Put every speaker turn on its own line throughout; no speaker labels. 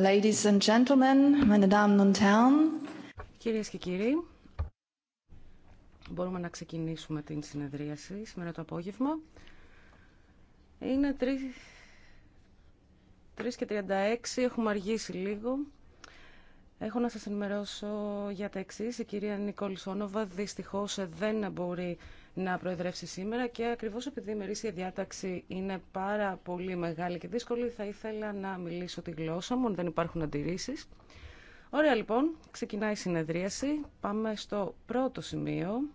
Ladies
Κυρίες και κύριοι, μπορούμε να ξεκινήσουμε την συνεδρίαση σήμερα το απόγευμα. Είναι 3, και 36, έχουμε αργήσει λίγο. Έχω να σας ενημερώσω για τα εξής. Η κυρία Νικόλη Σόνοβα δυστυχώς δεν μπορεί να προεδρεύσει σήμερα και ακριβώς επειδή η μερίσια διάταξη είναι πάρα πολύ μεγάλη και δύσκολη θα ήθελα να μιλήσω τη γλώσσα μου, δεν υπάρχουν αντιρρήσεις. Ωραία λοιπόν, ξεκινάει η συνεδρίαση. Πάμε στο πρώτο σημείο.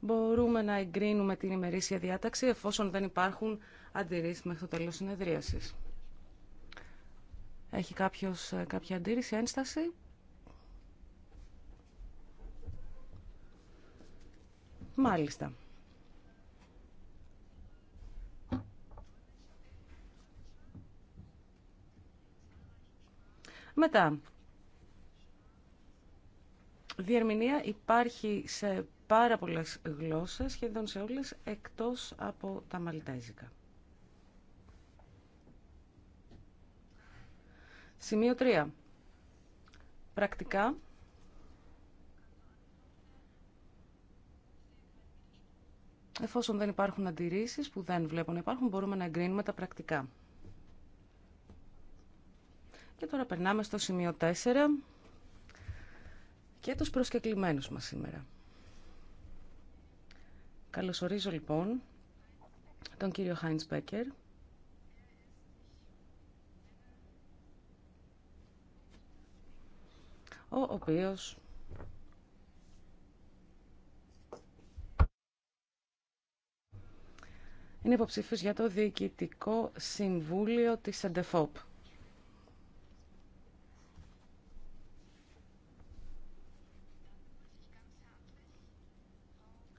Μπορούμε να εγκρίνουμε την ημερήσια διάταξη εφόσον δεν υπάρχουν αντιρρήσεις μέχρι το τέλος συνεδρίασης. Έχει κάποιος ε, κάποια αντίρρηση, ένσταση. Μάλιστα. Μετά. Διερμηνία υπάρχει σε πάρα πολλές γλώσσες, σχεδόν σε όλες, εκτός από τα μαλτέζικα. Σημείο 3. Πρακτικά. Εφόσον δεν υπάρχουν αντιρρήσεις που δεν βλέπω να υπάρχουν, μπορούμε να εγκρίνουμε τα πρακτικά. Και τώρα περνάμε στο σημείο 4 και τους προσκεκλημένους μας σήμερα. Καλωσορίζω λοιπόν τον κύριο Χάιντς Μπέκερ, ο οποίος είναι υποψήφιος για το Διοικητικό Συμβούλιο της ΕΝΤΕΦΟΠ.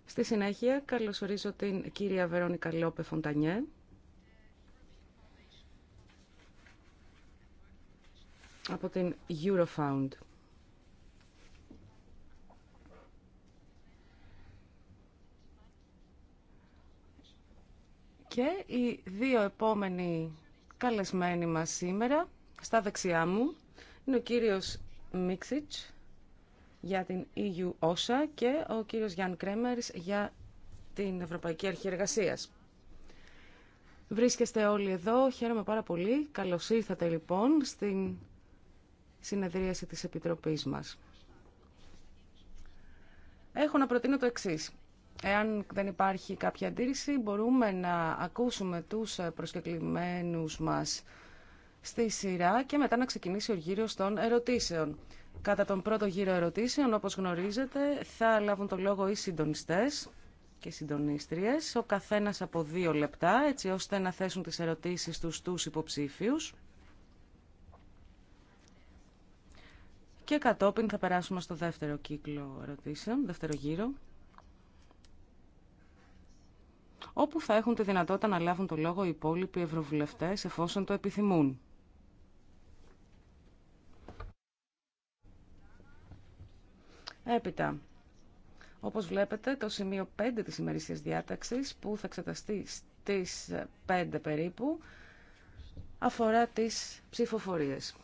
Στη συνέχεια καλωσορίζω την κυρία Βερόνικα Λόπε Φοντανιέ. από την Eurofound. Και οι δύο επόμενοι καλεσμένοι μας σήμερα, στα δεξιά μου, είναι ο κύριος Μίξιτς για την EU OSHA και ο κύριος Γιάν Κρέμερς για την Ευρωπαϊκή Αρχή Εργασίας. Βρίσκεστε όλοι εδώ, χαίρομαι πάρα πολύ. Καλώς ήρθατε λοιπόν στην συνεδρίαση της Επιτροπής μας. Έχω να προτείνω το εξής. Εάν δεν υπάρχει κάποια αντίρρηση, μπορούμε να ακούσουμε τους προσκεκλημένους μας στη σειρά και μετά να ξεκινήσει ο γύρος των ερωτήσεων. Κατά τον πρώτο γύρο ερωτήσεων, όπως γνωρίζετε, θα λάβουν το λόγο οι συντονιστές και συντονίστριες, ο καθένας από δύο λεπτά, έτσι ώστε να θέσουν τις ερωτήσεις τους στους υποψήφιους. Και κατόπιν θα περάσουμε στο δεύτερο κύκλο ερωτήσεων, δεύτερο γύρο όπου θα έχουν τη δυνατότητα να λάβουν το λόγο οι υπόλοιποι ευρωβουλευτές εφόσον το επιθυμούν. Έπειτα, όπως βλέπετε, το σημείο 5 της ημερήσιας διάταξης, που θα εξεταστεί στις 5 περίπου, αφορά τις ψηφοφορίες.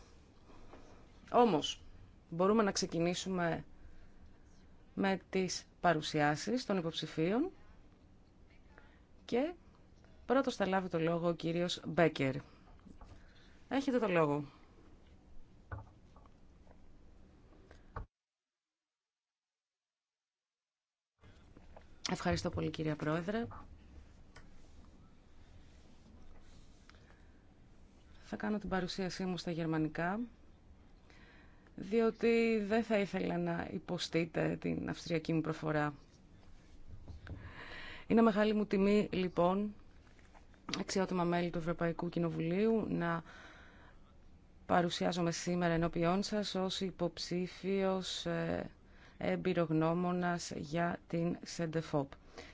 Όμως, μπορούμε να ξεκινήσουμε με τις παρουσιάσεις των υποψηφίων. Και πρώτος θα λάβει το λόγο ο κύριος Μπέκερ. Έχετε το λόγο. Ευχαριστώ πολύ κυρία Πρόεδρε. Θα κάνω την παρουσίασή μου στα γερμανικά, διότι δεν θα ήθελα να υποστείτε την αυστριακή μου προφορά. Είναι μεγάλη μου τιμή, λοιπόν, αξιότιμα μέλη του Ευρωπαϊκού Κοινοβουλίου, να παρουσιάζομαι σήμερα ενώπιόν σας ως υποψήφιος ε, εμπειρογνώμονας για την ΣΕΝΤΕΦΟΠ.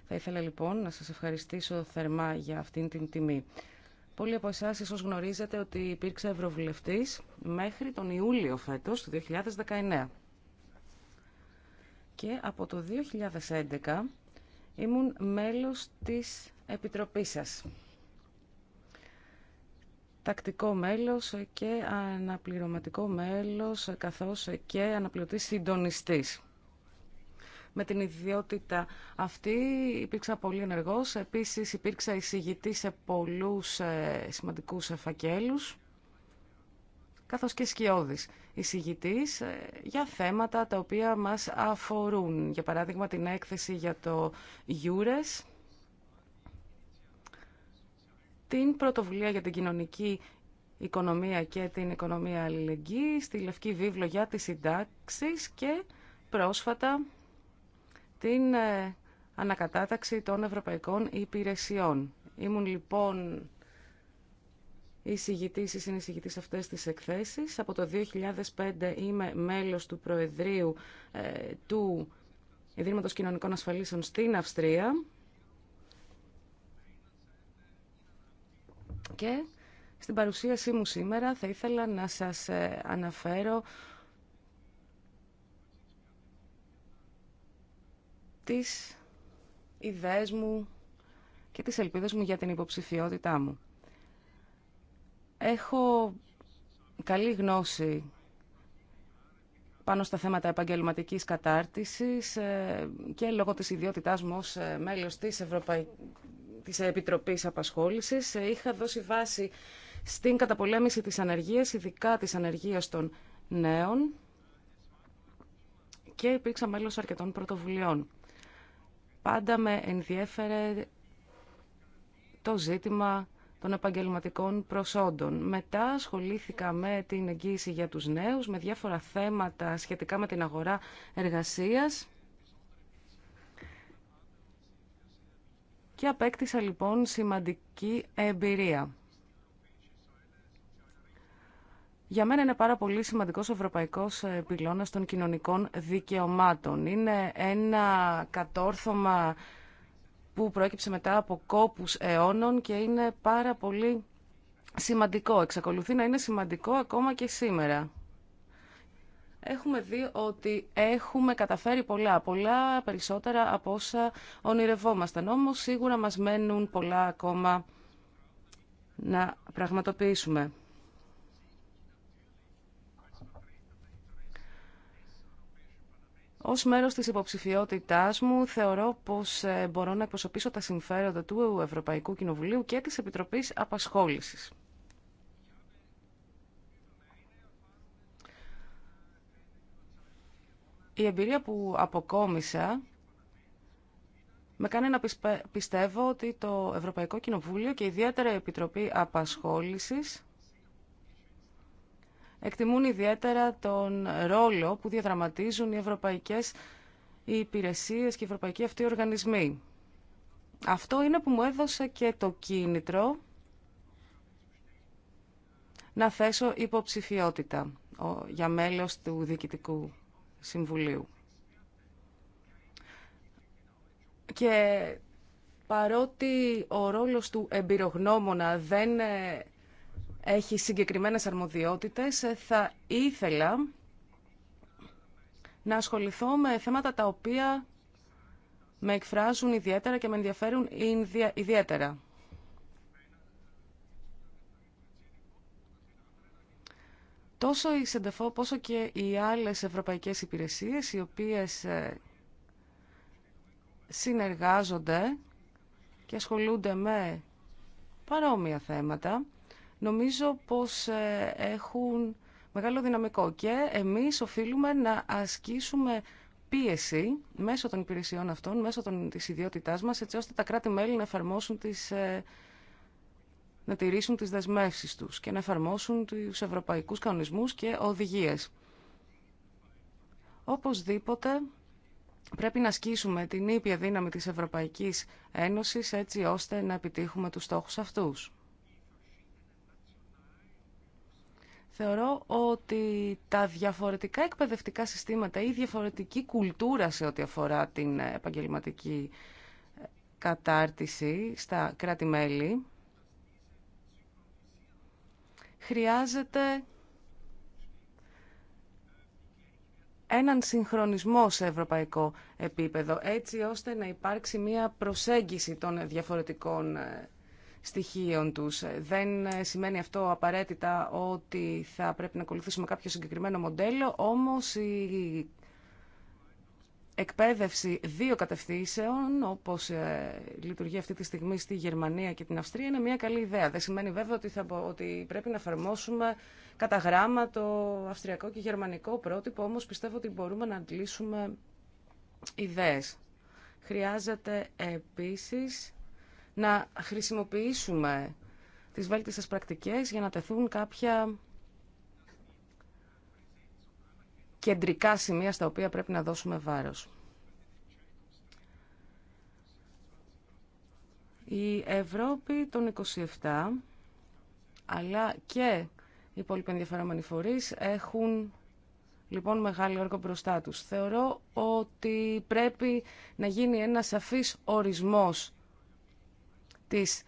Θα ήθελα λοιπόν να σας ευχαριστήσω θερμά για αυτήν την τιμή. Πολλοί από εσά ίσω γνωρίζετε ότι υπήρξα ευρωβουλευτή μέχρι τον Ιούλιο φέτο του 2019. Και από το 2011 ήμουν μέλος της Επιτροπής σας. Τακτικό μέλος και αναπληρωματικό μέλος, καθώς και αναπληρωτής συντονιστής. Με την ιδιότητα αυτή υπήρξα πολύ ενεργός. Επίσης υπήρξα εισηγητή σε πολλούς ε, σημαντικούς φακέλους καθώς και σκιώδης εισηγητής ε, για θέματα τα οποία μας αφορούν. Για παράδειγμα την έκθεση για το Γιούρες, την πρωτοβουλία για την κοινωνική οικονομία και την οικονομία αλληλεγγύη, στη Λευκή Βίβλο για τις συντάξεις και πρόσφατα την ε, ανακατάταξη των ευρωπαϊκών υπηρεσιών. Ήμουν λοιπόν εισηγητής ή συνεισηγητής αυτές τις εκθέσεις. Από το 2005 είμαι μέλος του Προεδρείου ε, του Ιδρύματος Κοινωνικών Ασφαλίσεων στην Αυστρία και στην παρουσίασή μου σήμερα θα ήθελα να σας ε, αναφέρω τις ιδέες μου και τις ελπίδες μου για την υποψηφιότητά μου. Έχω καλή γνώση πάνω στα θέματα επαγγελματικής κατάρτισης ε, και λόγω της ιδιότητάς μου ως ε, μέλος της, Ευρωπαϊ... Επιτροπής Απασχόλησης ε, είχα δώσει βάση στην καταπολέμηση της ανεργίας, ειδικά της ανεργίας των νέων και υπήρξα μέλος αρκετών πρωτοβουλειών. Πάντα με ενδιέφερε το ζήτημα των επαγγελματικών προσόντων. Μετά ασχολήθηκα με την εγγύηση για τους νέους, με διάφορα θέματα σχετικά με την αγορά εργασίας. Και απέκτησα λοιπόν σημαντική εμπειρία. Για μένα είναι πάρα πολύ σημαντικός ο ευρωπαϊκός ε, πυλώνας των κοινωνικών δικαιωμάτων. Είναι ένα κατόρθωμα που προέκυψε μετά από κόπους αιώνων και είναι πάρα πολύ σημαντικό. Εξακολουθεί να είναι σημαντικό ακόμα και σήμερα. Έχουμε δει ότι έχουμε καταφέρει πολλά, πολλά περισσότερα από όσα ονειρευόμασταν. Όμως σίγουρα μας μένουν πολλά ακόμα να πραγματοποιήσουμε. Ως μέρος της υποψηφιότητάς μου θεωρώ πως ε, μπορώ να εκπροσωπήσω τα συμφέροντα του Ευρωπαϊκού Κοινοβουλίου και της Επιτροπής Απασχόλησης. Η εμπειρία που αποκόμισα με κάνει να πιστεύω ότι το Ευρωπαϊκό Κοινοβούλιο και ιδιαίτερα η Επιτροπή Απασχόλησης εκτιμούν ιδιαίτερα τον ρόλο που διαδραματίζουν οι ευρωπαϊκές υπηρεσίες και οι ευρωπαϊκοί αυτοί οργανισμοί. Αυτό είναι που μου έδωσε και το κίνητρο να θέσω υποψηφιότητα για μέλος του Διοικητικού Συμβουλίου. Και παρότι ο ρόλος του εμπειρογνώμονα δεν ε, έχει συγκεκριμένες αρμοδιότητες. Θα ήθελα να ασχοληθώ με θέματα τα οποία με εκφράζουν ιδιαίτερα και με ενδιαφέρουν ιδιαίτερα. Τόσο η ΣΕΝΤΕΦΟ όσο και οι άλλες ευρωπαϊκές υπηρεσίες οι οποίες ε, συνεργάζονται και ασχολούνται με παρόμοια θέματα νομίζω πως ε, έχουν μεγάλο δυναμικό και εμείς οφείλουμε να ασκήσουμε πίεση μέσω των υπηρεσιών αυτών, μέσω των, της ιδιότητάς μας, έτσι ώστε τα κράτη-μέλη να εφαρμόσουν τις, ε, να τηρήσουν τις δεσμεύσεις τους και να εφαρμόσουν τους ευρωπαϊκούς κανονισμούς και οδηγίες. Οπωσδήποτε πρέπει να ασκήσουμε την ήπια δύναμη της Ευρωπαϊκής Ένωσης έτσι ώστε να επιτύχουμε τους στόχους αυτούς. θεωρώ ότι τα διαφορετικά εκπαιδευτικά συστήματα ή διαφορετική κουλτούρα σε ό,τι αφορά την επαγγελματική ε, κατάρτιση στα κράτη-μέλη χρειάζεται έναν συγχρονισμό σε ευρωπαϊκό επίπεδο, έτσι ώστε να υπάρξει μία προσέγγιση των διαφορετικών ε, στοιχείων τους. Δεν σημαίνει αυτό απαραίτητα ότι θα πρέπει να ακολουθήσουμε κάποιο συγκεκριμένο μοντέλο, όμως η εκπαίδευση δύο κατευθύνσεων, όπως ε, λειτουργεί αυτή τη στιγμή στη Γερμανία και την Αυστρία, είναι μια καλή ιδέα. Δεν σημαίνει βέβαια ότι, θα, ότι πρέπει να εφαρμόσουμε κατά γράμμα το αυστριακό και γερμανικό πρότυπο, όμως πιστεύω ότι μπορούμε να αντλήσουμε ιδέες. Χρειάζεται επίσης να χρησιμοποιήσουμε τις βέλτιστες πρακτικές για να τεθούν κάποια κεντρικά σημεία στα οποία πρέπει να δώσουμε βάρος. Η Ευρώπη των 27 αλλά και οι υπόλοιποι ενδιαφερόμενοι φορείς έχουν λοιπόν μεγάλο έργο μπροστά τους. Θεωρώ ότι πρέπει να γίνει ένα σαφής ορισμός της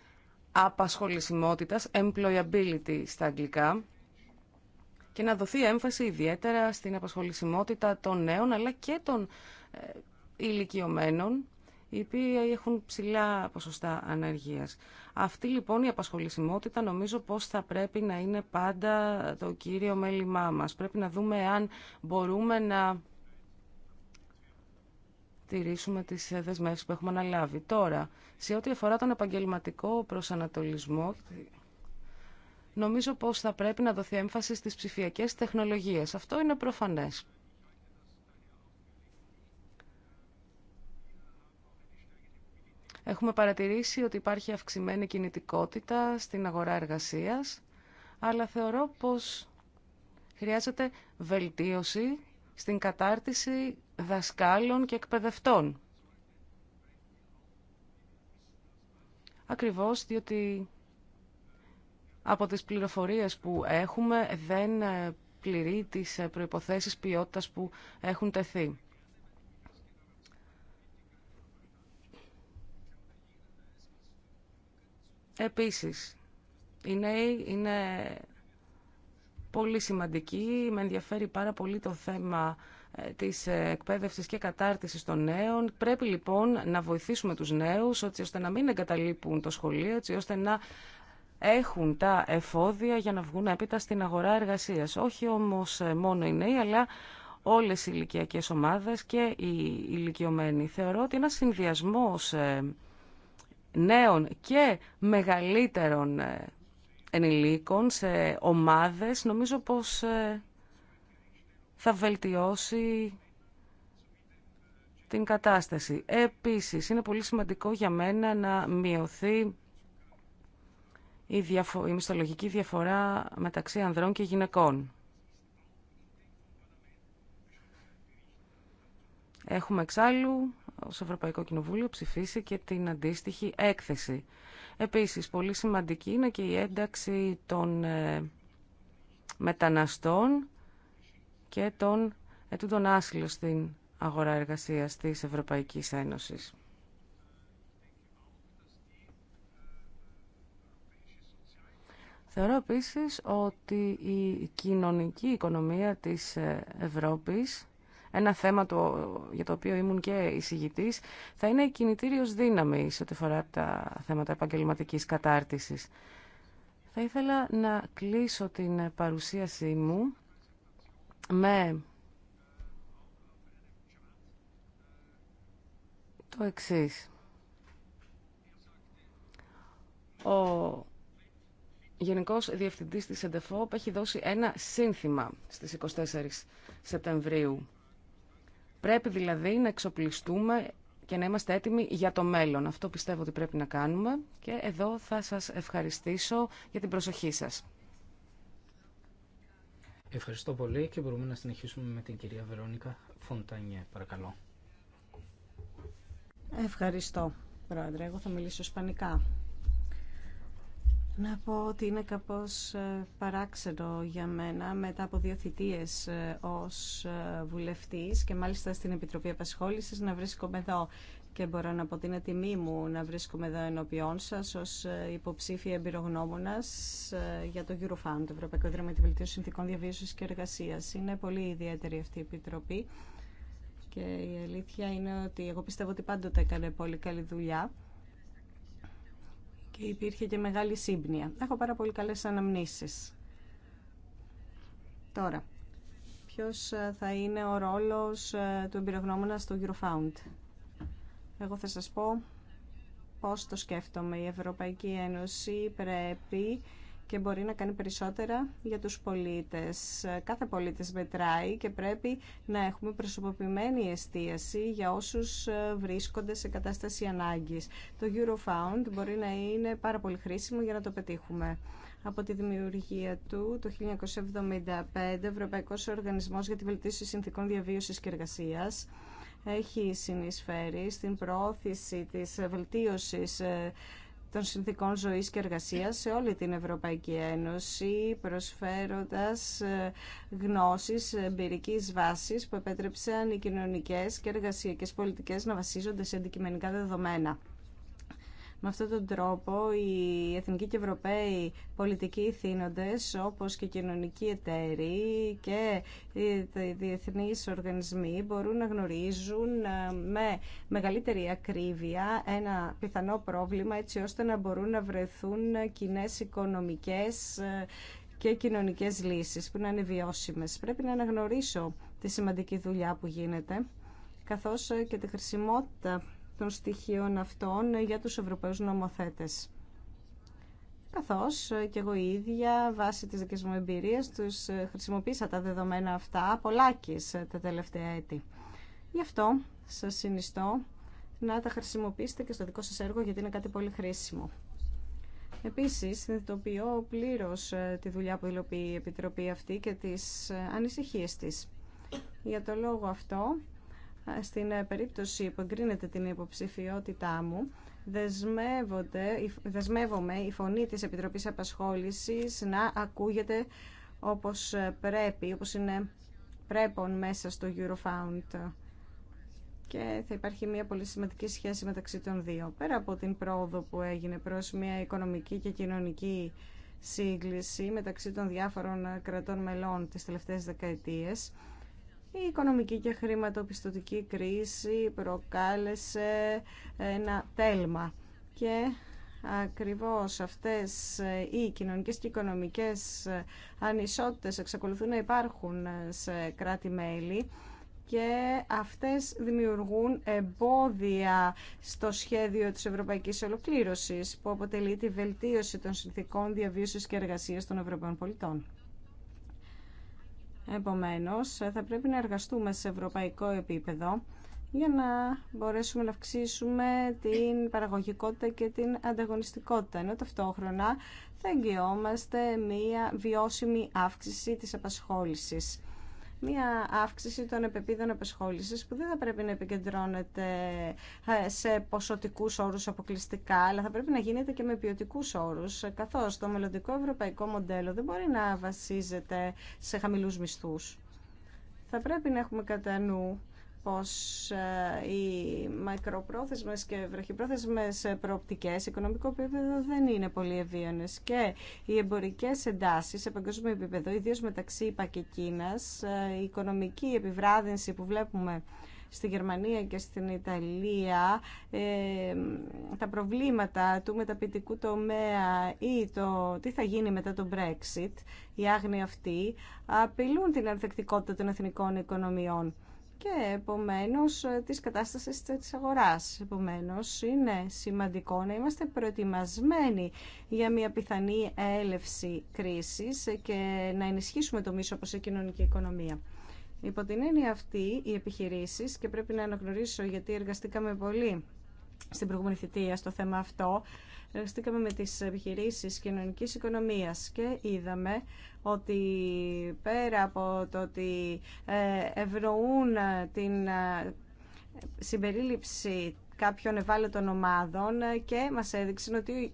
απασχολησιμότητας, employability στα αγγλικά, και να δοθεί έμφαση ιδιαίτερα στην απασχολησιμότητα των νέων αλλά και των ε, ηλικιωμένων, οι οποίοι έχουν ψηλά ποσοστά ανεργίας. Αυτή λοιπόν η απασχολησιμότητα νομίζω πως θα πρέπει να είναι πάντα το κύριο μέλημά μας. Πρέπει να δούμε αν μπορούμε να τηρήσουμε τις ε, δεσμεύσεις που έχουμε αναλάβει. Τώρα, σε ό,τι αφορά τον επαγγελματικό προσανατολισμό, νομίζω πως θα πρέπει να δοθεί έμφαση στις ψηφιακές τεχνολογίες. Αυτό είναι προφανές. Έχουμε παρατηρήσει ότι υπάρχει αυξημένη κινητικότητα στην αγορά εργασίας, αλλά θεωρώ πως χρειάζεται βελτίωση στην κατάρτιση δασκάλων και εκπαιδευτών. Ακριβώς διότι από τις πληροφορίες που έχουμε δεν ε, πληρεί τις ε, προϋποθέσεις ποιότητας που έχουν τεθεί. Επίσης, οι νέοι είναι πολύ σημαντικοί. Με ενδιαφέρει πάρα πολύ το θέμα ε, της ε, εκπαίδευσης και κατάρτισης των νέων. Πρέπει λοιπόν να βοηθήσουμε τους νέους έτσι ώστε να μην εγκαταλείπουν το σχολείο, έτσι ώστε να έχουν τα εφόδια για να βγουν έπειτα στην αγορά εργασίας. Όχι όμως ε, μόνο οι νέοι, αλλά όλες οι ηλικιακέ ομάδες και οι ηλικιωμένοι. Θεωρώ ότι ένας συνδυασμός νέων και μεγαλύτερων ενηλίκων σε ομάδες νομίζω πως θα βελτιώσει την κατάσταση. Επίσης, είναι πολύ σημαντικό για μένα να μειωθεί η, διαφο η μισθολογική διαφορά μεταξύ ανδρών και γυναικών. Έχουμε εξάλλου ως Ευρωπαϊκό Κοινοβούλιο ψηφίσει και την αντίστοιχη έκθεση. Επίσης, πολύ σημαντική είναι και η ένταξη των ε, μεταναστών και των ε, τον άσυλο στην αγορά εργασίας της Ευρωπαϊκής Ένωσης. Θεωρώ επίσης ότι η κοινωνική οικονομία της ε, Ευρώπης, ένα θέμα το, για το οποίο ήμουν και εισηγητής, θα είναι η κινητήριος δύναμη σε ό,τι φορά τα θέματα επαγγελματικής κατάρτισης. Θα ήθελα να κλείσω την παρουσίασή μου με το εξής. Ο Γενικός Διευθυντής της ΕΝΤΕΦΟΠ έχει δώσει ένα σύνθημα στις 24 Σεπτεμβρίου. Πρέπει δηλαδή να εξοπλιστούμε και να είμαστε έτοιμοι για το μέλλον. Αυτό πιστεύω ότι πρέπει να κάνουμε και εδώ θα σας ευχαριστήσω για την προσοχή σας.
Ευχαριστώ πολύ και μπορούμε να συνεχίσουμε με την κυρία Βερόνικα Φοντανιέ. Παρακαλώ.
Ευχαριστώ, Πρόεδρε. Εγώ θα μιλήσω σπανικά. Να πω ότι είναι κάπως ε, παράξενο για μένα μετά από δύο θητείες ε, ως ε, βουλευτής και μάλιστα στην Επιτροπή Απασχόλησης να βρίσκομαι εδώ και μπορώ να πω ότι είναι τιμή μου να βρίσκομαι εδώ ενώπιόν σα ω ε, υποψήφια εμπειρογνώμονα ε, για το EuroFound, το Ευρωπαϊκό Ίδρυμα τη Βελτίωση Συνθήκων Διαβίωση και εργασία. Είναι πολύ ιδιαίτερη αυτή η επιτροπή και η αλήθεια είναι ότι εγώ πιστεύω ότι πάντοτε έκανε πολύ καλή δουλειά και υπήρχε και μεγάλη σύμπνοια. Έχω πάρα πολύ καλέ αναμνήσεις. Τώρα, ποιος ε, θα είναι ο ρόλος του εμπειρογνώμονα στο Eurofound. Εγώ θα σας πω πώς το σκέφτομαι. Η Ευρωπαϊκή Ένωση πρέπει και μπορεί να κάνει περισσότερα για τους πολίτες. Κάθε πολίτης μετράει και πρέπει να έχουμε προσωποποιημένη εστίαση για όσους ε, βρίσκονται σε κατάσταση ανάγκης. Το Eurofound μπορεί να είναι πάρα πολύ χρήσιμο για να το πετύχουμε. Από τη δημιουργία του το 1975, Ευρωπαϊκός Οργανισμός για τη Βελτίωση Συνθήκων Διαβίωσης και Εργασίας, έχει συνεισφέρει στην προώθηση της βελτίωσης ε, των συνθήκων ζωής και εργασίας σε όλη την Ευρωπαϊκή Ένωση, προσφέροντας ε, γνώσεις εμπειρικής βάσης που επέτρεψαν οι κοινωνικές και εργασιακές πολιτικές να βασίζονται σε αντικειμενικά δεδομένα. Με αυτόν τον τρόπο οι εθνικοί και ευρωπαίοι πολιτικοί θύνοντες όπως και οι κοινωνικοί εταίροι και οι διεθνείς οργανισμοί μπορούν να γνωρίζουν ε, με μεγαλύτερη ακρίβεια ένα πιθανό πρόβλημα έτσι ώστε να μπορούν να βρεθούν κοινέ οικονομικές ε, και κοινωνικές λύσεις που να είναι βιώσιμες. Πρέπει να αναγνωρίσω τη σημαντική δουλειά που γίνεται καθώς ε, και τη χρησιμότητα των στοιχείων αυτών για τους Ευρωπαίους νομοθέτες. Καθώς και εγώ ίδια, βάσει της δικής μου εμπειρίας, τους χρησιμοποίησα τα δεδομένα αυτά πολλάκις τα τελευταία έτη. Γι' αυτό σας συνιστώ να τα χρησιμοποιήσετε και στο δικό σας έργο γιατί είναι κάτι πολύ χρήσιμο. Επίσης, συνειδητοποιώ πλήρως ε, τη δουλειά που υλοποιεί η Επιτροπή αυτή και τις ε, ανησυχίες της. Για το λόγο αυτό, στην ε, περίπτωση που εγκρίνεται την υποψηφιότητά μου, δεσμεύομαι η φωνή της Επιτροπής Απασχόλησης να ακούγεται όπως ε, πρέπει, όπως είναι πρέπον μέσα στο Eurofound. Και θα υπάρχει μια πολύ σημαντική σχέση μεταξύ των δύο. Πέρα από την πρόοδο που έγινε προς μια οικονομική και κοινωνική σύγκληση μεταξύ των διάφορων ε, κρατών μελών τις τελευταίες δεκαετίες, η οικονομική και χρηματοπιστωτική κρίση προκάλεσε ένα τέλμα και ακριβώς αυτές οι κοινωνικές και οικονομικές ανισότητες εξακολουθούν να υπάρχουν σε κράτη-μέλη και αυτές δημιουργούν εμπόδια στο σχέδιο της Ευρωπαϊκής Ολοκλήρωσης που αποτελεί τη βελτίωση των συνθήκων διαβίωσης και εργασίας των Ευρωπαίων πολιτών. Επομένως, θα πρέπει να εργαστούμε σε ευρωπαϊκό επίπεδο για να μπορέσουμε να αυξήσουμε την παραγωγικότητα και την ανταγωνιστικότητα. Ενώ ταυτόχρονα θα εγγυόμαστε μία βιώσιμη αύξηση της απασχόλησης μία αύξηση των επεπίδων απεσχόληση που δεν θα πρέπει να επικεντρώνεται ε, σε ποσοτικούς όρου αποκλειστικά, αλλά θα πρέπει να γίνεται και με ποιοτικού όρου, καθώ το μελλοντικό ευρωπαϊκό μοντέλο δεν μπορεί να βασίζεται σε χαμηλού μισθούς. Θα πρέπει να έχουμε κατά νου πως ε, οι μακροπρόθεσμες και βραχυπρόθεσμες προοπτικές οικονομικό επίπεδο δεν είναι πολύ ευίωνες και οι εμπορικές εντάσεις σε παγκόσμιο επίπεδο, ιδίως μεταξύ ΙΠΑ και Κίνας, ε, η οικονομική επιβράδυνση που βλέπουμε στη Γερμανία και στην Ιταλία ε, τα προβλήματα του μεταπητικού τομέα ή το τι θα γίνει μετά το Brexit, οι άγνοι αυτοί, απειλούν την ανθεκτικότητα των εθνικών οικονομιών και επομένως ε, της κατάσταση της αγοράς. Επομένως είναι σημαντικό να είμαστε προετοιμασμένοι για μια πιθανή έλευση κρίσης και να ενισχύσουμε το μίσο όπως η κοινωνική οικονομία. Υπό την έννοια αυτή οι επιχειρήσεις και πρέπει να αναγνωρίσω γιατί εργαστήκαμε πολύ στην προηγούμενη θητεία στο θέμα αυτό. Εργαστήκαμε με τις επιχειρήσεις κοινωνικής οικονομίας και είδαμε ότι πέρα από το ότι ε, ευρωούν ε, την ε, συμπερίληψη κάποιων ευάλωτων ομάδων και μας έδειξαν ότι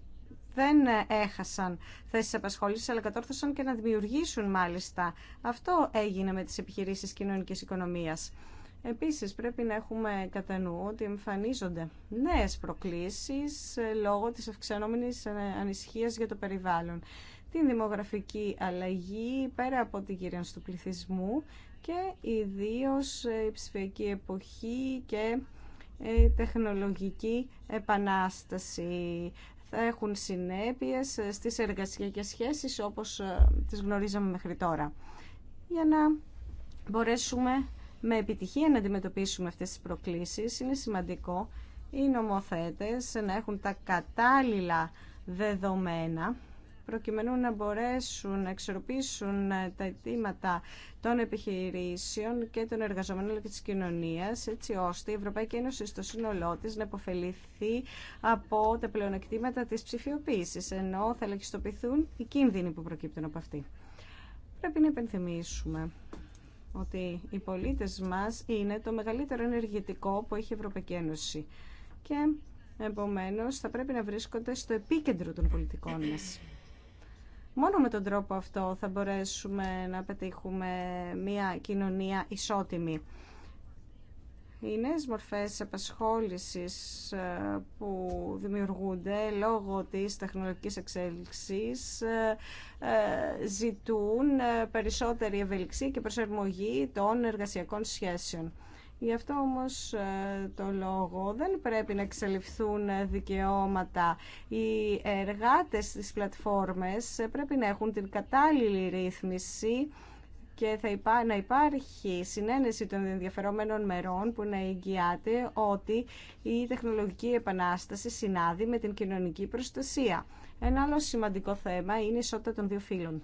δεν έχασαν θέσεις απασχόλησης, αλλά κατόρθωσαν και να δημιουργήσουν μάλιστα. Αυτό έγινε με τις επιχειρήσεις κοινωνικής οικονομίας. Επίσης πρέπει να έχουμε κατά νου ότι εμφανίζονται νέες προκλήσεις ε, λόγω της αυξανόμενης ανησυχίας για το περιβάλλον. Την δημογραφική αλλαγή πέρα από την κυρίανση του πληθυσμού και ιδίως ε, η ψηφιακή εποχή και ε, η τεχνολογική επανάσταση θα έχουν συνέπειες στις εργασιακές σχέσεις όπως τις γνωρίζαμε μέχρι τώρα. Για να μπορέσουμε με επιτυχία να αντιμετωπίσουμε αυτές τις προκλήσεις, είναι σημαντικό οι νομοθέτες να έχουν τα κατάλληλα δεδομένα προκειμένου να μπορέσουν να εξορροπήσουν τα αιτήματα των επιχειρήσεων και των εργαζομένων και της κοινωνίας, έτσι ώστε η Ευρωπαϊκή Ένωση στο σύνολό της να υποφεληθεί από τα πλεονεκτήματα της ψηφιοποίησης, ενώ θα ελεγχιστοποιηθούν οι κίνδυνοι που προκύπτουν από αυτή. Πρέπει να υπενθυμίσουμε ότι οι πολίτες μας είναι το μεγαλύτερο ενεργητικό που έχει η Ευρωπαϊκή Ένωση και επομένως θα πρέπει να βρίσκονται στο επίκεντρο των πολιτικών μας. Μόνο με τον τρόπο αυτό θα μπορέσουμε να πετύχουμε μια κοινωνία ισότιμη οι νέες μορφές απασχόλησης ε, που δημιουργούνται λόγω της τεχνολογικής εξέλιξης ε, ε, ζητούν περισσότερη ευελιξία και προσαρμογή των εργασιακών σχέσεων. Γι' αυτό όμως το λόγο δεν πρέπει να εξελιχθούν δικαιώματα. Οι εργάτες στις πλατφόρμες πρέπει να έχουν την κατάλληλη ρύθμιση και θα να υπάρχει συνένεση των ενδιαφερόμενων μερών που να εγγυάται ότι η τεχνολογική επανάσταση συνάδει με την κοινωνική προστασία. Ένα άλλο σημαντικό θέμα είναι η ισότητα των δύο φύλων.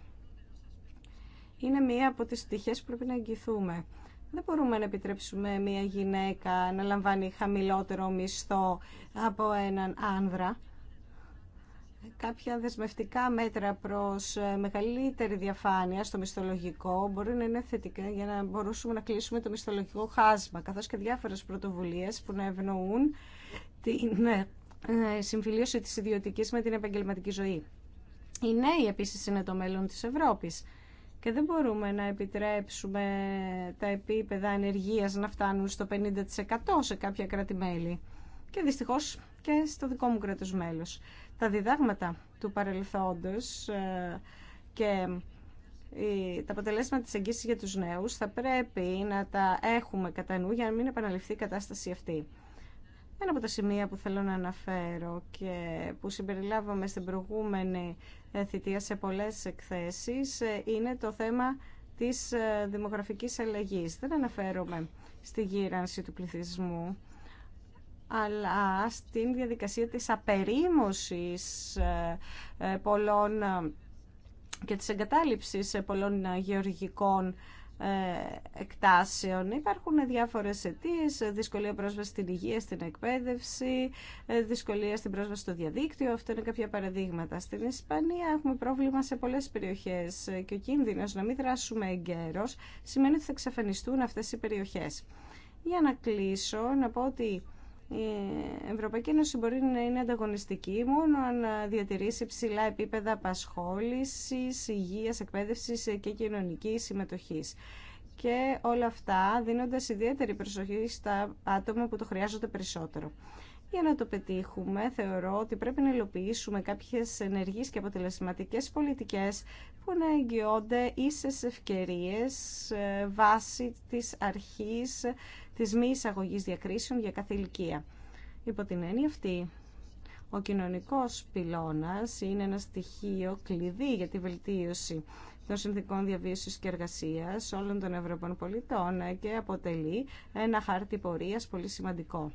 Είναι μία από τις στοιχείες που πρέπει να εγγυηθούμε. Δεν μπορούμε να επιτρέψουμε μία γυναίκα να λαμβάνει χαμηλότερο μισθό από έναν άνδρα κάποια δεσμευτικά μέτρα προς ε, μεγαλύτερη διαφάνεια στο μισθολογικό μπορεί να είναι θετικά για να μπορούσουμε να κλείσουμε το μισθολογικό χάσμα, καθώς και διάφορες πρωτοβουλίες που να ευνοούν την ε, ε, συμφιλίωση της ιδιωτικής με την επαγγελματική ζωή. Οι νέοι επίσης είναι το μέλλον της Ευρώπης και δεν μπορούμε να επιτρέψουμε τα επίπεδα ανεργίας να φτάνουν στο 50% σε κάποια κράτη-μέλη και δυστυχώς και στο δικό μου κράτος μέλος τα διδάγματα του παρελθόντος ε, και τα αποτελέσματα της εγγύσης για τους νέους θα πρέπει να τα έχουμε κατά νου για να μην επαναληφθεί η κατάσταση αυτή. Ένα από τα σημεία που θέλω να αναφέρω και που συμπεριλάβαμε στην προηγούμενη ε, θητεία σε πολλές εκθέσεις ε, είναι το θέμα της δημογραφικής αλλαγής. Δεν αναφέρομαι στη γύρανση του πληθυσμού αλλά στην διαδικασία της απερίμωσης ε, ε, πολλών ε, και της εγκατάλειψης πολλών γεωργικών εκτάσεων. Υπάρχουν διάφορες αιτίε, δυσκολία πρόσβαση στην υγεία, στην εκπαίδευση, δυσκολία στην πρόσβαση στο διαδίκτυο. Αυτό είναι κάποια παραδείγματα. Στην Ισπανία έχουμε πρόβλημα σε πολλές περιοχές και ο κίνδυνος να μην δράσουμε εγκαίρως σημαίνει ότι θα εξαφανιστούν αυτές οι περιοχές. Για να κλείσω, να πω ότι η Ευρωπαϊκή Ένωση μπορεί να είναι ανταγωνιστική μόνο αν διατηρήσει ψηλά επίπεδα απασχόληση, υγείας, εκπαίδευση και κοινωνικής συμμετοχής. Και όλα αυτά δίνοντα ιδιαίτερη προσοχή στα άτομα που το χρειάζονται περισσότερο. Για να το πετύχουμε, θεωρώ ότι πρέπει να υλοποιήσουμε κάποιες ενεργεί και αποτελεσματικέ πολιτικέ που να εγγυώνται ίσες ευκαιρίε ε, βάσει της αρχής της μη εισαγωγή διακρίσεων για κάθε ηλικία. Υπό την έννοια αυτή, ο κοινωνικός πυλώνας είναι ένα στοιχείο κλειδί για τη βελτίωση των συνθήκων διαβίωσης και εργασίας όλων των Ευρωπαϊκών πολιτών και αποτελεί ένα χάρτη πορείας πολύ σημαντικό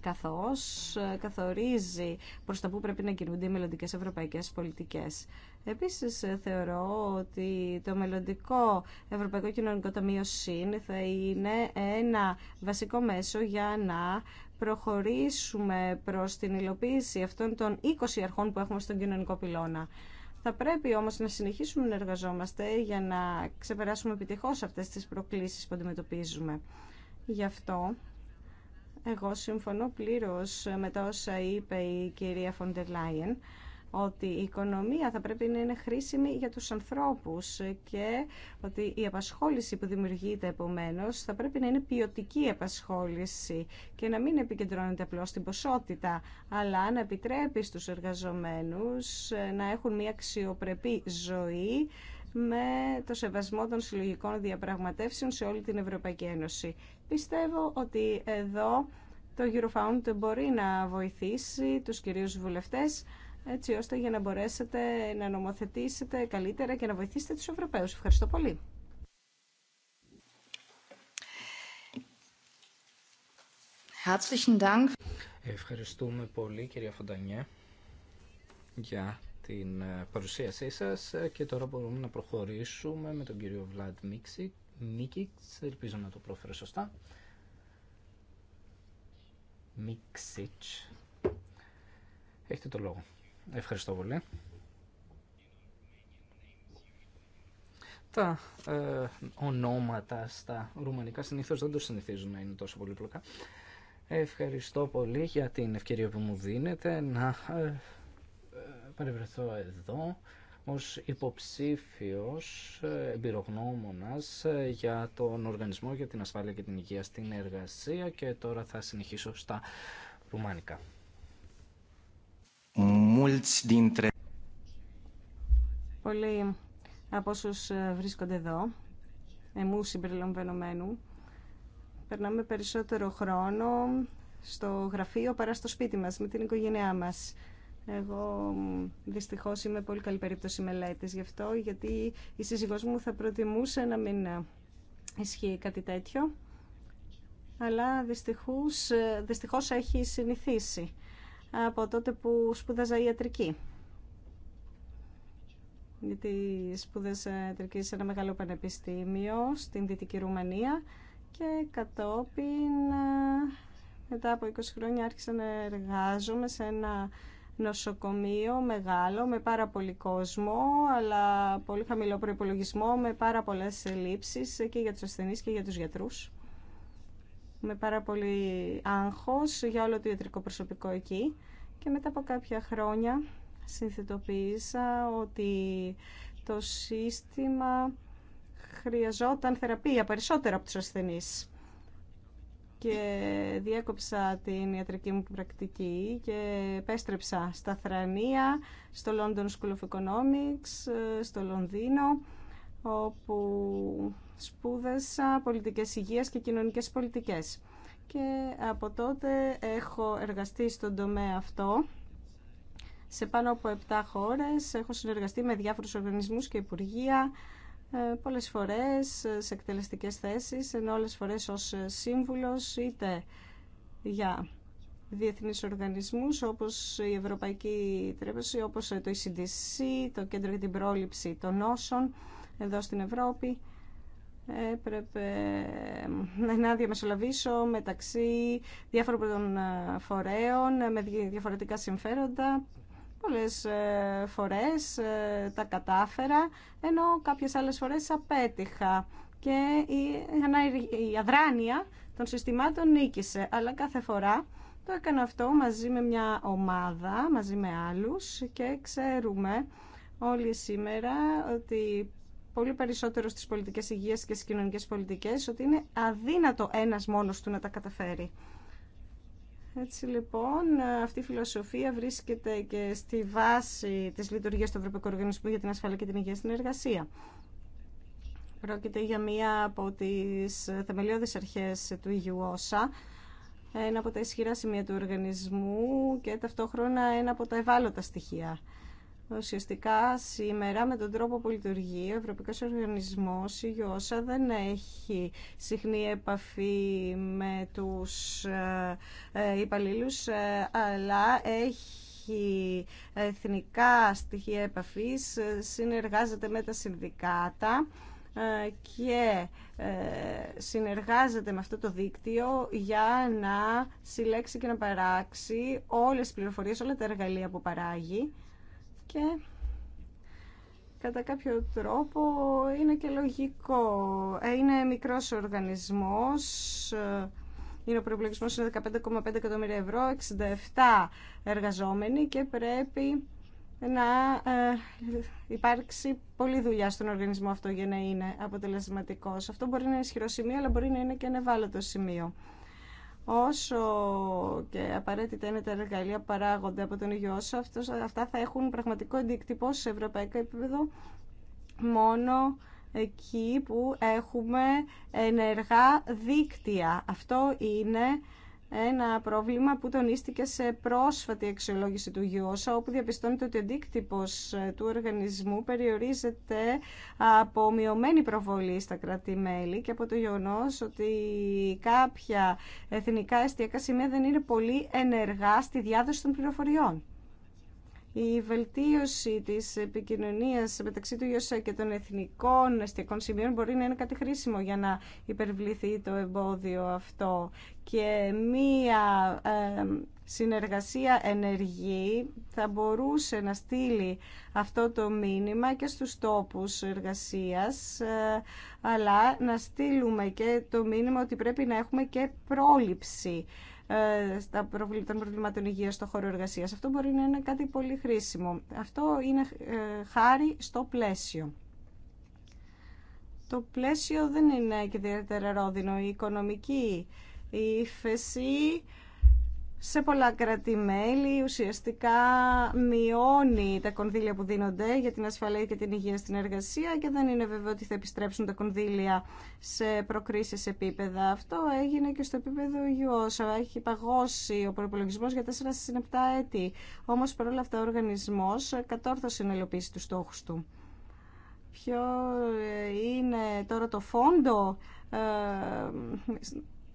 καθώς ε, καθορίζει προς τα που πρέπει να κινούνται οι μελλοντικέ ευρωπαϊκές πολιτικές. Επίσης ε, θεωρώ ότι το μελλοντικό Ευρωπαϊκό Κοινωνικό Ταμείο ΣΥΝ θα είναι ένα βασικό μέσο για να προχωρήσουμε προς την υλοποίηση αυτών των 20 αρχών που έχουμε στον κοινωνικό πυλώνα. Θα πρέπει όμως να συνεχίσουμε να εργαζόμαστε για να ξεπεράσουμε επιτυχώς αυτές τις προκλήσεις που αντιμετωπίζουμε. Γι' αυτό εγώ συμφωνώ πλήρως με τα όσα είπε η κυρία Φοντερ Λάιεν ότι η οικονομία θα πρέπει να είναι χρήσιμη για τους ανθρώπους και ότι η απασχόληση που δημιουργείται επομένως θα πρέπει να είναι ποιοτική απασχόληση και να μην επικεντρώνεται απλώς στην ποσότητα αλλά να επιτρέπει στους εργαζομένους να έχουν μια αξιοπρεπή ζωή με το σεβασμό των συλλογικών διαπραγματεύσεων σε όλη την Ευρωπαϊκή Ένωση. Πιστεύω ότι εδώ το Eurofound μπορεί να βοηθήσει τους κυρίους βουλευτές έτσι ώστε για να μπορέσετε να νομοθετήσετε καλύτερα και να βοηθήσετε τους Ευρωπαίους. Ευχαριστώ πολύ.
Ευχαριστούμε πολύ κυρία Φοντανιέ για την ε, παρουσίασή σας ε, και τώρα μπορούμε να προχωρήσουμε με τον κύριο Βλάντ Μίξικ ελπίζω να το πρόφερα σωστά. Μίξιτς. Έχετε το λόγο. Ευχαριστώ πολύ. Τα ε, ονόματα στα ρουμανικά συνήθως δεν το συνηθίζουν να είναι τόσο πολύπλοκα. Ευχαριστώ πολύ για την ευκαιρία που μου δίνετε να ε, ε παρευρεθώ εδώ ως υποψήφιος ε, εμπειρογνώμονας ε, για τον Οργανισμό για την Ασφάλεια και την Υγεία στην Εργασία και τώρα θα συνεχίσω στα ρουμάνικα.
Πολλοί από όσους ε, βρίσκονται εδώ, εμού συμπεριλαμβανομένου, περνάμε περισσότερο χρόνο στο γραφείο παρά στο σπίτι μας, με την οικογένειά μας. Εγώ δυστυχώς είμαι πολύ καλή περίπτωση μελέτη γι' αυτό, γιατί η σύζυγός μου θα προτιμούσε να μην ισχύει κάτι τέτοιο, αλλά δυστυχώς, δυστυχώς έχει συνηθίσει από τότε που σπούδαζα ιατρική. Γιατί σπούδασα ιατρική σε ένα μεγάλο πανεπιστήμιο στην Δυτική Ρουμανία και κατόπιν ε, μετά από 20 χρόνια άρχισα να εργάζομαι σε ένα νοσοκομείο μεγάλο με πάρα πολύ κόσμο αλλά πολύ χαμηλό προϋπολογισμό με πάρα πολλές ελλείψεις και για τους ασθενείς και για τους γιατρούς με πάρα πολύ άγχος για όλο το ιατρικό προσωπικό εκεί και μετά από κάποια χρόνια συνθετοποίησα ότι το σύστημα χρειαζόταν θεραπεία περισσότερο από τους ασθενείς και διέκοψα την ιατρική μου πρακτική και επέστρεψα στα Θρανία, στο London School of Economics, στο Λονδίνο, όπου σπούδασα πολιτικές υγείας και κοινωνικές πολιτικές. Και από τότε έχω εργαστεί στον τομέα αυτό. Σε πάνω από 7 χώρες έχω συνεργαστεί με διάφορους οργανισμούς και υπουργεία, ε, πολλές φορές ε, σε εκτελεστικές θέσεις, ενώ όλες φορές ως ε, σύμβουλος είτε για διεθνείς οργανισμούς όπως η Ευρωπαϊκή Τρέπεση, όπως το ECDC, το Κέντρο για την Πρόληψη των Νόσων εδώ στην Ευρώπη. Έπρεπε να διαμεσολαβήσω μεταξύ διάφορων φορέων με διαφορετικά συμφέροντα Πολλές ε, φορές ε, τα κατάφερα, ενώ κάποιες άλλες φορές απέτυχα και η αδράνεια των συστημάτων νίκησε. Αλλά κάθε φορά το έκανα αυτό μαζί με μια ομάδα, μαζί με άλλους και ξέρουμε όλοι σήμερα ότι πολύ περισσότερο στις πολιτικές υγείας και στις κοινωνικές πολιτικές ότι είναι αδύνατο ένας μόνος του να τα καταφέρει. Έτσι λοιπόν, αυτή η φιλοσοφία βρίσκεται και στη βάση της λειτουργίας του Ευρωπαϊκού Οργανισμού για την Ασφαλή και την Υγεία στην Εργασία. Πρόκειται για μία από τις θεμελιώδεις αρχές του ΙΓΙΟΣΑ, ένα από τα ισχυρά σημεία του οργανισμού και ταυτόχρονα ένα από τα ευάλωτα στοιχεία Ουσιαστικά σήμερα με τον τρόπο που λειτουργεί ο Ευρωπαϊκός Οργανισμός η Γιόσα δεν έχει συχνή επαφή με τους ε, ε, υπαλλήλους ε, αλλά έχει εθνικά στοιχεία επαφής, συνεργάζεται με τα συνδικάτα και συνεργάζεται με αυτό το δίκτυο για να συλλέξει και να παράξει όλες τις πληροφορίες, όλα τα εργαλεία που παράγει και κατά κάποιο τρόπο είναι και λογικό. Ε, είναι μικρός οργανισμός, ε, είναι ο προϋπολογισμός είναι 15,5 εκατομμύρια ευρώ, 67 εργαζόμενοι και πρέπει να ε, υπάρξει πολλή δουλειά στον οργανισμό αυτό για να είναι αποτελεσματικός. Αυτό μπορεί να είναι ισχυρό σημείο, αλλά μπορεί να είναι και ένα ευάλωτο σημείο όσο και απαραίτητα είναι τα εργαλεία που παράγονται από τον αυτός, αυτά θα έχουν πραγματικό αντικτυπώ σε ευρωπαϊκό επίπεδο μόνο εκεί που έχουμε ενεργά δίκτυα. Αυτό είναι ένα πρόβλημα που τονίστηκε σε πρόσφατη αξιολόγηση του Γιώσα, όπου διαπιστώνεται ότι ο αντίκτυπο ε, του οργανισμού περιορίζεται από μειωμένη προβολή στα κρατη και από το γεγονό ότι κάποια εθνικά εστιακά σημεία δεν είναι πολύ ενεργά στη διάδοση των πληροφοριών η βελτίωση της επικοινωνίας μεταξύ του ΙΟΣΑ και των εθνικών εστιακών σημείων μπορεί να είναι κάτι χρήσιμο για να υπερβληθεί το εμπόδιο αυτό. Και μία συνεργασία ενεργή θα μπορούσε να στείλει αυτό το μήνυμα και στους τόπους εργασίας, ε, αλλά να στείλουμε και το μήνυμα ότι πρέπει να έχουμε και πρόληψη ε, στα των προβλημάτων υγεία στο χώρο εργασία. Αυτό μπορεί να είναι κάτι πολύ χρήσιμο. Αυτό είναι ε, χάρη στο πλαίσιο. Το πλαίσιο δεν είναι και ιδιαίτερα ρόδινο. Η οικονομική ύφεση, σε πολλά ουσιαστικά μειώνει τα κονδύλια που δίνονται για την ασφαλεία και την υγεία στην εργασία και δεν είναι βέβαιο ότι θα επιστρέψουν τα κονδύλια σε προκρίσεις επίπεδα. Αυτό έγινε και στο επίπεδο UOSA. Έχει παγώσει ο προπολογισμό για 4 συνεπτά έτη. Όμω παρόλα αυτά ο οργανισμό κατόρθωσε να υλοποιήσει του στόχου του. Ποιο ε, είναι τώρα το φόντο ε,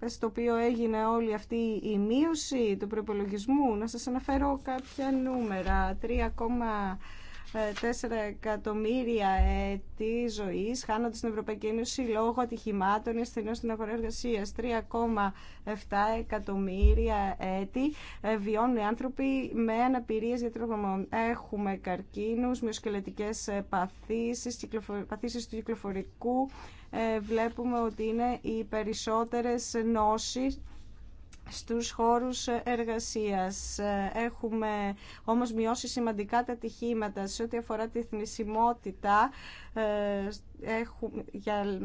στο οποίο έγινε όλη αυτή η μείωση του προπολογισμού. Να σας αναφέρω κάποια νούμερα. 4 ε, εκατομμύρια έτη ζωή χάνονται στην Ευρωπαϊκή Ένωση λόγω ατυχημάτων ή ασθενειών στην αγορά εργασία. 3,7 εκατομμύρια έτη ε, βιώνουν οι άνθρωποι με αναπηρίε διατροφών. Έχουμε καρκίνου, μειοσκελετικέ παθήσει, παθήσει του κυκλοφορικού. Ε, βλέπουμε ότι είναι οι περισσότερες νόσοι στους χώρους εργασίας. Έχουμε όμως μειώσει σημαντικά τα ατυχήματα σε ό,τι αφορά τη θνησιμότητα ε, έχουμε, για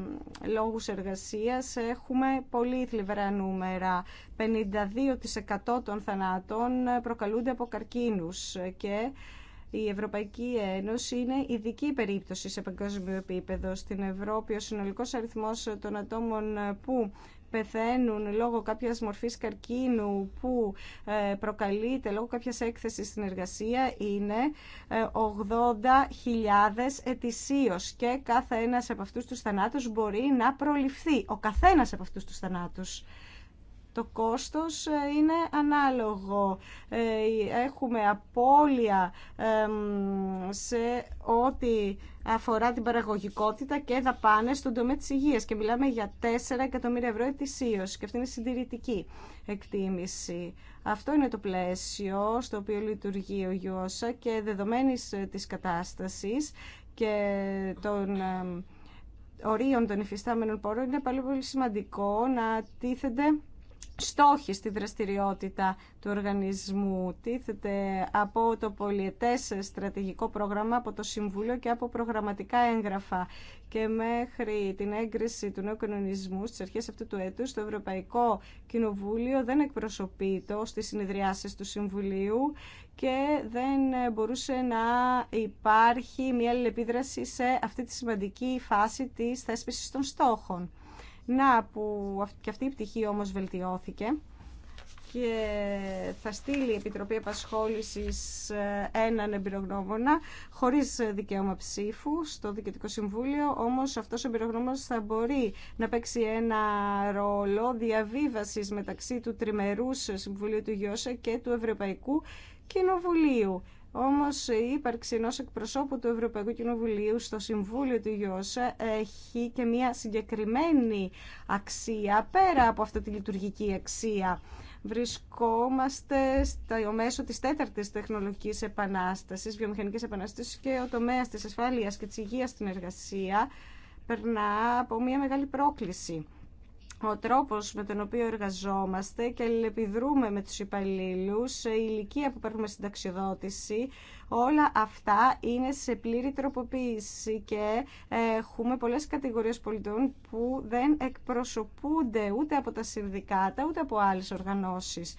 λόγους εργασίας. Έχουμε πολύ θλιβερά νούμερα. 52% των θανάτων προκαλούνται από καρκίνους και η Ευρωπαϊκή Ένωση είναι ειδική περίπτωση σε παγκόσμιο επίπεδο. Στην Ευρώπη ο συνολικός αριθμός των ατόμων που πεθαίνουν λόγω κάποιας μορφής καρκίνου που ε, προκαλείται λόγω κάποιας έκθεσης στην εργασία είναι 80.000 ε, ετησίως και κάθε ένας από αυτούς τους θανάτους μπορεί να προληφθεί. Ο καθένας από αυτούς τους θανάτους. Το κόστος ε, είναι ανάλογο. Ε, έχουμε απώλεια σε ό,τι αφορά την παραγωγικότητα και δαπάνες στον τομέα της υγείας και μιλάμε για 4 εκατομμύρια ευρώ ετησίως και αυτή είναι συντηρητική εκτίμηση. Αυτό είναι το πλαίσιο στο οποίο λειτουργεί ο Γιώσα και δεδομένης ε, της κατάστασης και των ορίων των υφιστάμενων πόρων είναι πάλι πολύ σημαντικό να τίθενται στόχοι στη δραστηριότητα του οργανισμού. Τίθεται από το πολιετές στρατηγικό πρόγραμμα, από το Συμβούλιο και από προγραμματικά έγγραφα. Και μέχρι την έγκριση του νέου κανονισμού στις αρχές αυτού του έτους, το Ευρωπαϊκό Κοινοβούλιο δεν το στις συνεδριάσεις του Συμβουλίου και δεν μπορούσε να υπάρχει μια αλληλεπίδραση σε αυτή τη σημαντική φάση της θέσπισης των στόχων. Να που και αυτή η πτυχή όμως βελτιώθηκε και θα στείλει η Επιτροπή Επασχόλησης ε, έναν εμπειρογνώμονα χωρίς δικαίωμα ψήφου στο Διοικητικό Συμβούλιο, όμως αυτός ο εμπειρογνώμονας θα μπορεί να παίξει ένα ρόλο διαβίβασης μεταξύ του Τριμερούς Συμβουλίου του ΓΙΟΣΕ και του Ευρωπαϊκού Κοινοβουλίου. Όμως η ύπαρξη ενός εκπροσώπου του Ευρωπαϊκού Κοινοβουλίου στο Συμβούλιο του ΙΟΣΕ έχει και μια συγκεκριμένη αξία πέρα από αυτή τη λειτουργική αξία. Βρισκόμαστε στο μέσο της τέταρτης τεχνολογικής επανάστασης, βιομηχανικής επανάστασης και ο τομέας της ασφάλειας και της υγείας στην εργασία περνά από μια μεγάλη πρόκληση ο τρόπος με τον οποίο εργαζόμαστε και αλληλεπιδρούμε με τους υπαλλήλους, η ηλικία που παίρνουμε στην ταξιδότηση, όλα αυτά είναι σε πλήρη τροποποίηση και έχουμε πολλές κατηγορίες πολιτών που δεν εκπροσωπούνται ούτε από τα συνδικάτα ούτε από άλλες οργανώσεις.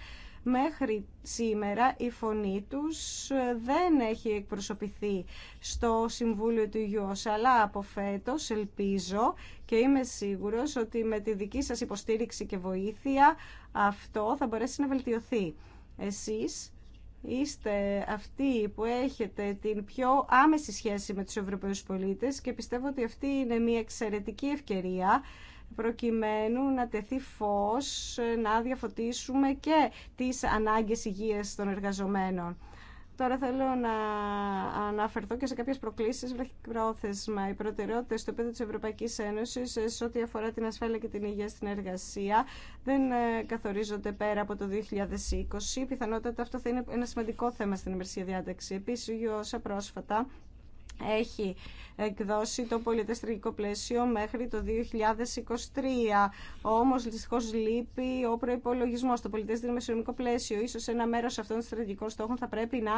Μέχρι σήμερα η φωνή τους ε, δεν έχει εκπροσωπηθεί στο Συμβούλιο του ΙΟΣ, αλλά από φέτος ελπίζω και είμαι σίγουρος ότι με τη δική σας υποστήριξη και βοήθεια αυτό θα μπορέσει να βελτιωθεί. Εσείς είστε αυτοί που έχετε την πιο άμεση σχέση με τους Ευρωπαίους πολίτες και πιστεύω ότι αυτή είναι μια εξαιρετική ευκαιρία προκειμένου να τεθεί φως, να διαφωτίσουμε και τις ανάγκες υγείας των εργαζομένων. Τώρα θέλω να αναφερθώ και σε κάποιες προκλήσεις βραχυπρόθεσμα. Οι προτεραιότητες στο επίπεδο της Ευρωπαϊκής Ένωσης σε ό,τι αφορά την ασφάλεια και την υγεία στην εργασία δεν ε, καθορίζονται πέρα από το 2020. Πιθανότατα αυτό θα είναι ένα σημαντικό θέμα στην ημερησία διάταξη. Επίσης, όσα πρόσφατα έχει εκδώσει το πολιτεστρικό πλαίσιο μέχρι το 2023. Όμως δυστυχώ λείπει ο προϋπολογισμός. Το πολιτεστρικό πλαίσιο ίσως ένα μέρος αυτών των στρατηγικών στόχων θα πρέπει να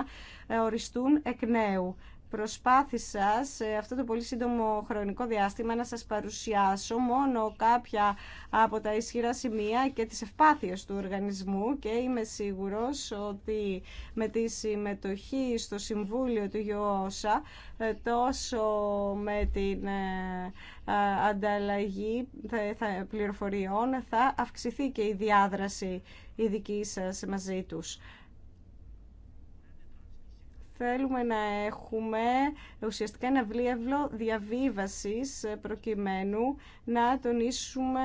ε, οριστούν εκ νέου προσπάθησα σε αυτό το πολύ σύντομο χρονικό διάστημα να σας παρουσιάσω μόνο κάποια από τα ισχυρά σημεία και τις ευπάθειες του οργανισμού και είμαι σίγουρος ότι με τη συμμετοχή στο Συμβούλιο του ΓΙΟΣΑ ε, τόσο με την ε, ανταλλαγή πληροφοριών θα αυξηθεί και η διάδραση η δική σας μαζί τους. Θέλουμε να έχουμε ουσιαστικά ένα βλίευλο διαβίβασης ε, προκειμένου να τονίσουμε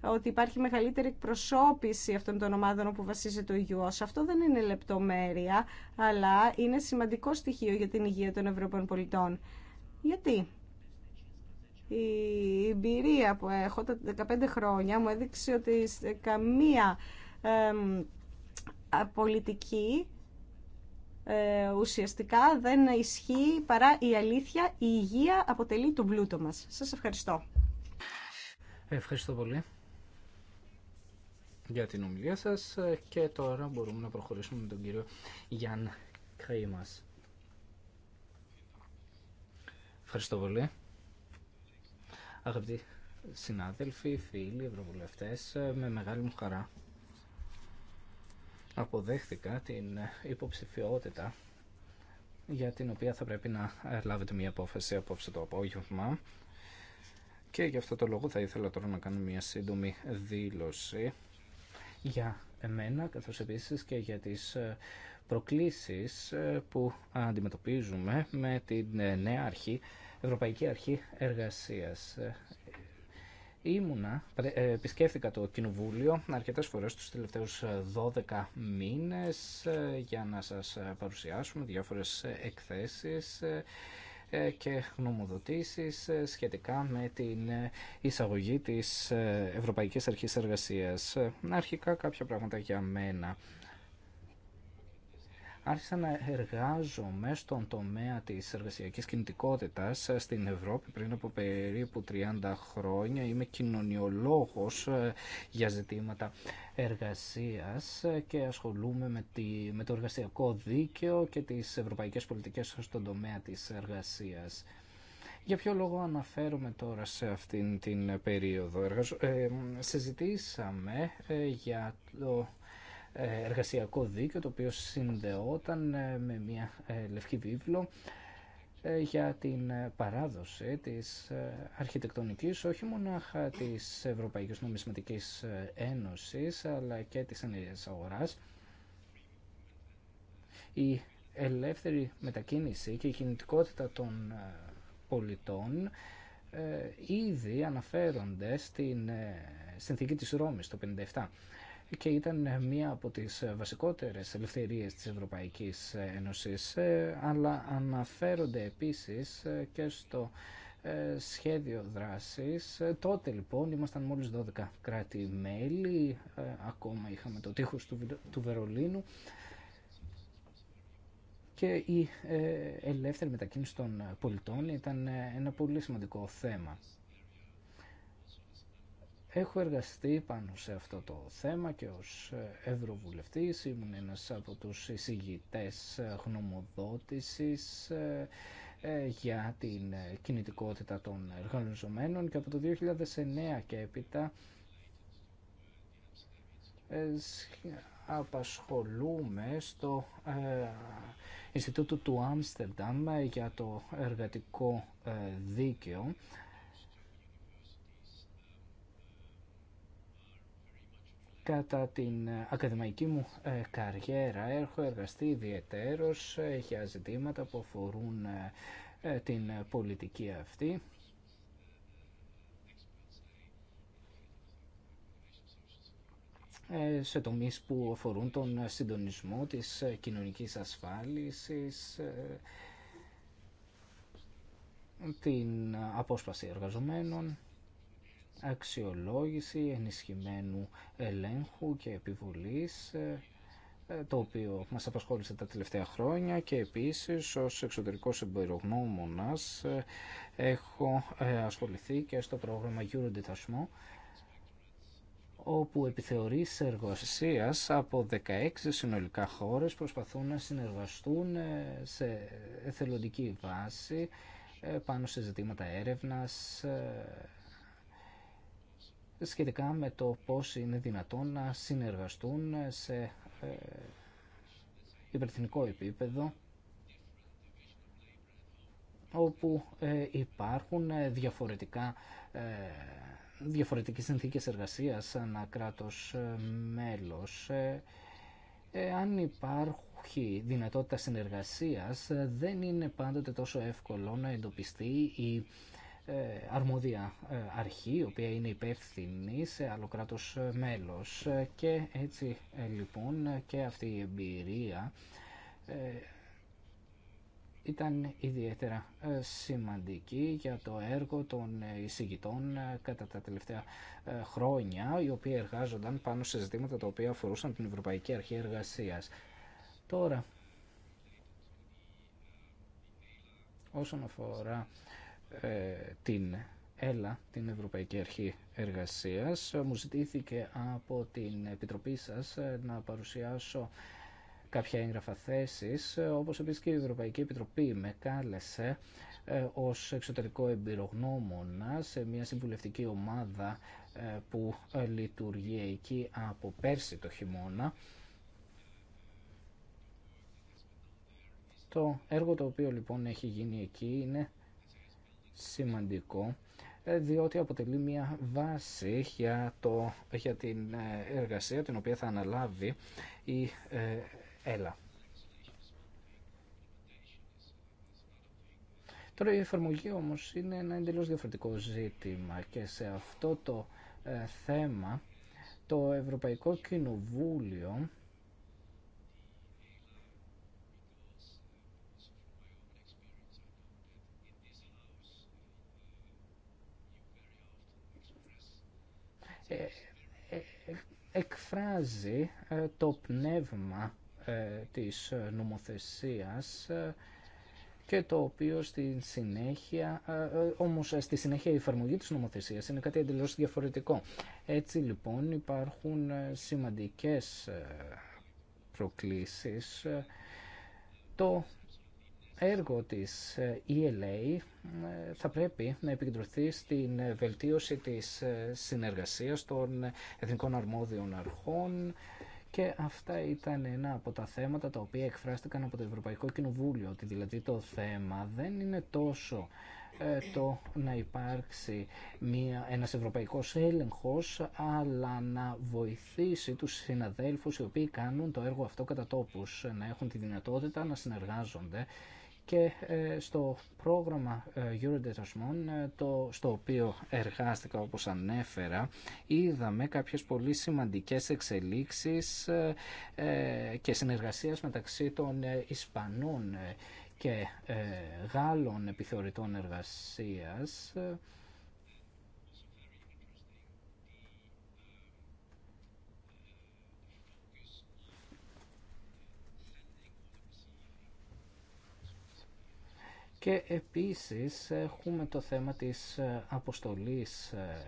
ότι υπάρχει μεγαλύτερη εκπροσώπηση αυτών των ομάδων όπου βασίζεται ο υγιός. Αυτό δεν είναι λεπτομέρεια, αλλά είναι σημαντικό στοιχείο για την υγεία των Ευρωπαίων πολιτών. Γιατί? Η εμπειρία που έχω τα 15 χρόνια μου έδειξε ότι καμία πολιτική ε, ουσιαστικά δεν ισχύει παρά η αλήθεια. Η υγεία αποτελεί τον πλούτο μας. Σας ευχαριστώ.
Ευχαριστώ πολύ για την ομιλία σας και τώρα μπορούμε να προχωρήσουμε με τον κύριο Γιάνν Κρέιμας. Ευχαριστώ πολύ. Αγαπητοί συνάδελφοι, φίλοι, ευρωβουλευτές, με μεγάλη μου χαρά αποδέχθηκα την υποψηφιότητα για την οποία θα πρέπει να λάβετε μια απόφαση απόψε το απόγευμα και γι' αυτό το λόγο θα ήθελα τώρα να κάνω μια σύντομη δήλωση για εμένα καθώς επίσης και για τις ε, προκλήσεις ε, που αντιμετωπίζουμε με την ε, νέα αρχή, Ευρωπαϊκή Αρχή Εργασίας. Ήμουνα, ε, επισκέφθηκα το Κοινοβούλιο αρκετές φορές τους τελευταίους 12 ε, μήνες ε, για να σας παρουσιάσουμε διάφορες εκθέσεις και γνωμοδοτήσεις σχετικά με την εισαγωγή της Ευρωπαϊκής Αρχής Εργασίας. Αρχικά κάποια πράγματα για μένα άρχισα να εργάζομαι στον τομέα της εργασιακής κινητικότητας στην Ευρώπη πριν από περίπου 30 χρόνια. Είμαι κοινωνιολόγος ε, για ζητήματα εργασίας και ασχολούμαι με, τη, το εργασιακό δίκαιο και τις ευρωπαϊκές πολιτικές στον τομέα της εργασίας. Για ποιο λόγο αναφέρομαι τώρα σε αυτήν την περίοδο. Εργαζο... Ε, συζητήσαμε ε, για το ε, εργασιακό δίκαιο το οποίο συνδεόταν ε, με μια ε, λευκή βίβλο για την παράδοση της αρχιτεκτονικής όχι μονάχα της Ευρωπαϊκής Νομισματικής Ένωσης αλλά και της ενέργειας αγοράς. Η ελεύθερη μετακίνηση και η κινητικότητα των πολιτών ήδη αναφέρονται στην συνθήκη της Ρώμης το 1957 και ήταν ε, μία από τις ε, βασικότερες ελευθερίες της Ευρωπαϊκής ε, Ένωσης αλλά αναφέρονται επίσης και στο σχέδιο δράσης. Τότε λοιπόν ήμασταν μόλις 12 κράτη-μέλη, ακόμα είχαμε το τείχος του Βερολίνου και η ελεύθερη μετακίνηση των πολιτών ήταν ένα πολύ σημαντικό θέμα. Έχω εργαστεί πάνω σε αυτό το θέμα και ως ε, Ευρωβουλευτής ήμουν ένας από τους εισηγητές ε, γνωμοδότησης ε, για την κινητικότητα των εργαζομένων και από το 2009 και έπειτα απασχολούμε στο Ινστιτούτο του Άμστερνταμ για το εργατικό δίκαιο Κατά την ε, ακαδημαϊκή μου ε, καριέρα έχω εργαστεί ιδιαιτέρως ε, για ζητήματα που αφορούν την πολιτική αυτή. σε τομείς που αφορούν τον συντονισμό της κοινωνικής ασφάλισης, την απόσπαση εργαζομένων αξιολόγηση ενισχυμένου ελέγχου και επιβολής ε, ε, το οποίο μας απασχόλησε τα τελευταία χρόνια και επίσης ως εξωτερικός εμπειρογνώμονας ε, έχω ασχοληθεί και στο πρόγραμμα Eurodetachment όπου επιθεωρήσεις εργασίας από 16 συνολικά χώρες προσπαθούν να συνεργαστούν σε εθελοντική βάση πάνω σε ζητήματα έρευνας, σχετικά με το πώς είναι δυνατόν να συνεργαστούν σε ε, υπερθυνικό επίπεδο όπου ε, υπάρχουν διαφορετικά, ε, διαφορετικές συνθήκες εργασίας σαν κράτος μέλος. αν υπάρχει δυνατότητα συνεργασίας δεν είναι πάντοτε τόσο εύκολο να εντοπιστεί η ε, αρμόδια ε, αρχή, η οποία είναι υπεύθυνη σε άλλο κράτος ε, μέλος. Και έτσι λοιπόν και αυτή η εμπειρία ήταν ιδιαίτερα σημαντική για το έργο των εισηγητών κατά τα τελευταία χρόνια, οι οποίοι εργάζονταν πάνω σε ζητήματα τα οποία αφορούσαν την Ευρωπαϊκή Αρχή Εργασίας. Τώρα, όσον αφορά ε, την ΕΛΑ, την Ευρωπαϊκή Αρχή Εργασίας. Μου ζητήθηκε από την Επιτροπή σας ε, να παρουσιάσω κάποια έγγραφα θέσης, όπως επίσης και η Ευρωπαϊκή Επιτροπή με κάλεσε ε, ως εξωτερικό εμπειρογνώμονα σε μια συμβουλευτική ομάδα που λειτουργεί εκεί από πέρσι το χειμώνα. Το έργο το οποίο λοιπόν έχει γίνει εκεί είναι σημαντικό ε, διότι αποτελεί μια βάση για, το, για την ε, εργασία την οποία θα αναλάβει η ε, ΕΛΑ. Τώρα η εφαρμογή όμως είναι ένα εντελώς διαφορετικό ζήτημα και σε αυτό το θέμα το Ευρωπαϊκό Κοινοβούλιο Ε, ε, ε, εκφράζει το πνεύμα της νομοθεσίας και το οποίο στη συνέχεια, όμως στη συνέχεια η εφαρμογή της νομοθεσίας είναι κάτι εντελώς διαφορετικό. Έτσι λοιπόν υπάρχουν σημαντικές προκλήσεις. Το έργο της ε, ELA ε, θα πρέπει να επικεντρωθεί στην βελτίωση της ε, συνεργασίας των εθνικών αρμόδιων αρχών και αυτά ήταν ένα από τα θέματα τα οποία εκφράστηκαν από το Ευρωπαϊκό Κοινοβούλιο, ότι δηλαδή το θέμα δεν είναι τόσο το να υπάρξει μια, ένας ευρωπαϊκός έλεγχος αλλά να βοηθήσει τους συναδέλφους οι οποίοι κάνουν το έργο αυτό κατά τόπους να έχουν τη δυνατότητα να συνεργάζονται και ε, στο πρόγραμμα ε, Eurodetachment, ε, το, στο οποίο εργάστηκα όπως ανέφερα, είδαμε κάποιες πολύ σημαντικές εξελίξεις και συνεργασίες μεταξύ των Ισπανών και Γάλλων επιθεωρητών εργασίας Και επίσης έχουμε το θέμα της αποστολής ε,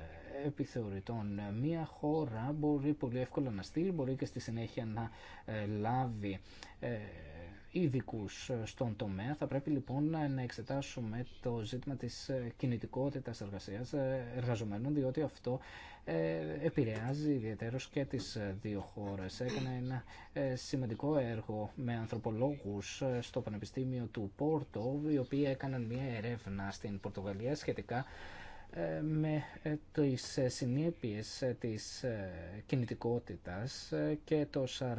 επιθεωρητών. Μία χώρα μπορεί πολύ εύκολα να στείλει, μπορεί και στη συνέχεια να ε, λάβει ε, ειδικού ε, στον τομέα. Θα πρέπει λοιπόν να εξετάσουμε το ζήτημα της ε, κινητικότητας εργασίας ε, εργαζομένων, διότι αυτό επηρεάζει ιδιαίτερως και τις δύο χώρες. Έκανε ένα σημαντικό έργο με ανθρωπολόγους στο Πανεπιστήμιο του Πόρτο, οι οποίοι έκαναν μια ερεύνα στην Πορτογαλία σχετικά με τις συνέπειες της κινητικότητας και το 40%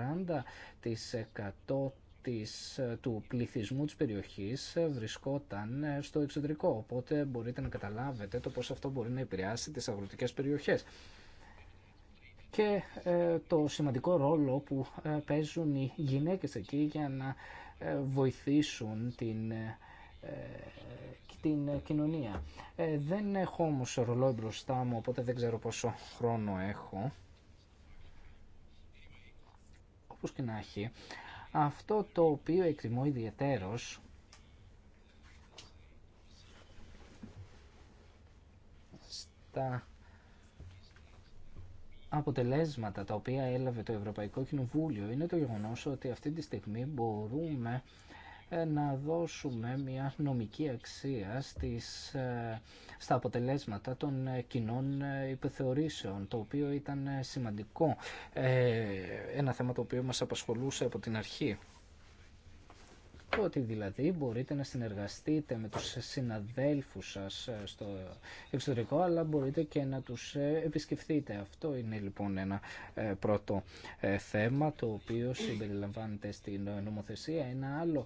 της, ε, του πληθυσμού της περιοχής ε, βρισκόταν ε, στο εξωτερικό, οπότε μπορείτε να καταλάβετε το πώς αυτό μπορεί να επηρεάσει τις αγροτικές περιοχές και το σημαντικό ρόλο που παίζουν οι γυναίκες εκεί για να βοηθήσουν την την κοινωνία. Δεν έχω όμως ρολόι μπροστά μου, οπότε δεν ξέρω πόσο χρόνο έχω. Όπως και να έχει, αυτό το οποίο εκτιμώ ιδιαίτερος στα αποτελέσματα τα οποία έλαβε το Ευρωπαϊκό Κοινοβούλιο είναι το γεγονός ότι αυτή τη στιγμή μπορούμε ε, να δώσουμε μια νομική αξία στις, ε, στα αποτελέσματα των ε, κοινών υπεθεωρήσεων, το οποίο ήταν σημαντικό, ένα θέμα το οποίο μας απασχολούσε από την αρχή ότι δηλαδή μπορείτε να συνεργαστείτε με τους συναδέλφους σας ε, στο εξωτερικό αλλά μπορείτε και να τους ε, επισκεφθείτε. Αυτό είναι λοιπόν ένα ε, πρώτο θέμα το οποίο συμπεριλαμβάνεται στην νομοθεσία. Ένα άλλο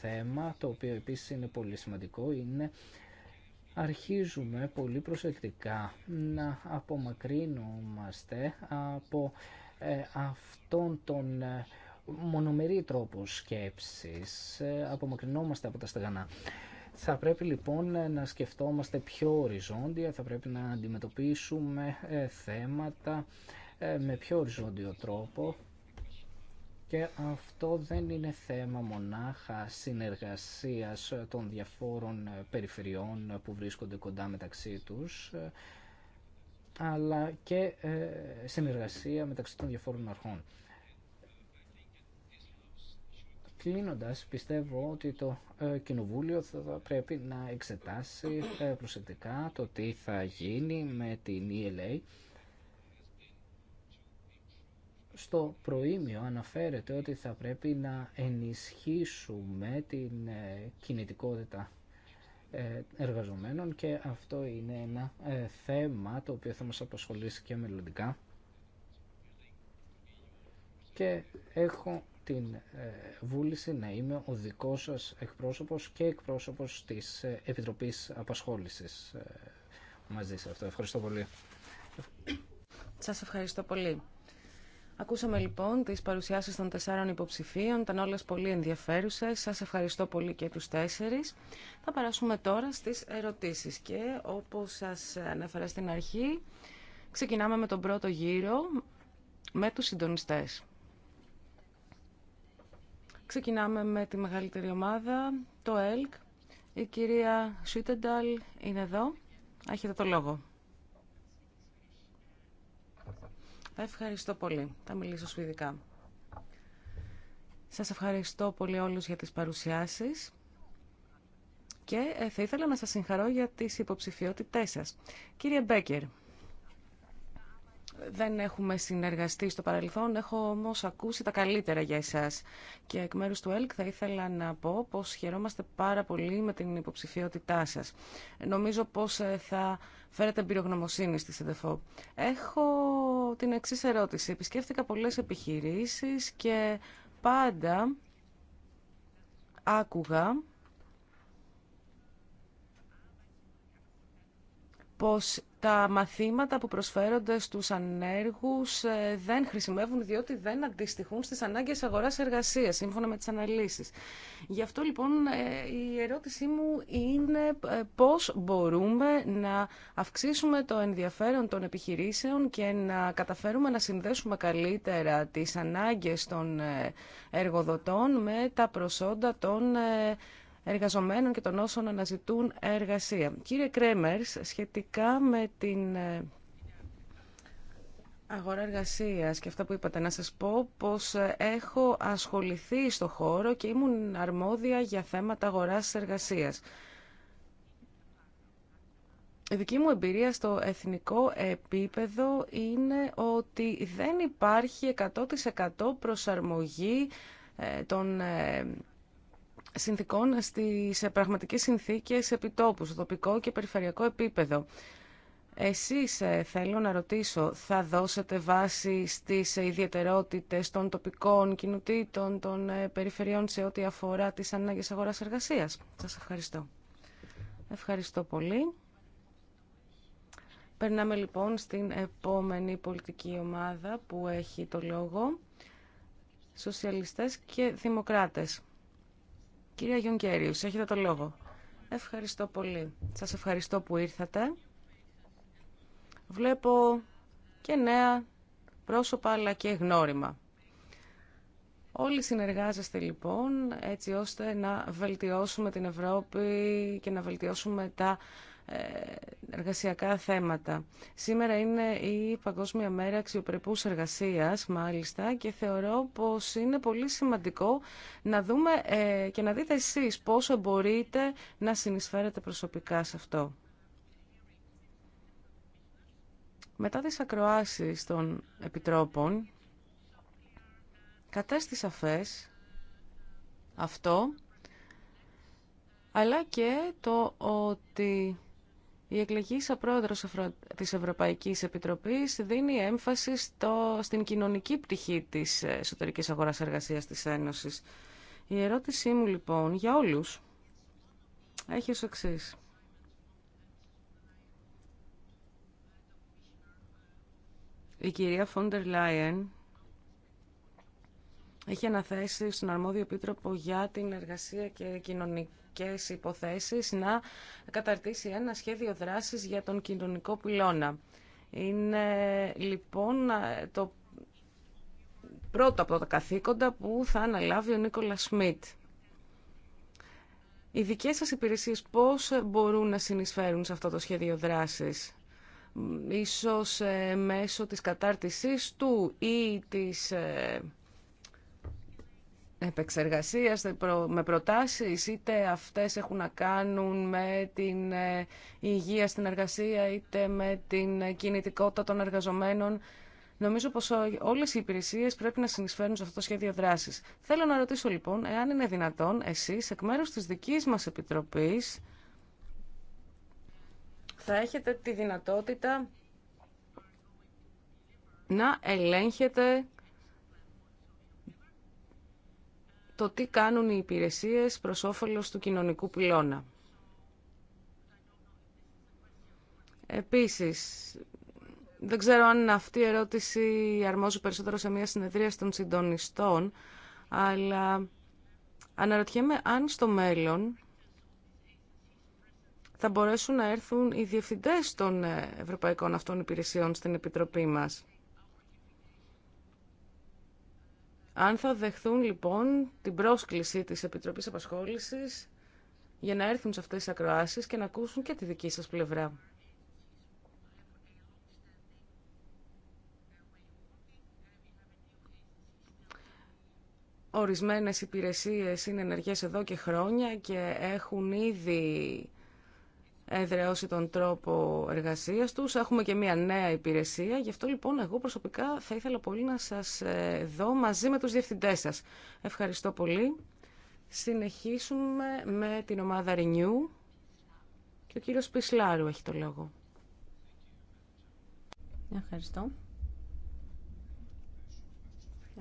θέμα το οποίο επίσης είναι πολύ σημαντικό είναι αρχίζουμε πολύ προσεκτικά να απομακρύνομαστε από αυτόν τον μονομερή τρόπο σκέψης, ε, απομακρυνόμαστε από τα στεγανά. Θα πρέπει λοιπόν να σκεφτόμαστε πιο οριζόντια, θα πρέπει να αντιμετωπίσουμε ε, θέματα ε, με πιο οριζόντιο τρόπο και αυτό δεν είναι θέμα μονάχα συνεργασίας των διαφόρων περιφερειών που βρίσκονται κοντά μεταξύ τους, αλλά και συνεργασία μεταξύ των διαφόρων αρχών. Κλείνοντας, πιστεύω ότι το ε, Κοινοβούλιο θα πρέπει να εξετάσει ε, προσεκτικά το τι θα γίνει με την ELA. Στο προήμιο αναφέρεται ότι θα πρέπει να ενισχύσουμε την ε, κινητικότητα εργαζομένων και αυτό είναι ένα θέμα το οποίο θα μας απασχολήσει και μελλοντικά. Και έχω την ε, βούληση να είμαι ο δικός σας εκπρόσωπος και εκπρόσωπος της ε, Επιτροπής Απασχόλησης ε, μαζί σε αυτό. Ευχαριστώ πολύ.
Σας ευχαριστώ πολύ. Ακούσαμε λοιπόν τις παρουσιάσεις των τεσσάρων υποψηφίων, ήταν όλες πολύ ενδιαφέρουσες. Σας ευχαριστώ πολύ και τους τέσσερις. Θα περάσουμε τώρα στις ερωτήσεις και όπως σας ανέφερα στην αρχή, ξεκινάμε με τον πρώτο γύρο με τους συντονιστές. Ξεκινάμε με τη μεγαλύτερη ομάδα, το ΕΛΚ. Η κυρία Σουίτενταλ είναι εδώ. Έχετε το λόγο. Ευχαριστώ πολύ. Θα μιλήσω σφυδικά. Σας ευχαριστώ πολύ όλους για τις παρουσιάσεις και ε, θα ήθελα να σας συγχαρώ για τις υποψηφιότητές σας. Κύριε Μπέκερ, δεν έχουμε συνεργαστεί στο παρελθόν, έχω όμω ακούσει τα καλύτερα για εσάς. Και εκ μέρους του ΕΛΚ θα ήθελα να πω πως χαιρόμαστε πάρα πολύ με την υποψηφιότητά σας. Νομίζω πως ε, θα φέρετε εμπειρογνωμοσύνη στη ΣΕΔΕΦΟ. Έχω την εξή ερώτηση. Επισκέφτηκα πολλές επιχειρήσεις και πάντα άκουγα πως τα μαθήματα που προσφέρονται στους ανέργους ε, δεν χρησιμεύουν διότι δεν αντιστοιχούν στις ανάγκες αγοράς-εργασίας, σύμφωνα με τις αναλύσεις. Γι' αυτό λοιπόν ε, η ερώτησή μου είναι ε, πώς μπορούμε να αυξήσουμε το ενδιαφέρον των επιχειρήσεων και να καταφέρουμε να συνδέσουμε καλύτερα τις ανάγκες των εργοδοτών με τα προσόντα των εργαζομένων και των όσων αναζητούν εργασία. Κύριε Κρέμερς, σχετικά με την ε, αγορά εργασίας και αυτά που είπατε, να σας πω πως ε, έχω ασχοληθεί στο χώρο και ήμουν αρμόδια για θέματα αγοράς εργασίας. Η δική μου εμπειρία στο εθνικό επίπεδο είναι ότι δεν υπάρχει 100% προσαρμογή ε, των συνθήκων στις πραγματικέ συνθήκες επιτόπου, τοπικό και περιφερειακό επίπεδο. Εσείς, ε, θέλω να ρωτήσω, θα δώσετε βάση στις ιδιαίτερότητε των τοπικών κοινοτήτων, των ε, περιφερειών σε ό,τι αφορά τις ανάγκες αγορά εργασία. Σας ευχαριστώ. Ευχαριστώ πολύ. Περνάμε λοιπόν στην επόμενη πολιτική ομάδα που έχει το λόγο. Σοσιαλιστές και Δημοκράτες. Κυρία Γιονκέριους, έχετε το λόγο. Ευχαριστώ πολύ. Σας ευχαριστώ που ήρθατε. Βλέπω και νέα πρόσωπα αλλά και γνώριμα. Όλοι συνεργάζεστε λοιπόν έτσι ώστε να βελτιώσουμε την Ευρώπη και να βελτιώσουμε τα ε, εργασιακά θέματα. Σήμερα είναι η Παγκόσμια Μέρα Αξιοπρεπούς Εργασίας, μάλιστα, και θεωρώ πως είναι πολύ σημαντικό να δούμε ε, και να δείτε εσείς πόσο μπορείτε να συνεισφέρετε προσωπικά σε αυτό. Μετά τις ακροάσεις των επιτρόπων, κατέστησα αφές αυτό, αλλά και το ότι η σαν πρόεδρος της Ευρωπαϊκής Επιτροπής δίνει έμφαση στο, στην κοινωνική πτυχή της εσωτερικής αγοράς εργασίας της Ένωσης. Η ερώτησή μου λοιπόν για όλους έχει ως εξής. Η κυρία Φόντερ Λάιεν έχει αναθέσει στον αρμόδιο επίτροπο για την εργασία και κοινωνική υποθέσεις να καταρτήσει ένα σχέδιο δράσης για τον κοινωνικό πυλώνα. Είναι λοιπόν το πρώτο από τα καθήκοντα που θα αναλάβει ο Νίκολα Σμιτ. Οι δικές σας υπηρεσίες πώς μπορούν να συνεισφέρουν σε αυτό το σχέδιο δράσης ίσως ε, μέσω της κατάρτισής του ή της ε, επεξεργασίας με προτάσεις, είτε αυτές έχουν να κάνουν με την ε, υγεία στην εργασία, είτε με την ε, κινητικότητα των εργαζομένων. Νομίζω πως όλες οι υπηρεσίες πρέπει να συνεισφέρουν σε αυτό το σχέδιο δράσης. Θέλω να ρωτήσω λοιπόν, εάν είναι δυνατόν εσείς, εκ μέρους της δικής μας Επιτροπής, θα έχετε τη δυνατότητα να ελέγχετε το τι κάνουν οι υπηρεσίες προς όφελος του κοινωνικού πυλώνα. Επίσης, δεν ξέρω αν αυτή η ερώτηση αρμόζει περισσότερο σε μια συνεδρία των συντονιστών, αλλά αναρωτιέμαι αν στο μέλλον θα μπορέσουν να έρθουν οι διευθυντές των Ευρωπαϊκών Αυτών Υπηρεσιών στην Επιτροπή μας. Αν θα δεχθούν λοιπόν την πρόσκληση της Επιτροπής Απασχόλησης για να έρθουν σε αυτές τις ακροάσεις και να ακούσουν και τη δική σας πλευρά. Ορισμένες υπηρεσίες είναι ενεργές εδώ και χρόνια και έχουν ήδη εδραιώσει τον τρόπο εργασίας τους. Έχουμε και μια νέα υπηρεσία. Γι' αυτό λοιπόν εγώ προσωπικά θα ήθελα πολύ να σας ε, δω μαζί με τους διευθυντέ σας. Ευχαριστώ πολύ. Συνεχίσουμε με την ομάδα Renew και ο κύριος Πισλάρου έχει το λόγο. Ευχαριστώ.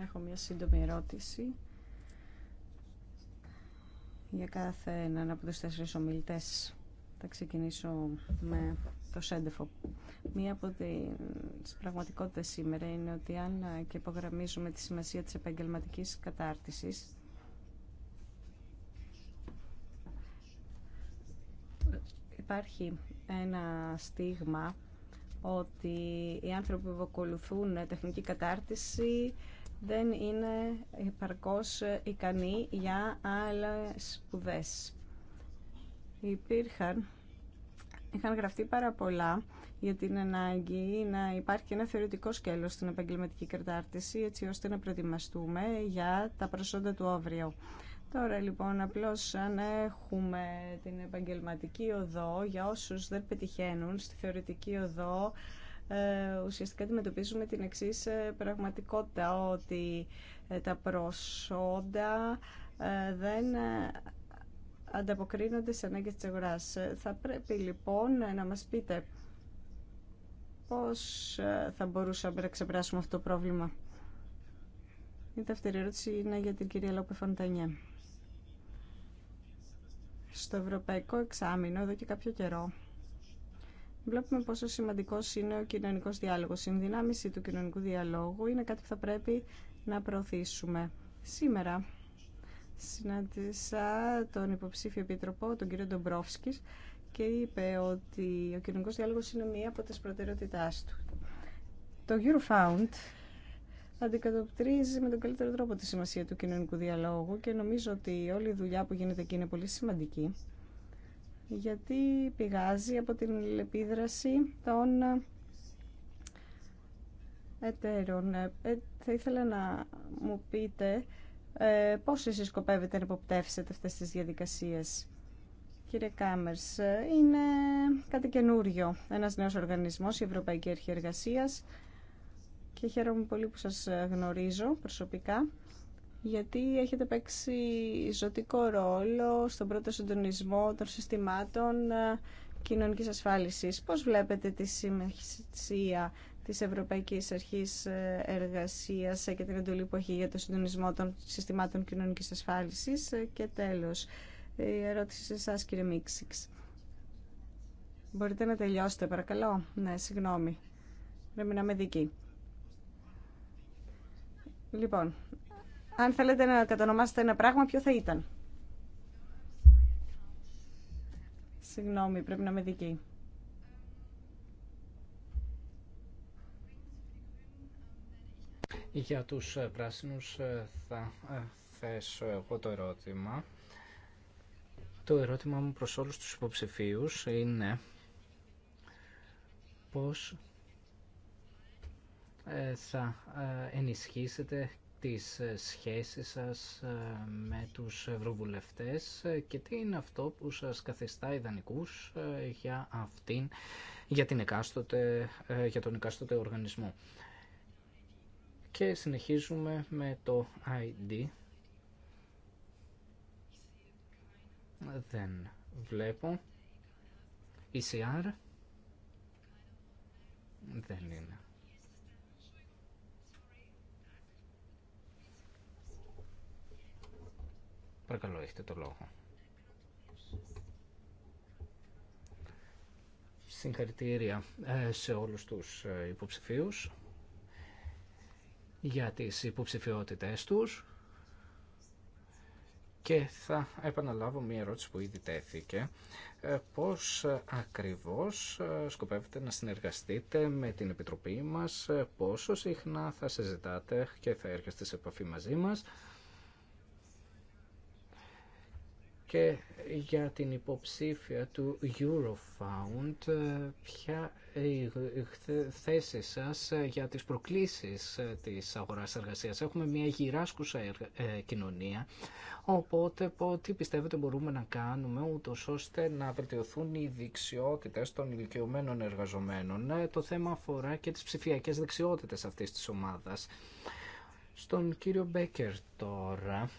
Έχω μια σύντομη ερώτηση για κάθε έναν από τους τέσσερις ομιλητές θα ξεκινήσω με το Σέντεφο. Μία από τις πραγματικότητες σήμερα είναι ότι αν και υπογραμμίζουμε τη σημασία της επαγγελματικής κατάρτισης, υπάρχει ένα στίγμα ότι οι άνθρωποι που ακολουθούν τεχνική κατάρτιση δεν είναι υπαρκώς ικανοί για άλλες σπουδές υπήρχαν, είχαν γραφτεί πάρα πολλά για την ανάγκη να υπάρχει ένα θεωρητικό σκέλος στην επαγγελματική κατάρτιση έτσι ώστε να προετοιμαστούμε για τα προσόντα του αύριο. Τώρα λοιπόν απλώς αν έχουμε την επαγγελματική οδό για όσους δεν πετυχαίνουν στη θεωρητική οδό ε, ουσιαστικά αντιμετωπίζουμε την εξής ε, πραγματικότητα ότι ε, τα προσόντα δεν ανταποκρίνονται σε ανάγκες της αγοράς. Θα πρέπει λοιπόν να μας πείτε πώς ε, θα μπορούσαμε να ξεπεράσουμε αυτό το πρόβλημα. Η δεύτερη ερώτηση είναι για την κυρία Λόπε Φοντανιέ. Στο ευρωπαϊκό εξάμεινο, εδώ και κάποιο καιρό, βλέπουμε πόσο σημαντικός είναι ο κοινωνικός διάλογος. Η ενδυνάμιση του κοινωνικού διαλόγου είναι κάτι που θα πρέπει να προωθήσουμε. Σήμερα, συνάντησα τον υποψήφιο επίτροπο, τον κύριο Ντομπρόφσκης, και είπε ότι ο κοινωνικός διάλογος είναι μία από τις προτεραιότητάς του. Το Eurofound αντικατοπτρίζει με τον καλύτερο τρόπο τη σημασία του κοινωνικού διαλόγου και νομίζω ότι όλη η δουλειά που γίνεται εκεί είναι πολύ σημαντική γιατί πηγάζει από την επίδραση των εταίρων. Ε, θα ήθελα να μου πείτε ε, πώς εσείς σκοπεύετε να υποπτεύσετε αυτές τις διαδικασίες. Κύριε Κάμερς, ε, είναι κάτι καινούριο. Ένας νέος οργανισμός, η Ευρωπαϊκή Αρχή Εργασίας. Και χαίρομαι πολύ που σας γνωρίζω προσωπικά γιατί έχετε παίξει ζωτικό ρόλο στον πρώτο συντονισμό των συστημάτων ε, κοινωνικής ασφάλισης. Πώς βλέπετε τη σημασία της Ευρωπαϊκής Αρχής ε, Εργασίας και την εντολή που έχει για το συντονισμό των συστημάτων κοινωνικής ασφάλισης. Ε, και τέλος, η ερώτηση σε εσάς κύριε Μίξιξ. Μπορείτε να τελειώσετε παρακαλώ. Ναι, συγγνώμη. Πρέπει να είμαι δική. Λοιπόν, αν θέλετε να κατανομάσετε ένα πράγμα, ποιο θα ήταν. Συγγνώμη, πρέπει να είμαι δική.
Για τους ε, πράσινους ε, θα ε, θέσω εγώ το ερώτημα. Το ερώτημα μου προς όλους τους υποψηφίους είναι πώς θα ενισχύσετε τις σχέσεις σας με τους ευρωβουλευτές και τι είναι αυτό που σας καθιστά ιδανικούς για, αυτήν, για, την εκάστοτε, για τον εκάστοτε οργανισμό. Και συνεχίζουμε με το ID. Δεν βλέπω. ECR. Δεν είναι. Παρακαλώ, έχετε το λόγο. Συγχαρητήρια ε, σε όλους τους ε, υποψηφίους για τις υποψηφιότητες τους και θα επαναλάβω μία ερώτηση που ήδη τέθηκε. Ε, πώς ακριβώς ε, σκοπεύετε να συνεργαστείτε με την Επιτροπή μας, ε, πόσο συχνά θα συζητάτε και θα έρχεστε σε επαφή μαζί μας και για την υποψήφια του Eurofound ποια ε, ε, θέσεις σας ε, για τις προκλήσεις της αγοράς εργασίας. Έχουμε μια γυράσκουσα κοινωνία, οπότε τι πιστεύετε μπορούμε να κάνουμε ούτω ώστε να βελτιωθούν οι δεξιότητες των ηλικιωμένων εργαζομένων. Το θέμα αφορά και τις ψηφιακές δεξιότητες αυτής της ομάδας. Στον κύριο Μπέκερ τώρα,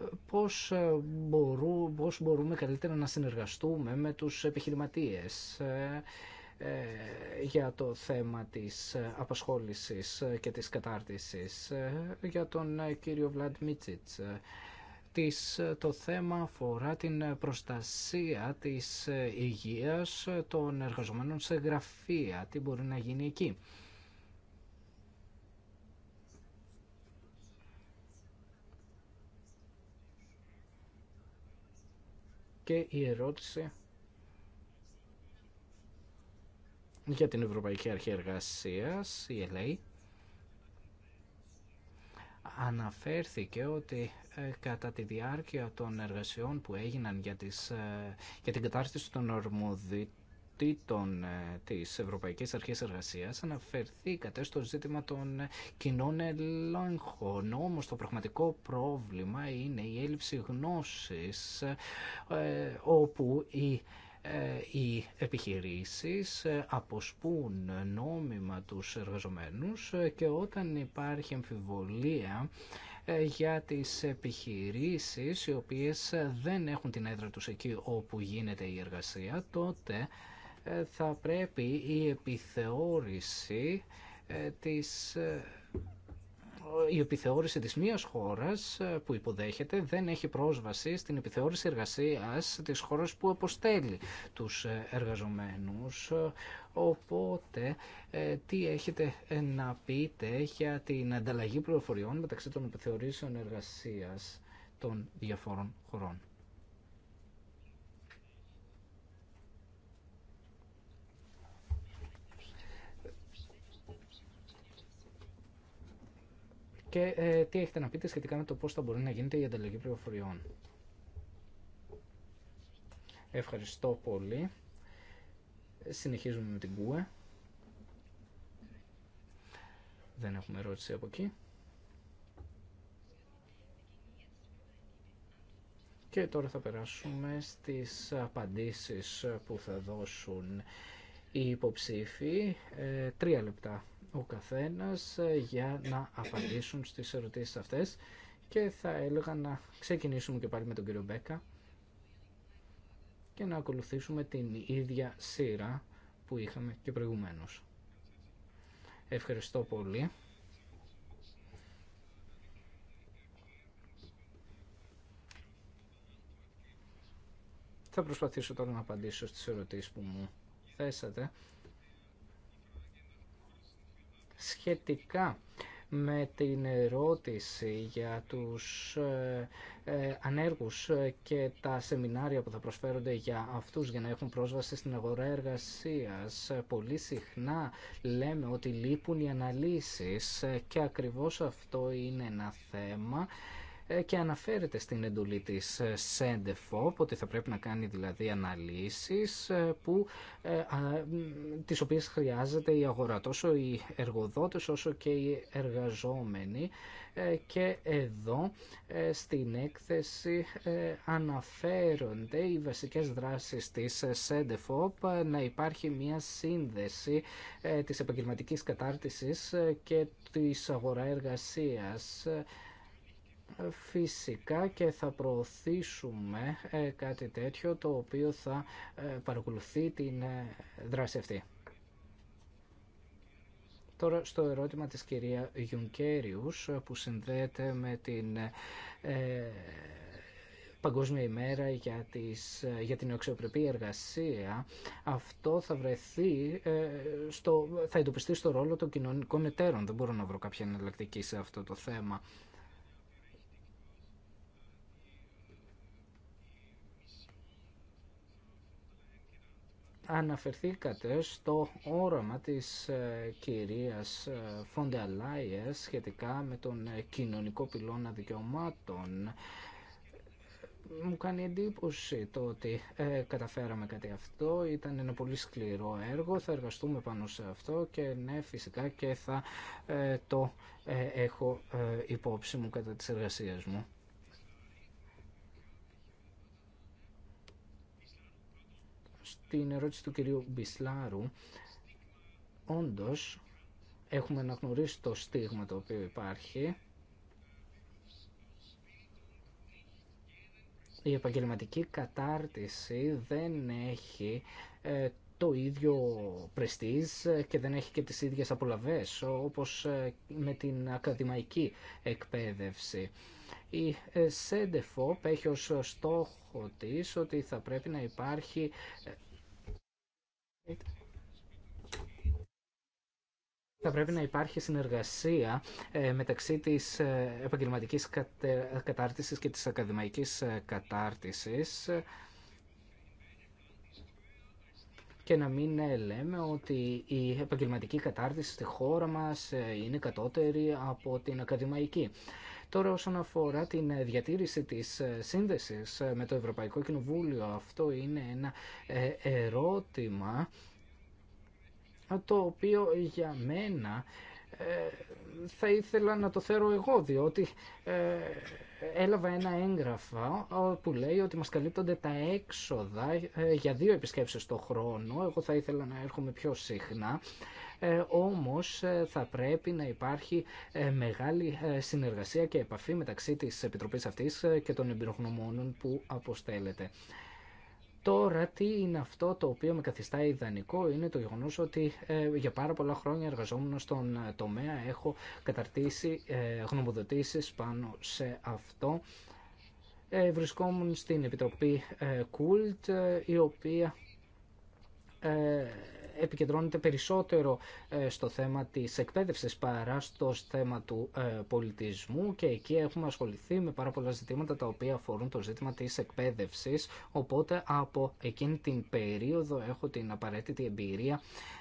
ε, πώς, μπορούμε καλύτερα να συνεργαστούμε με τους επιχειρηματίες ε, ε, για το θέμα της απασχόλησης και της κατάρτισης για τον κύριο Βλάντ Μίτσιτς. Της, το θέμα αφορά την προστασία της υγείας των εργαζομένων σε γραφεία. Τι μπορεί να γίνει εκεί. και η ερώτηση για την Ευρωπαϊκή Αρχή Εργασίας, η LA, αναφέρθηκε ότι ε, κατά τη διάρκεια των εργασιών που έγιναν για, τις, ε, για την κατάρτιση των ορμοδίτων, Τη ε, της Ευρωπαϊκής Αρχής Εργασίας αναφερθήκατε στο ζήτημα των ε, κοινών ελέγχων. Όμως το πραγματικό πρόβλημα είναι η έλλειψη γνώσης ε, όπου η οι επιχειρήσεις αποσπούν νόμιμα τους εργαζομένους και όταν υπάρχει αμφιβολία για τις επιχειρήσεις οι οποίες δεν έχουν την έδρα τους εκεί όπου γίνεται η εργασία τότε ε, θα πρέπει η επιθεώρηση ε, της ε, η επιθεώρηση της μίας χώρας που υποδέχεται δεν έχει πρόσβαση στην επιθεώρηση εργασίας της χώρας που αποστέλει τους εργαζομένους. Οπότε, τι έχετε να πείτε για την ανταλλαγή πληροφοριών μεταξύ των επιθεωρήσεων εργασίας των διαφόρων χωρών. και ε, τι έχετε να πείτε σχετικά με το πώς θα μπορεί να γίνεται η ανταλλαγή πληροφοριών. Ευχαριστώ πολύ. Συνεχίζουμε με την ΚΟΕ. Δεν έχουμε ερώτηση από εκεί. Και τώρα θα περάσουμε στις απαντήσεις που θα δώσουν οι υποψήφοι. Ε, τρία λεπτά ο καθένας ε, για να απαντήσουν στις ερωτήσεις αυτές και θα έλεγα να ξεκινήσουμε και πάλι με τον κύριο Μπέκα και να ακολουθήσουμε την ίδια σειρά που είχαμε και προηγουμένως. Ευχαριστώ πολύ. Θα προσπαθήσω τώρα να απαντήσω στις ερωτήσεις που μου θέσατε σχετικά με την ερώτηση για τους ε, ε, ανέργους και τα σεμινάρια που θα προσφέρονται για αυτούς για να έχουν πρόσβαση στην αγορά εργασίας. Πολύ συχνά λέμε ότι λείπουν οι αναλύσεις και ακριβώς αυτό είναι ένα θέμα ε, και αναφέρεται στην εντολή της ε, ΣΕΝΤΕΦΟΠ ότι θα πρέπει να κάνει δηλαδή αναλύσεις ε, που, τις οποίες χρειάζεται η αγορά τόσο οι εργοδότες όσο και οι εργαζόμενοι και εδώ στην έκθεση αναφέρονται οι βασικές δράσεις της ΣΕΝΤΕΦΟΠ να υπάρχει μια σύνδεση της επαγγελματικής κατάρτισης και της αγορά εργασίας φυσικά και θα προωθήσουμε ε, κάτι τέτοιο το οποίο θα ε, παρακολουθεί την ε, δράση αυτή. Τώρα στο ερώτημα της κυρία Γιουνκέριους που συνδέεται με την Παγκόσμια ημέρα για, τις, για την αξιοπρεπή εργασία, αυτό θα βρεθεί, στο, θα εντοπιστεί στο ρόλο των κοινωνικών εταίρων. Δεν μπορώ να βρω κάποια εναλλακτική σε αυτό το θέμα. αναφερθήκατε στο όραμα της ε, κυρίας Φοντελάιερ σχετικά με τον ε, κοινωνικό πυλώνα δικαιωμάτων. Μου κάνει εντύπωση το ότι ε, καταφέραμε κάτι αυτό. Ήταν ένα πολύ σκληρό έργο. Θα εργαστούμε πάνω σε αυτό και ναι φυσικά και θα το έχω υπόψη μου κατά τις εργασίες μου. την ερώτηση του κυρίου Μπισλάρου, όντως έχουμε αναγνωρίσει το στίγμα το οποίο υπάρχει. Η επαγγελματική κατάρτιση δεν έχει ε, το ίδιο πριστής και δεν έχει και τις ίδιες απολαβές όπως ε, με την ακαδημαϊκή εκπαίδευση. Η ε, ΣΕΝΤΕΦΟΠ έχει ως στόχο της ότι θα πρέπει να υπάρχει θα πρέπει να υπάρχει συνεργασία ε, μεταξύ της ε, επαγγελματικής κατάρτισης και της ακαδημαϊκής ε, κατάρτισης και να μην λέμε ότι η επαγγελματική κατάρτιση στη χώρα μας είναι κατώτερη από την ακαδημαϊκή. Τώρα όσον αφορά την ε, διατήρηση της ε, σύνδεσης ε, με το Ευρωπαϊκό Κοινοβούλιο, αυτό είναι ένα ερώτημα το οποίο για μένα θα ήθελα να το θέρω εγώ, διότι έλαβα ένα έγγραφα που λέει ότι μας καλύπτονται τα έξοδα για δύο επισκέψεις το χρόνο. Εγώ θα ήθελα να έρχομαι πιο συχνά. Ε, όμως ε, θα πρέπει να υπάρχει ε, μεγάλη συνεργασία και επαφή μεταξύ της Επιτροπής αυτής και των εμπειρογνωμόνων που αποστέλλεται. Τώρα τι είναι αυτό το οποίο με καθιστά ιδανικό είναι το γεγονός ότι για πάρα πολλά χρόνια εργαζόμενο στον τομέα έχω καταρτήσει ε, γνωμοδοτήσεις πάνω σε αυτό. Ε, βρισκόμουν στην Επιτροπή Κούλτ η οποία επικεντρώνεται περισσότερο ε, στο θέμα της εκπαίδευσης παρά στο θέμα του ε, πολιτισμού και εκεί έχουμε ασχοληθεί με πάρα πολλά ζητήματα τα οποία αφορούν το ζήτημα της εκπαίδευσης οπότε από εκείνη την περίοδο έχω την απαραίτητη εμπειρία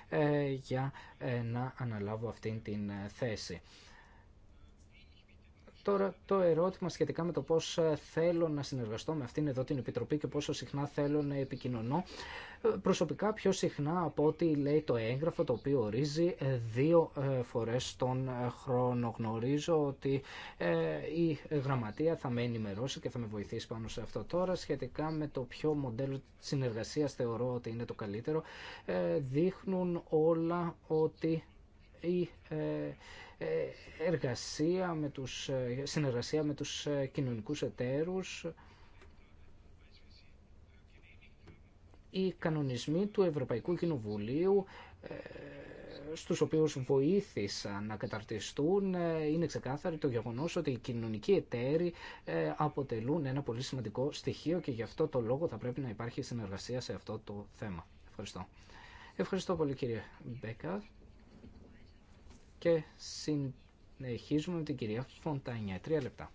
ε, για να αναλάβω αυτήν την θέση. Τώρα το ερώτημα σχετικά με το πώς ε, θέλω να συνεργαστώ με αυτήν εδώ την Επιτροπή και πόσο συχνά θέλω να επικοινωνώ. Ε, προσωπικά πιο συχνά από ό,τι λέει το έγγραφο το οποίο ορίζει ε, δύο φορές τον χρόνο. Γνωρίζω ότι η γραμματεία θα με ενημερώσει και θα με βοηθήσει πάνω σε αυτό τώρα σχετικά με το ποιο μοντέλο συνεργασίας θεωρώ ότι είναι το καλύτερο. Δείχνουν όλα ότι η ε, εργασία με τους, ε, συνεργασία με τους ε, κοινωνικούς εταίρους, οι κανονισμοί του Ευρωπαϊκού Κοινοβουλίου στους οποίους βοήθησαν να καταρτιστούν είναι ξεκάθαρο το γεγονός ότι οι κοινωνικοί εταίροι αποτελούν ένα πολύ σημαντικό στοιχείο και γι' αυτό το λόγο θα πρέπει να υπάρχει συνεργασία σε αυτό το θέμα. Ευχαριστώ. Ευχαριστώ πολύ κύριε Μπέκα. Και συνεχίζουμε με την κυρία Φοντάνια. Τρία λεπτά.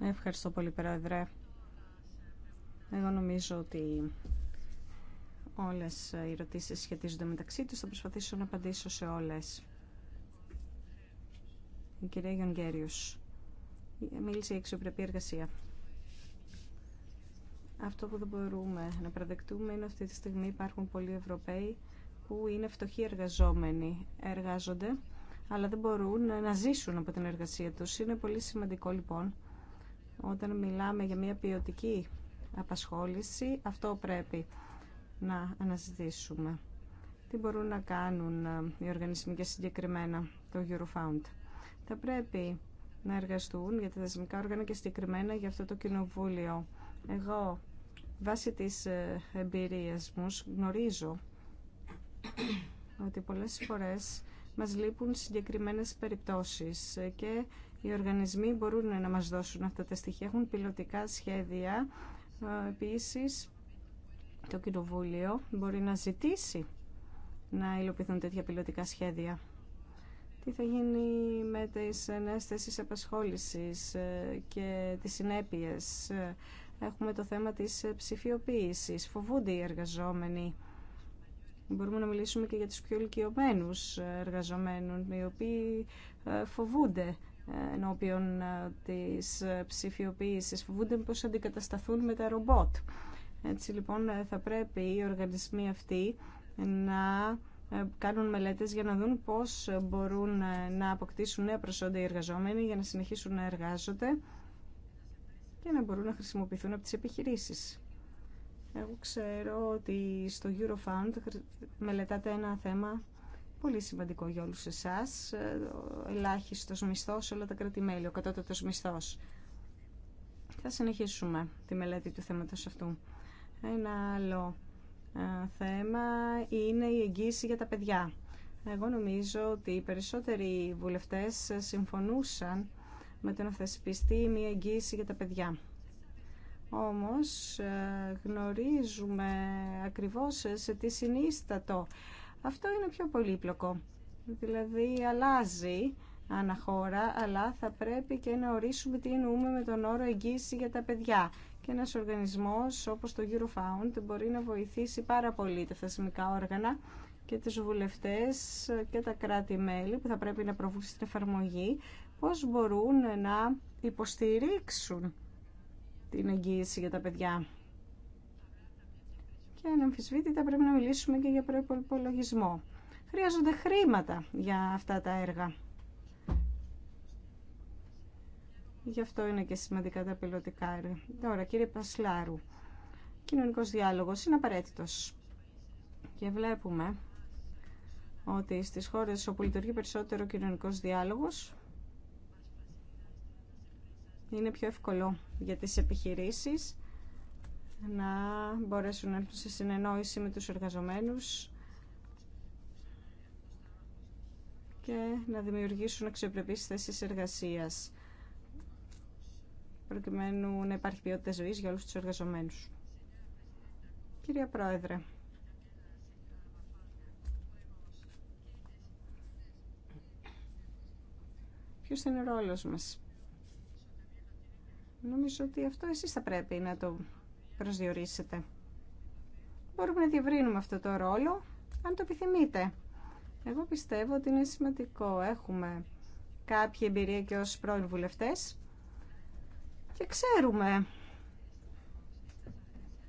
Ευχαριστώ πολύ, Πρόεδρε. Εγώ νομίζω ότι όλες οι ερωτήσει σχετίζονται μεταξύ τους. Θα προσπαθήσω να απαντήσω σε όλες. Η κυρία Γιονγκέριος μίλησε για εξωπρεπή εργασία. Αυτό που δεν μπορούμε να παραδεκτούμε είναι ότι αυτή τη στιγμή υπάρχουν πολλοί Ευρωπαίοι που είναι φτωχοί εργαζόμενοι εργάζονται, αλλά δεν μπορούν να ζήσουν από την εργασία τους. Είναι πολύ σημαντικό λοιπόν, όταν μιλάμε για μια ποιοτική απασχόληση, αυτό πρέπει να αναζητήσουμε. Τι μπορούν να κάνουν ε, οι οργανισμοί και συγκεκριμένα το Eurofound. Θα πρέπει να εργαστούν για τα δεσμικά όργανα και συγκεκριμένα για αυτό το κοινοβούλιο. Εγώ, βάσει της ε, εμπειρίας μου, γνωρίζω ότι πολλές φορές μας λείπουν συγκεκριμένες περιπτώσεις και οι οργανισμοί μπορούν να μας δώσουν αυτά τα στοιχεία. Έχουν πιλωτικά σχέδια. Ε, επίσης, το Κοινοβούλιο μπορεί να ζητήσει να υλοποιηθούν τέτοια πιλωτικά σχέδια. Τι θα γίνει με τις νέες θέσεις απασχόλησης ε, και τις συνέπειες. Ε, έχουμε το θέμα της ψηφιοποίησης. Φοβούνται οι εργαζόμενοι Μπορούμε να μιλήσουμε και για τους πιο ηλικιωμένου ε, εργαζομένους, οι οποίοι ε, φοβούνται ε, ενώπιον της ψηφιοποίησης, φοβούνται πως αντικατασταθούν με τα ρομπότ. Έτσι λοιπόν θα πρέπει οι οργανισμοί αυτοί να κάνουν μελέτες για να δουν πώς μπορούν να αποκτήσουν νέα προσόντα οι εργαζόμενοι για να συνεχίσουν να εργάζονται και να μπορούν να χρησιμοποιηθούν από τις επιχειρήσεις. Εγώ ξέρω ότι στο Eurofund μελετάτε ένα θέμα πολύ σημαντικό για όλους εσάς, ε, ελάχιστος μισθός όλα τα κράτη-μέλη, ο κατώτατος μισθός. Θα συνεχίσουμε τη μελέτη του θέματος αυτού. Ένα άλλο ε, θέμα είναι η εγγύηση για τα παιδιά. Εγώ νομίζω ότι οι περισσότεροι βουλευτές συμφωνούσαν με τον να μια εγγύηση για τα παιδιά. Όμως ε, γνωρίζουμε ακριβώς ε, σε τι συνίστατο. Αυτό είναι πιο πολύπλοκο. Δηλαδή αλλάζει αναχώρα, αλλά θα πρέπει και να ορίσουμε τι εννοούμε με τον όρο εγγύηση για τα παιδιά. Και ένας οργανισμός όπως το Eurofound μπορεί να βοηθήσει πάρα πολύ τα θεσμικά όργανα και τους βουλευτές και τα κράτη-μέλη που θα πρέπει να προβούν στην εφαρμογή, πώς μπορούν να υποστηρίξουν την εγγύηση για τα παιδιά. Και αμφισβήτητα πρέπει να μιλήσουμε και για προπολογισμό. Χρειάζονται χρήματα για αυτά τα έργα. Γι' αυτό είναι και σημαντικά τα πιλωτικά έργα. Τώρα, κύριε Πασλάρου, κοινωνικός διάλογος είναι απαραίτητος. Και βλέπουμε ότι στις χώρες όπου λειτουργεί περισσότερο κοινωνικός διάλογος, είναι πιο εύκολο για τις επιχειρήσεις να μπορέσουν να έρθουν σε συνεννόηση με τους εργαζομένους και να δημιουργήσουν αξιοπρεπείς θέσεις εργασίας προκειμένου να υπάρχει ποιότητα ζωής για όλους τους εργαζομένους. Κυρία Πρόεδρε, ποιος είναι ο ρόλος μας Νομίζω ότι αυτό εσείς θα πρέπει να το προσδιορίσετε. Μπορούμε να διευρύνουμε αυτό το ρόλο, αν το επιθυμείτε. Εγώ πιστεύω ότι είναι σημαντικό. Έχουμε κάποια εμπειρία και ως πρώην βουλευτές και ξέρουμε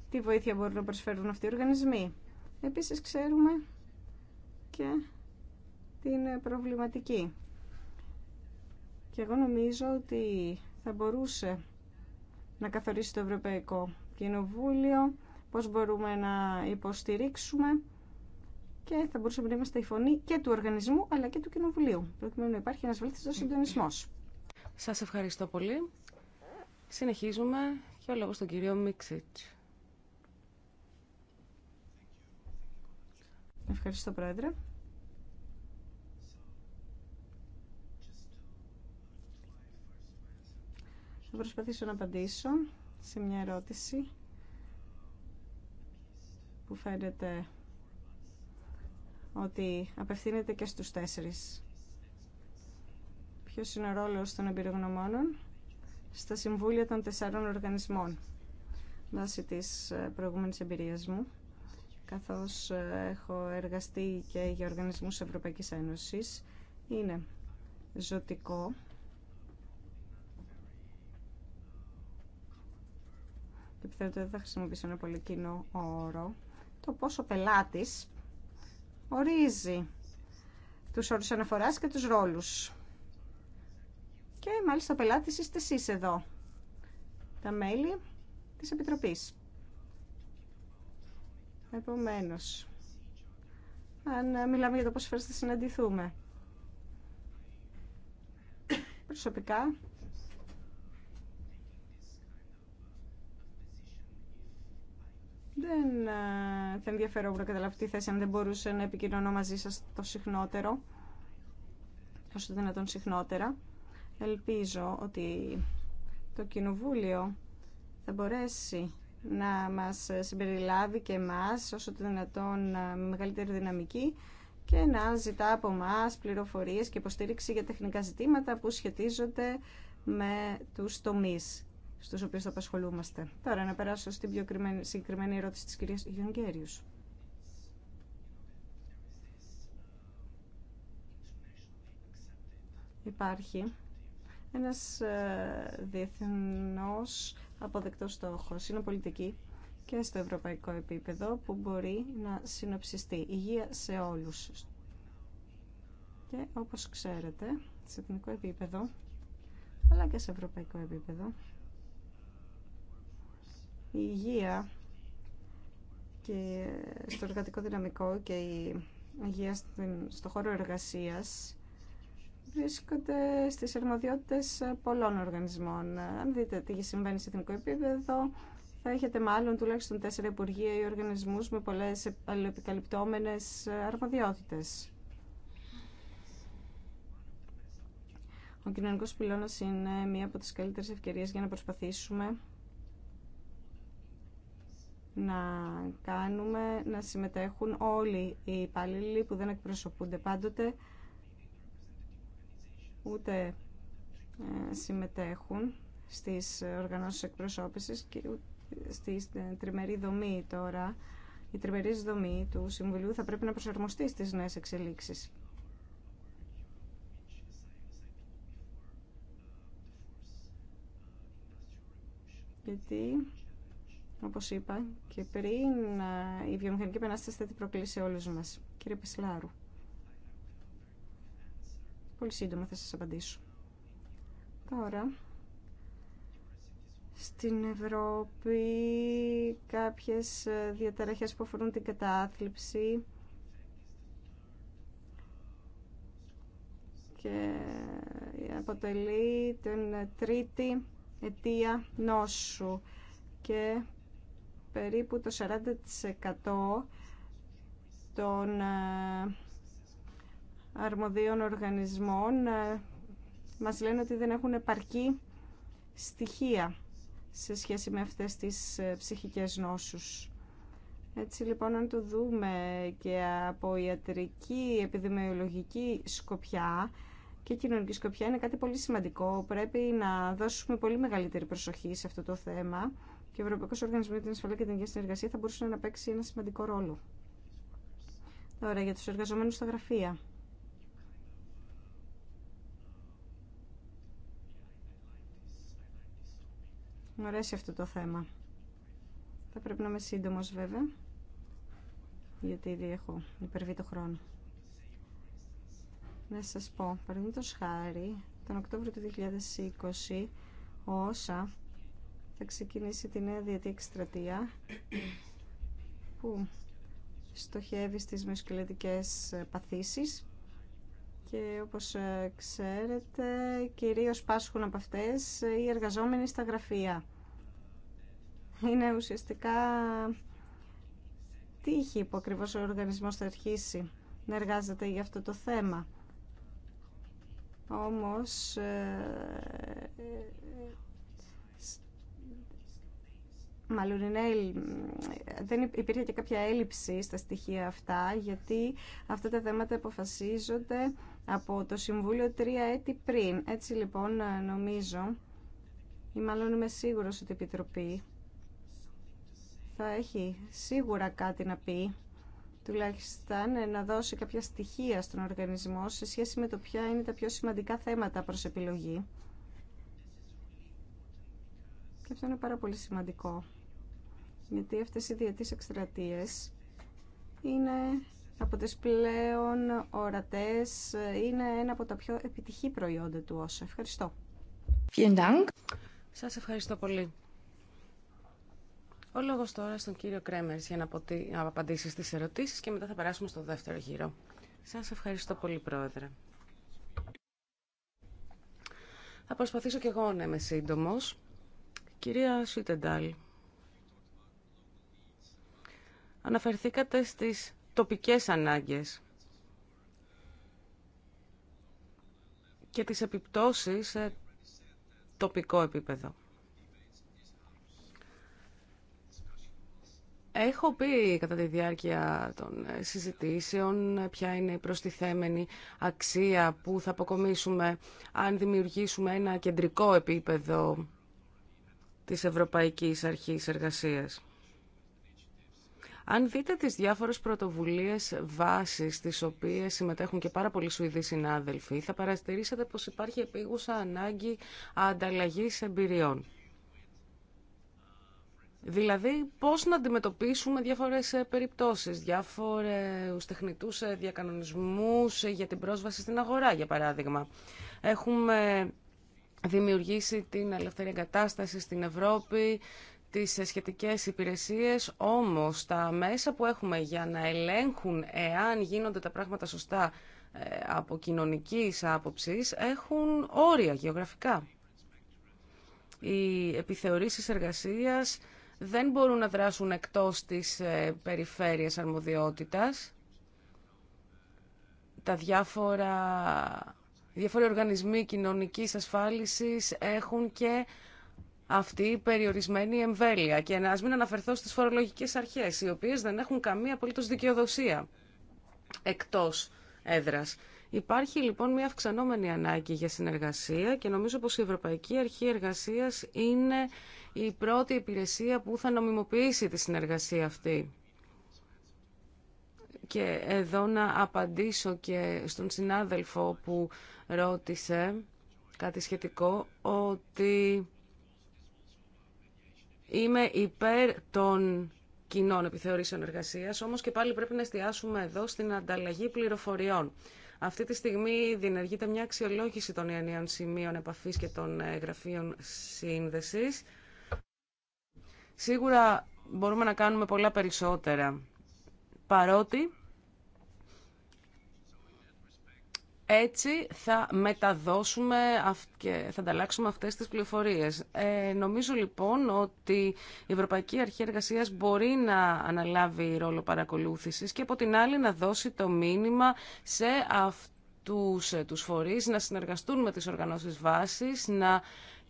τι βοήθεια μπορούν να προσφέρουν αυτοί οι οργανισμοί. Επίσης ξέρουμε και την προβληματική. Και εγώ νομίζω ότι θα μπορούσε να καθορίσει το Ευρωπαϊκό Κοινοβούλιο, πώς μπορούμε να υποστηρίξουμε και θα μπορούσαμε να είμαστε η φωνή και του οργανισμού αλλά και του Κοινοβουλίου, προκειμένου να υπάρχει ένας βέλτιστος συντονισμός. Σας ευχαριστώ
πολύ. Συνεχίζουμε και ο λόγος στον κύριο Μίξιτ
Ευχαριστώ, Πρόεδρε. Θα προσπαθήσω να απαντήσω σε μια ερώτηση που φαίνεται ότι απευθύνεται και στους τέσσερις. Ποιος είναι ο ρόλος των εμπειρογνωμόνων στα συμβούλια των τεσσάρων οργανισμών βάσει της ε, προηγούμενης εμπειρίας μου καθώς ε, έχω εργαστεί και για οργανισμούς Ευρωπαϊκής Ένωσης είναι ζωτικό και ότι δεν θα χρησιμοποιήσω ένα πολύ κοινό όρο, το πόσο πελάτης ορίζει τους όρους αναφοράς και τους ρόλους. Και μάλιστα ο πελάτης είστε εσείς εδώ, τα μέλη της Επιτροπής. Επομένως, αν μιλάμε για το πώς φορές θα συναντηθούμε. Προσωπικά, Δεν ε, θα ενδιαφερόμουν να καταλάβω τη θέση αν δεν μπορούσε να επικοινωνώ μαζί σας το συχνότερο, όσο δυνατόν συχνότερα. Ελπίζω ότι το Κοινοβούλιο θα μπορέσει να μας συμπεριλάβει και μας όσο το δυνατόν ε, με μεγαλύτερη δυναμική και να ζητά από εμά πληροφορίες και υποστήριξη για τεχνικά ζητήματα που σχετίζονται με τους τομείς στους οποίους απασχολούμαστε. Τώρα να περάσω στην πιο συγκεκριμένη ερώτηση της κυρίας Γιονγκέριους. Υπάρχει ένας ε, διεθνώς αποδεκτός στόχος. Είναι πολιτική και στο ευρωπαϊκό επίπεδο που μπορεί να συνοψιστεί. Υγεία σε όλους. Και όπως ξέρετε, σε εθνικό επίπεδο, αλλά και σε ευρωπαϊκό επίπεδο, η υγεία και στο εργατικό δυναμικό και η υγεία στον χώρο εργασίας βρίσκονται στις αρμοδιότητες πολλών οργανισμών. Αν δείτε τι συμβαίνει σε εθνικό επίπεδο, θα έχετε μάλλον τουλάχιστον τέσσερα υπουργεία ή οργανισμούς με πολλές επικαλυπτόμενες αρμοδιότητες. Ο κοινωνικός πυλώνας είναι μία από τις καλύτερες ευκαιρίες για να προσπαθήσουμε να κάνουμε να συμμετέχουν όλοι οι υπάλληλοι που δεν εκπροσωπούνται πάντοτε ούτε ε, συμμετέχουν στις οργανώσεις εκπροσώπησης και στη τριμερή δομή τώρα η τριμερή δομή του Συμβουλίου θα πρέπει να προσαρμοστεί στις νέες εξελίξεις. Γιατί όπως είπα και πριν, ε, η βιομηχανική επανάσταση θα την προκλήσει σε όλους μας. Κύριε Πεσλάρου, πολύ σύντομα θα σας απαντήσω. Τώρα, στην Ευρώπη κάποιες ε, διαταραχές που αφορούν την κατάθλιψη και ε, αποτελεί την τρίτη αιτία νόσου και περίπου το 40% των ε, αρμοδίων οργανισμών ε, μας λένε ότι δεν έχουν επαρκή στοιχεία σε σχέση με αυτές τις ε, ψυχικές νόσους. Έτσι λοιπόν αν το δούμε και από ιατρική, επιδημιολογική σκοπιά και κοινωνική σκοπιά είναι κάτι πολύ σημαντικό. Πρέπει να δώσουμε πολύ μεγαλύτερη προσοχή σε αυτό το θέμα και ο Ευρωπαϊκό Οργανισμό για την Ασφαλή και την Υγεία Συνεργασία θα μπορούσε να παίξει ένα σημαντικό ρόλο. Τώρα, για του εργαζομένου στα γραφεία. Μου αρέσει αυτό το θέμα. Θα πρέπει να είμαι σύντομο βέβαια, γιατί ήδη έχω υπερβεί το χρόνο. Να σας πω, παραδείγματος χάρη, τον Οκτώβριο του 2020, όσα θα ξεκινήσει τη νέα διετή εκστρατεία που στοχεύει στις μυοσκελετικές ε, παθήσεις και όπως ε, ξέρετε κυρίως πάσχουν από αυτές ε, οι εργαζόμενοι στα γραφεία. Είναι ουσιαστικά τύχη που ακριβώς ο οργανισμός θα αρχίσει να εργάζεται για αυτό το θέμα. Όμως μάλλον είναι, δεν υπήρχε και κάποια έλλειψη στα στοιχεία αυτά, γιατί αυτά τα θέματα αποφασίζονται από το Συμβούλιο τρία έτη πριν. Έτσι λοιπόν νομίζω, ή μάλλον είμαι σίγουρος ότι η Επιτροπή θα έχει σίγουρα κάτι να πει, τουλάχιστον ε, να δώσει κάποια στοιχεία στον οργανισμό σε σχέση με το ποια είναι τα πιο σημαντικά θέματα προς επιλογή. Και αυτό είναι πάρα πολύ σημαντικό γιατί αυτές οι διετες εκστρατείε είναι από τις πλέον ορατές, είναι ένα από τα πιο επιτυχή προϊόντα του όσου. Ευχαριστώ. Σας ευχαριστώ πολύ. Ο λόγος τώρα στον κύριο Κρέμερς
για να απαντήσει στις ερωτήσεις και μετά θα περάσουμε στο δεύτερο γύρο. Σας ευχαριστώ πολύ, Πρόεδρε. Θα προσπαθήσω κι εγώ να είμαι σύντομος. Κυρία Σουίτεντάλ, Αναφερθήκατε στις τοπικές ανάγκες και τις επιπτώσεις σε τοπικό επίπεδο. Έχω πει κατά τη διάρκεια των συζητήσεων ποια είναι η προστιθέμενη αξία που θα αποκομίσουμε αν δημιουργήσουμε ένα κεντρικό επίπεδο της Ευρωπαϊκής Αρχής Εργασίας. Αν δείτε τις διάφορες πρωτοβουλίες βάσης, τις οποίες συμμετέχουν και πάρα πολλοί Σουηδοί συνάδελφοι, θα παρατηρήσετε πως υπάρχει επίγουσα ανάγκη ανταλλαγής εμπειριών. Δηλαδή, πώς να αντιμετωπίσουμε διάφορες ε, περιπτώσεις, διάφορους τεχνητούς ε, διακανονισμούς ε, για την πρόσβαση στην αγορά, για παράδειγμα. Έχουμε δημιουργήσει την ελευθερία εγκατάσταση στην Ευρώπη, τις σχετικές υπηρεσίες, όμως τα μέσα που έχουμε για να ελέγχουν εάν γίνονται τα πράγματα σωστά ε, από κοινωνικής άποψης έχουν όρια γεωγραφικά. Οι επιθεωρήσεις εργασίας δεν μπορούν να δράσουν εκτός της ε, περιφέρειας αρμοδιότητας. Τα διάφορα, διάφοροι οργανισμοί κοινωνικής ασφάλισης έχουν και αυτή η περιορισμένη εμβέλεια και να μην αναφερθώ στις φορολογικές αρχές, οι οποίες δεν έχουν καμία απολύτως δικαιοδοσία εκτός έδρας. Υπάρχει λοιπόν μια αυξανόμενη ανάγκη για συνεργασία και νομίζω πως η Ευρωπαϊκή Αρχή Εργασίας είναι η πρώτη υπηρεσία που θα νομιμοποιήσει τη συνεργασία αυτή. Και εδώ να απαντήσω και στον συνάδελφο που ρώτησε κάτι σχετικό, ότι Είμαι υπέρ των κοινών επιθεωρήσεων εργασία, όμως και πάλι πρέπει να εστιάσουμε εδώ στην ανταλλαγή πληροφοριών. Αυτή τη στιγμή διενεργείται μια αξιολόγηση των ιανίων σημείων επαφής και των ε, γραφείων σύνδεση. Σίγουρα μπορούμε να κάνουμε πολλά περισσότερα, παρότι Έτσι θα μεταδώσουμε και θα ανταλλάξουμε αυτές τις πληροφορίες. Ε, νομίζω λοιπόν ότι η Ευρωπαϊκή Αρχή Εργασίας μπορεί να αναλάβει ρόλο παρακολούθησης και από την άλλη να δώσει το μήνυμα σε αυτούς ε, τους φορείς να συνεργαστούν με τις οργανώσεις βάσης, να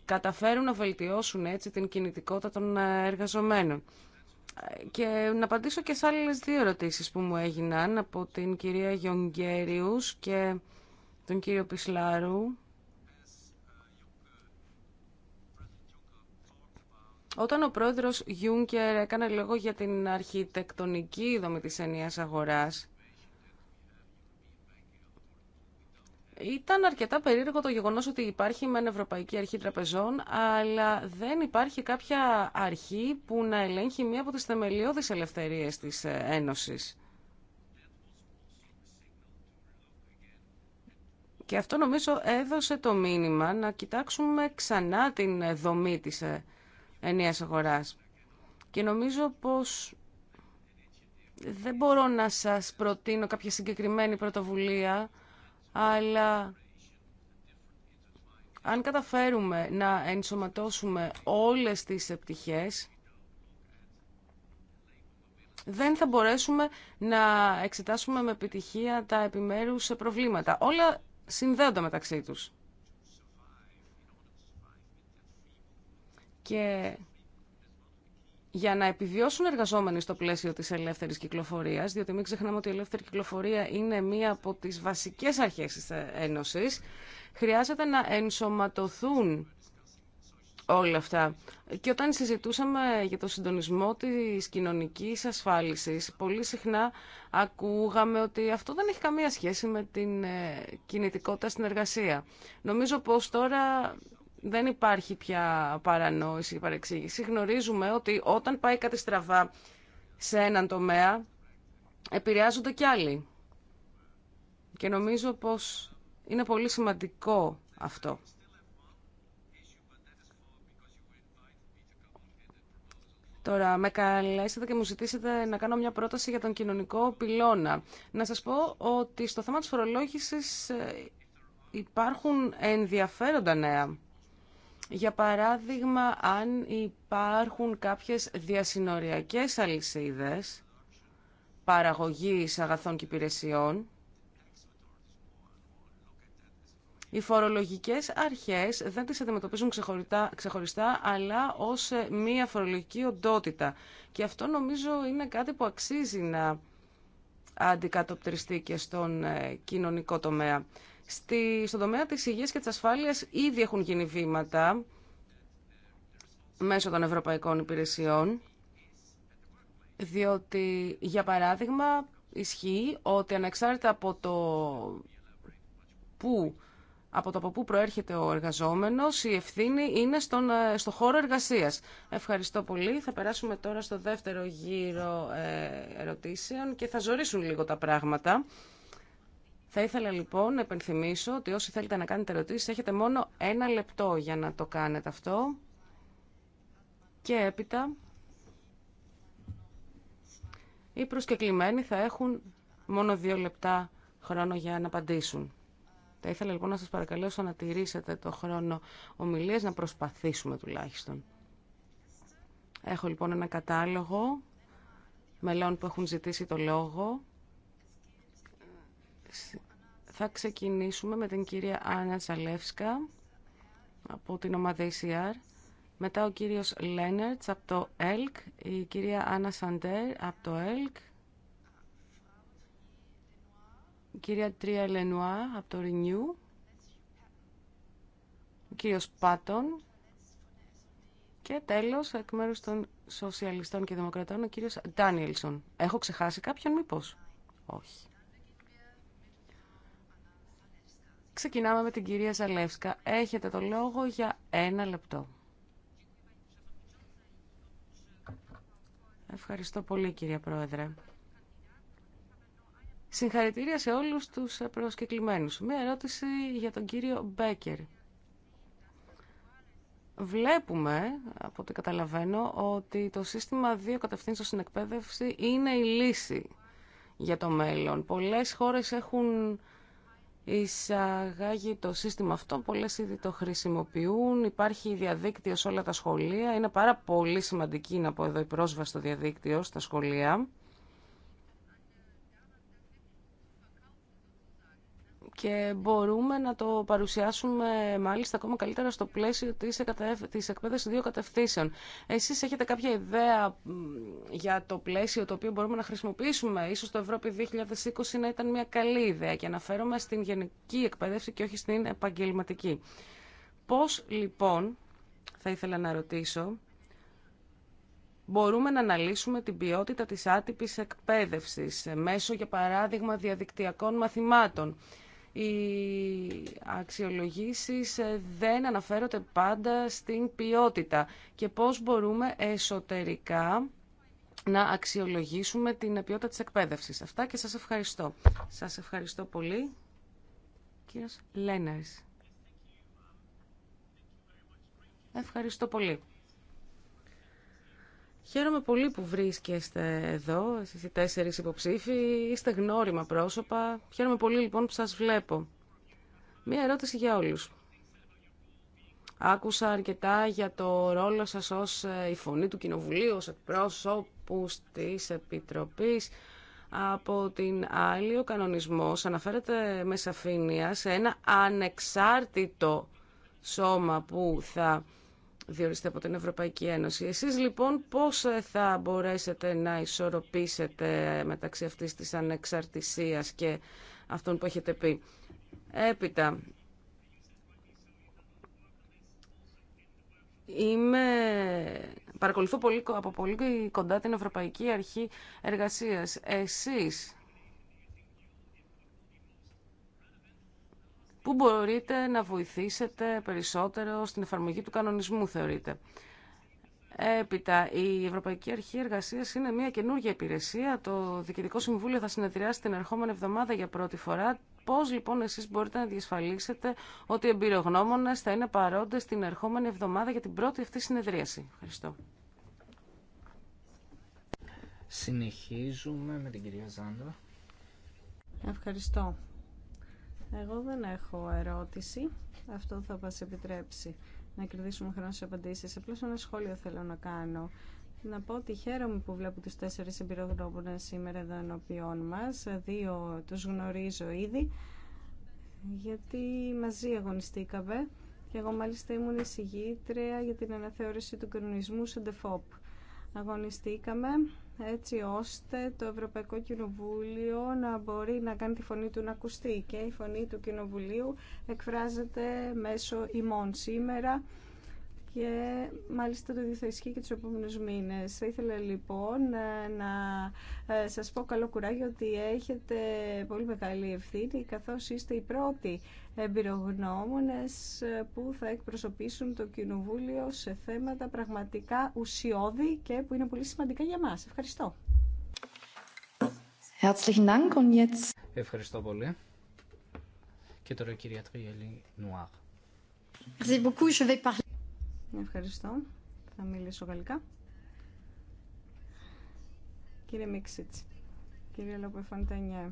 καταφέρουν να βελτιώσουν έτσι την κινητικότητα των ε, εργαζομένων. Και να απαντήσω και σε άλλες δύο ερωτήσεις που μου έγιναν από την κυρία Γιονγκέριους και τον κύριο Πισλάρου Όταν ο πρόεδρος Γιούνκερ έκανε λόγο για την αρχιτεκτονική δομή της ενίας αγοράς, ήταν αρκετά περίεργο το γεγονός ότι υπάρχει μεν Ευρωπαϊκή Αρχή Τραπεζών, αλλά δεν υπάρχει κάποια αρχή που να ελέγχει μία από τις θεμελιώδεις ελευθερίες της Ένωσης. Και αυτό νομίζω έδωσε το μήνυμα να κοιτάξουμε ξανά την δομή της ε, ενιαίας αγοράς. Και νομίζω πως δεν μπορώ να σας προτείνω κάποια συγκεκριμένη πρωτοβουλία, αλλά αν καταφέρουμε να ενσωματώσουμε όλες τις επιτυχίες, δεν θα μπορέσουμε να εξετάσουμε με επιτυχία τα επιμέρους προβλήματα. Όλα συνδέονται μεταξύ τους. Και για να επιβιώσουν εργαζόμενοι στο πλαίσιο της ελεύθερης κυκλοφορίας, διότι μην ξεχνάμε ότι η ελεύθερη κυκλοφορία είναι μία από τις βασικές αρχές της Ένωσης, χρειάζεται να ενσωματωθούν όλα αυτά. Και όταν συζητούσαμε για το συντονισμό της κοινωνικής ασφάλισης, πολύ συχνά ακούγαμε ότι αυτό δεν έχει καμία σχέση με την ε, κινητικότητα στην εργασία. Νομίζω πως τώρα δεν υπάρχει πια παρανόηση ή παρεξήγηση. Γνωρίζουμε ότι όταν πάει κάτι στραβά σε έναν τομέα, επηρεάζονται κι άλλοι. Και νομίζω πως είναι πολύ σημαντικό αυτό. Τώρα, με καλέσατε και μου ζητήσατε να κάνω μια πρόταση για τον κοινωνικό πυλώνα. Να σας πω ότι στο θέμα της φορολόγησης ε, υπάρχουν ενδιαφέροντα νέα. Για παράδειγμα, αν υπάρχουν κάποιες διασυνοριακές αλυσίδες παραγωγής αγαθών και υπηρεσιών, Οι φορολογικές αρχές δεν τις αντιμετωπίζουν ξεχωριστά, αλλά ως ε, μία φορολογική οντότητα. Και αυτό νομίζω είναι κάτι που αξίζει να αντικατοπτριστεί και στον ε, κοινωνικό τομέα. Στη, στον τομέα της υγείας και της ασφάλειας ήδη έχουν γίνει βήματα μέσω των ευρωπαϊκών υπηρεσιών, διότι, για παράδειγμα, ισχύει ότι ανεξάρτητα από το που από το από πού προέρχεται ο εργαζόμενος, η ευθύνη είναι στον, ε, στο χώρο εργασίας. Ευχαριστώ πολύ. Θα περάσουμε τώρα στο δεύτερο γύρο ε, ερωτήσεων και θα ζορίσουν λίγο τα πράγματα. Θα ήθελα λοιπόν να επενθυμίσω ότι όσοι θέλετε να κάνετε ερωτήσεις έχετε μόνο ένα λεπτό για να το κάνετε αυτό. Και έπειτα οι προσκεκλημένοι θα έχουν μόνο δύο λεπτά χρόνο για να απαντήσουν. Θα ήθελα λοιπόν να σας παρακαλέσω να τηρήσετε το χρόνο ομιλίας, να προσπαθήσουμε τουλάχιστον. Έχω λοιπόν ένα κατάλογο μελών που έχουν ζητήσει το λόγο. Θα ξεκινήσουμε με την κυρία Άννα Σαλεύσκα από την ομάδα ECR. Μετά ο κύριος Λένερτς από το ΕΛΚ, η κυρία Άννα Σαντέρ από το ΕΛΚ, Κυρία Τρία Λενουά από το Renew. Ο κύριος Πάτον. Και τέλος, εκ μέρους των Σοσιαλιστών και Δημοκρατών, ο κύριος Ντάνιελσον. Έχω ξεχάσει κάποιον μήπως? Όχι. Ξεκινάμε με την κυρία Ζαλεύσκα. Έχετε το λόγο για ένα λεπτό. Ευχαριστώ πολύ κυρία Πρόεδρε. Συγχαρητήρια σε όλους τους προσκεκλημένους. Μία ερώτηση για τον κύριο Μπέκερ. Βλέπουμε, από ό,τι καταλαβαίνω, ότι το σύστημα δύο κατευθύνσεων στην εκπαίδευση είναι η λύση για το μέλλον. Πολλές χώρες έχουν εισαγάγει το σύστημα αυτό, πολλές ήδη το χρησιμοποιούν, υπάρχει διαδίκτυο σε όλα τα σχολεία, είναι πάρα πολύ σημαντική να πω εδώ η πρόσβαση στο διαδίκτυο στα σχολεία. και μπορούμε να το παρουσιάσουμε μάλιστα ακόμα καλύτερα στο πλαίσιο της, της εκπαίδευσης δύο κατευθύνσεων. Εσείς έχετε κάποια ιδέα για το πλαίσιο το οποίο μπορούμε να χρησιμοποιήσουμε. Ίσως το Ευρώπη 2020 να ήταν μια καλή ιδέα και αναφέρομαι στην γενική εκπαίδευση και όχι στην επαγγελματική. Πώς λοιπόν, θα ήθελα να ρωτήσω, μπορούμε να αναλύσουμε την ποιότητα της άτυπης εκπαίδευσης ε, μέσω, για παράδειγμα, διαδικτυακών μαθημάτων οι αξιολογήσεις ε, δεν αναφέρονται πάντα στην ποιότητα και πώς μπορούμε εσωτερικά να αξιολογήσουμε την ποιότητα της εκπαίδευσης. Αυτά και σας ευχαριστώ. Σας ευχαριστώ πολύ. Κύριος Λένας Ευχαριστώ πολύ. Χαίρομαι πολύ που βρίσκεστε εδώ, εσείς οι τέσσερις υποψήφοι, είστε γνώριμα πρόσωπα. Χαίρομαι πολύ λοιπόν που σας βλέπω. Μία ερώτηση για όλους. Άκουσα αρκετά για το ρόλο σας ως ε, η φωνή του Κοινοβουλίου, ως εκπρόσωπου της Επιτροπής. Από την άλλη, ο κανονισμός αναφέρεται με σαφήνεια σε ένα ανεξάρτητο σώμα που θα διοριστεί από την Ευρωπαϊκή Ένωση. Εσείς λοιπόν πώς ε, θα μπορέσετε να ισορροπήσετε μεταξύ αυτής της ανεξαρτησίας και αυτών που έχετε πει. Έπειτα, είμαι... παρακολουθώ πολύ, από πολύ κοντά την Ευρωπαϊκή Αρχή Εργασίας. Εσείς Πού μπορείτε να βοηθήσετε περισσότερο στην εφαρμογή του κανονισμού, θεωρείτε. Έπειτα, η Ευρωπαϊκή Αρχή Εργασία είναι μια καινούργια υπηρεσία. Το Διοικητικό Συμβούλιο θα συνεδριάσει την ερχόμενη εβδομάδα για πρώτη φορά. Πώ λοιπόν εσεί μπορείτε να διασφαλίσετε ότι οι εμπειρογνώμονε θα είναι παρόντε την ερχόμενη εβδομάδα για την πρώτη αυτή συνεδρίαση. Ευχαριστώ.
Συνεχίζουμε με την κυρία Ζάντα.
Ευχαριστώ. Εγώ δεν έχω ερώτηση. Αυτό θα μας επιτρέψει να κερδίσουμε χρόνο σε απαντήσεις. Απλώς ένα σχόλιο θέλω να κάνω. Να πω ότι χαίρομαι που βλέπω τους τέσσερις εμπειρογνώμονες σήμερα εδώ ενώπιόν μας. Δύο τους γνωρίζω ήδη, γιατί μαζί αγωνιστήκαμε. Και εγώ μάλιστα ήμουν εισηγήτρια για την αναθεώρηση του κανονισμού σε αγωνιστήκαμε έτσι ώστε το Ευρωπαϊκό Κοινοβούλιο να μπορεί να κάνει τη φωνή του να ακουστεί και η φωνή του Κοινοβουλίου εκφράζεται μέσω ημών σήμερα και μάλιστα το ίδιο και τους επόμενους μήνες. Θα ήθελα λοιπόν ε, να ε, σας πω καλό κουράγιο ότι έχετε πολύ μεγάλη ευθύνη καθώς είστε οι πρώτοι εμπειρογνώμονες ε, που θα εκπροσωπήσουν το Κοινοβούλιο σε θέματα πραγματικά ουσιώδη και που είναι πολύ σημαντικά για μας. Ευχαριστώ.
Ευχαριστώ πολύ. Και τώρα η κυρία Τριέλη Νουάρ.
Ευχαριστώ. Θα μιλήσω γαλλικά. Κύριε Μίξιτς, κύριε Λοπεφαντανιέ,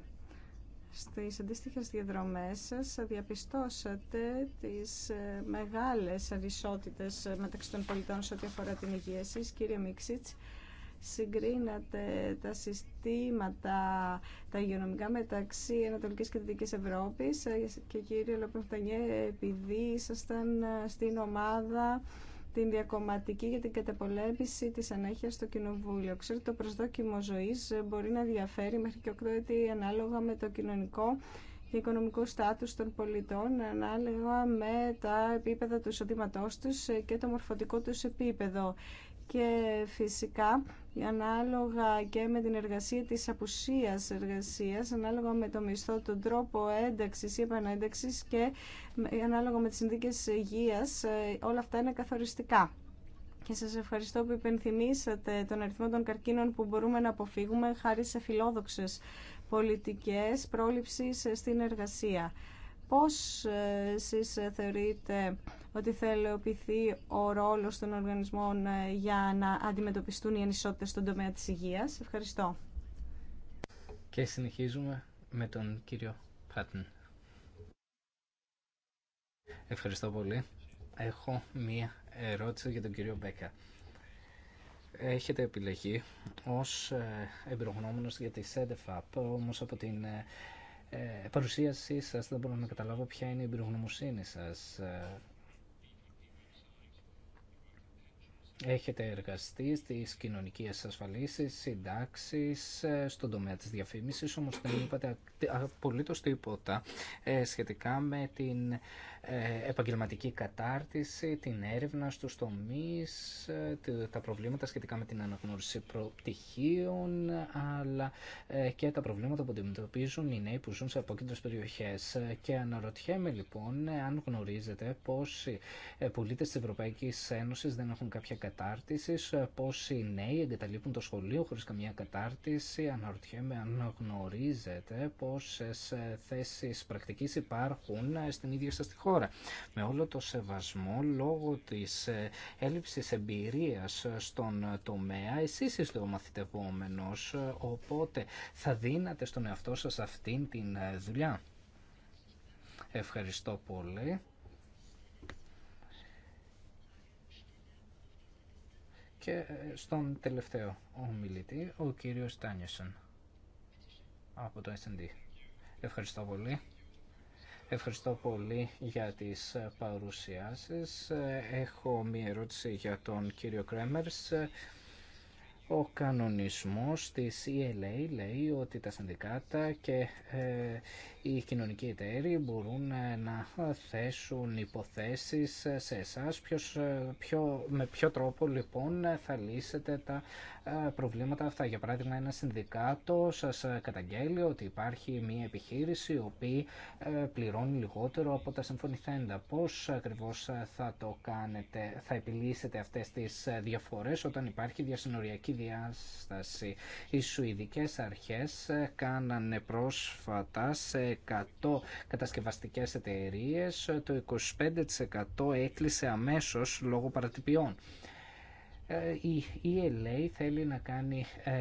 στις αντίστοιχες διαδρομές σας διαπιστώσατε τις ε, μεγάλες αρισότητες ε, μεταξύ των πολιτών σε ό,τι αφορά την υγεία σας. κύριε Μίξιτς. Συγκρίνατε τα συστήματα, τα υγειονομικά μεταξύ Ανατολικής και Δυτικής Ευρώπης ε, και κύριε Λοπεφτανιέ, επειδή ήσασταν στην ομάδα την διακομματική για την καταπολέμηση της ανέχειας στο Κοινοβούλιο. Ξέρετε, το προσδόκιμο ζωής μπορεί να διαφέρει μέχρι και 8 έτη ανάλογα με το κοινωνικό και οικονομικό στάτους των πολιτών, ανάλογα με τα επίπεδα του εισοδήματός τους και το μορφωτικό τους επίπεδο και φυσικά ανάλογα και με την εργασία της απουσίας εργασίας, ανάλογα με το μισθό, τον τρόπο ένταξης ή επανένταξης και ανάλογα με τις συνδίκες υγείας, ε, όλα αυτά είναι καθοριστικά. Και σας ευχαριστώ που υπενθυμίσατε τον αριθμό των καρκίνων που μπορούμε να αποφύγουμε χάρη σε φιλόδοξες πολιτικές πρόληψης ε, στην εργασία. Πώς ε, εσείς ε, θεωρείτε ότι θα ελαιοποιηθεί ο ρόλος των οργανισμών ε, για να αντιμετωπιστούν οι ανισότητες στον τομέα της υγείας. Ευχαριστώ.
Και συνεχίζουμε με τον κύριο Πάτν. Ευχαριστώ πολύ. Έχω μία ερώτηση για τον κύριο Μπέκα. Έχετε επιλεγεί ως εμπειρογνώμονος για τη ΣΕΔΕΦΑΠ, όμως από την ε, παρουσίασή σας δεν μπορώ να καταλάβω ποια είναι η εμπειρογνωμοσύνη σας. Ε, έχετε εργαστεί στις κοινωνικές ασφαλίσεις, συντάξεις, ε, στον τομέα της διαφήμισης, όμως δεν είπατε απολύτως τίποτα σχετικά με την ε, επαγγελματική κατάρτιση, την έρευνα στους τομείς, ε, τα προβλήματα σχετικά με την αναγνώριση προπτυχίων, αλλά ε, και τα προβλήματα που αντιμετωπίζουν οι νέοι που ζουν σε απόκεντρε περιοχέ. Και αναρωτιέμαι λοιπόν αν γνωρίζετε πόσοι πολίτε τη Ευρωπαϊκή Ένωση δεν έχουν κάποια κατάρτιση, πόσοι νέοι εγκαταλείπουν το σχολείο χωρί καμία κατάρτιση. Αναρωτιέμαι αν γνωρίζετε πόσε θέσει πρακτική υπάρχουν στην ίδια σα τη χώρα χώρα. Με όλο το σεβασμό, λόγω της ε, έλλειψης εμπειρίας στον τομέα, εσείς είστε ο μαθητευόμενος, ε, οπότε θα δίνατε στον εαυτό σας αυτήν την ε, δουλειά. Ευχαριστώ πολύ. Και στον τελευταίο ομιλητή, ο κύριος Τάνιεσον από το S&D. Ευχαριστώ πολύ. Ευχαριστώ πολύ για τις παρουσιάσεις. Έχω μία ερώτηση για τον κύριο Κρέμερς. Ο κανονισμός της ELA λέει ότι τα συνδικάτα και ε, οι κοινωνικοί εταίροι μπορούν ε, να θέσουν υποθέσεις σε εσάς ποιος, ε, ποιο, με ποιο τρόπο λοιπόν θα λύσετε τα ε, προβλήματα αυτά. Για παράδειγμα ένα συνδικάτο σας καταγγέλει ότι υπάρχει μια επιχείρηση η οποία πληρώνει λιγότερο από τα συμφωνηθέντα. Πώς ακριβώς θα το κάνετε, θα επιλύσετε αυτές τις διαφορές όταν υπάρχει διασυνοριακή διάσταση. Οι Σουηδικές αρχές κάνανε πρόσφατα σε κατασκευαστικές εταιρείες, το 25% έκλεισε αμέσως λόγω παρατυπιών. Ε, η ΕΛΑ θέλει να κάνει ε,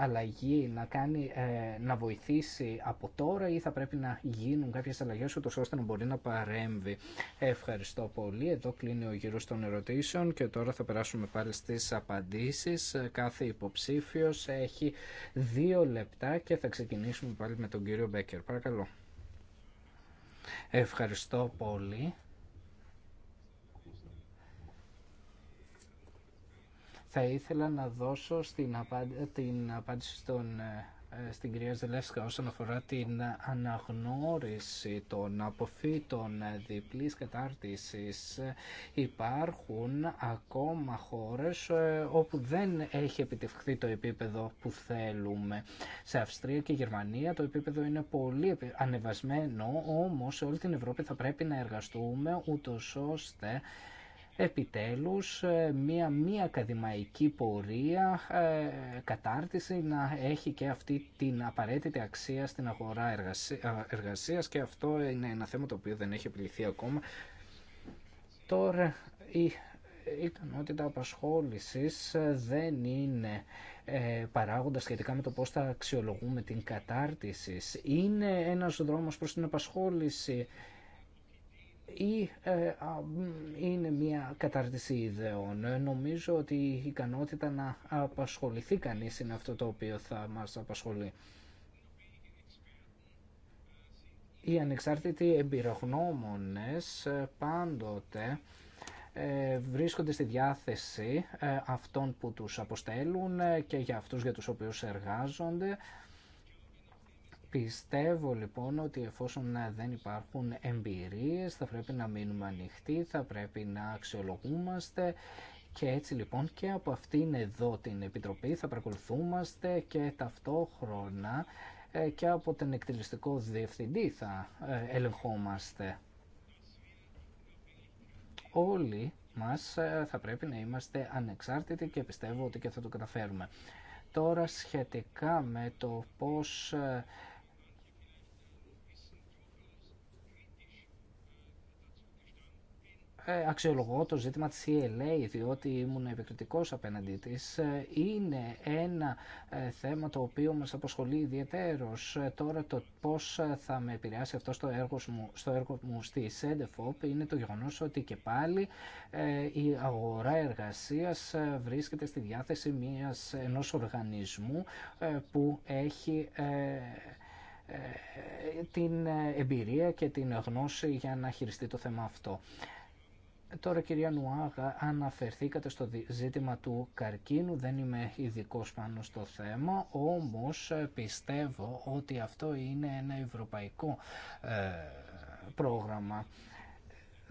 αλλαγή, να, κάνει, ε, να βοηθήσει από τώρα ή θα πρέπει να γίνουν κάποιες αλλαγές ούτως ώστε να μπορεί να παρέμβει. Ευχαριστώ πολύ. Εδώ κλείνει ο γύρος των ερωτήσεων και τώρα θα περάσουμε πάλι στις απαντήσεις. Κάθε υποψήφιος έχει δύο λεπτά και θα ξεκινήσουμε πάλι με τον κύριο Μπέκερ. Παρακαλώ. Ευχαριστώ πολύ. Θα ήθελα να δώσω την απάντηση στον ε, ε, στην κυρία Ζελεύσκα όσον αφορά την αναγνώριση των αποφύτων διπλής κατάρτισης υπάρχουν ακόμα χώρες ε, όπου δεν έχει επιτευχθεί το επίπεδο που θέλουμε. Σε Αυστρία και Γερμανία το επίπεδο είναι πολύ ανεβασμένο όμως σε όλη την Ευρώπη θα πρέπει να εργαστούμε ούτως ώστε επιτέλους ε, μία μη ακαδημαϊκή πορεία ε, κατάρτιση να έχει και αυτή την απαραίτητη αξία στην αγορά ε, εργασίας και αυτό είναι ένα θέμα το οποίο δεν έχει επιληθεί ακόμα. Τώρα η ικανότητα απασχόλησης δεν είναι παράγοντα σχετικά με το πώς θα αξιολογούμε την κατάρτιση. Είναι ένας δρόμος προς την απασχόληση ή ε, είναι μια κατάρτιση ιδεών. Νομίζω ότι η ικανότητα να απασχοληθεί κανείς είναι αυτό το οποίο θα μας απασχολεί. Οι ανεξάρτητοι εμπειρογνώμονες ε, πάντοτε ε, βρίσκονται στη διάθεση αυτών που τους αποστέλουν και για αυτούς για τους οποίους εργάζονται Πιστεύω λοιπόν ότι εφόσον ναι, δεν υπάρχουν εμπειρίες θα πρέπει να μείνουμε ανοιχτοί, θα πρέπει να αξιολογούμαστε και έτσι λοιπόν και από αυτήν εδώ την Επιτροπή θα παρακολουθούμαστε και ταυτόχρονα ε, και από τον εκτελεστικό διευθυντή θα ε, ελεγχόμαστε. Όλοι μας ε, θα πρέπει να είμαστε ανεξάρτητοι και πιστεύω ότι και θα το καταφέρουμε. Τώρα σχετικά με το πώς Ε, αξιολογώ το ζήτημα της CLA διότι ήμουν επικριτικός απέναντί της ε, είναι ένα ε, θέμα το οποίο μας αποσχολεί ιδιαίτερος τώρα το πώς θα με επηρεάσει αυτό στο έργο μου, στο έργο μου στη ΣΕΝΤΕΦΟΠ είναι το γεγονός ότι και πάλι η αγορά εργασίας βρίσκεται στη διάθεση μιας, ενός οργανισμού που έχει την εμπειρία και την γνώση για να χειριστεί το θέμα αυτό. Τώρα κυρία Νουάγα αναφερθήκατε στο ζήτημα του καρκίνου, δεν είμαι ειδικό πάνω στο θέμα, όμως ε, πιστεύω ότι αυτό είναι ένα ευρωπαϊκό ε, πρόγραμμα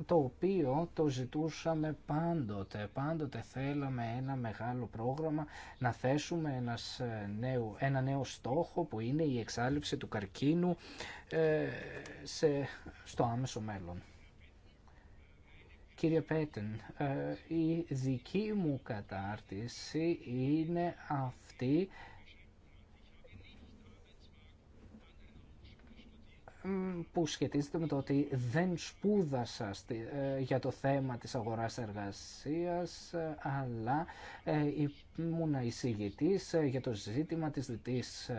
το οποίο το ζητούσαμε πάντοτε. Πάντοτε θέλαμε ένα μεγάλο πρόγραμμα να θέσουμε ε, ένα νέο στόχο που είναι η εξάλληψη του καρκίνου στο άμεσο μέλλον. Κύριε Πέτεν, ε, η δική μου κατάρτιση είναι αυτή που σχετίζεται με το ότι δεν σπούδασα ε, για το θέμα της αγοράς εργασίας ε, αλλά ήμουν εισηγητής για το ζήτημα της δυτής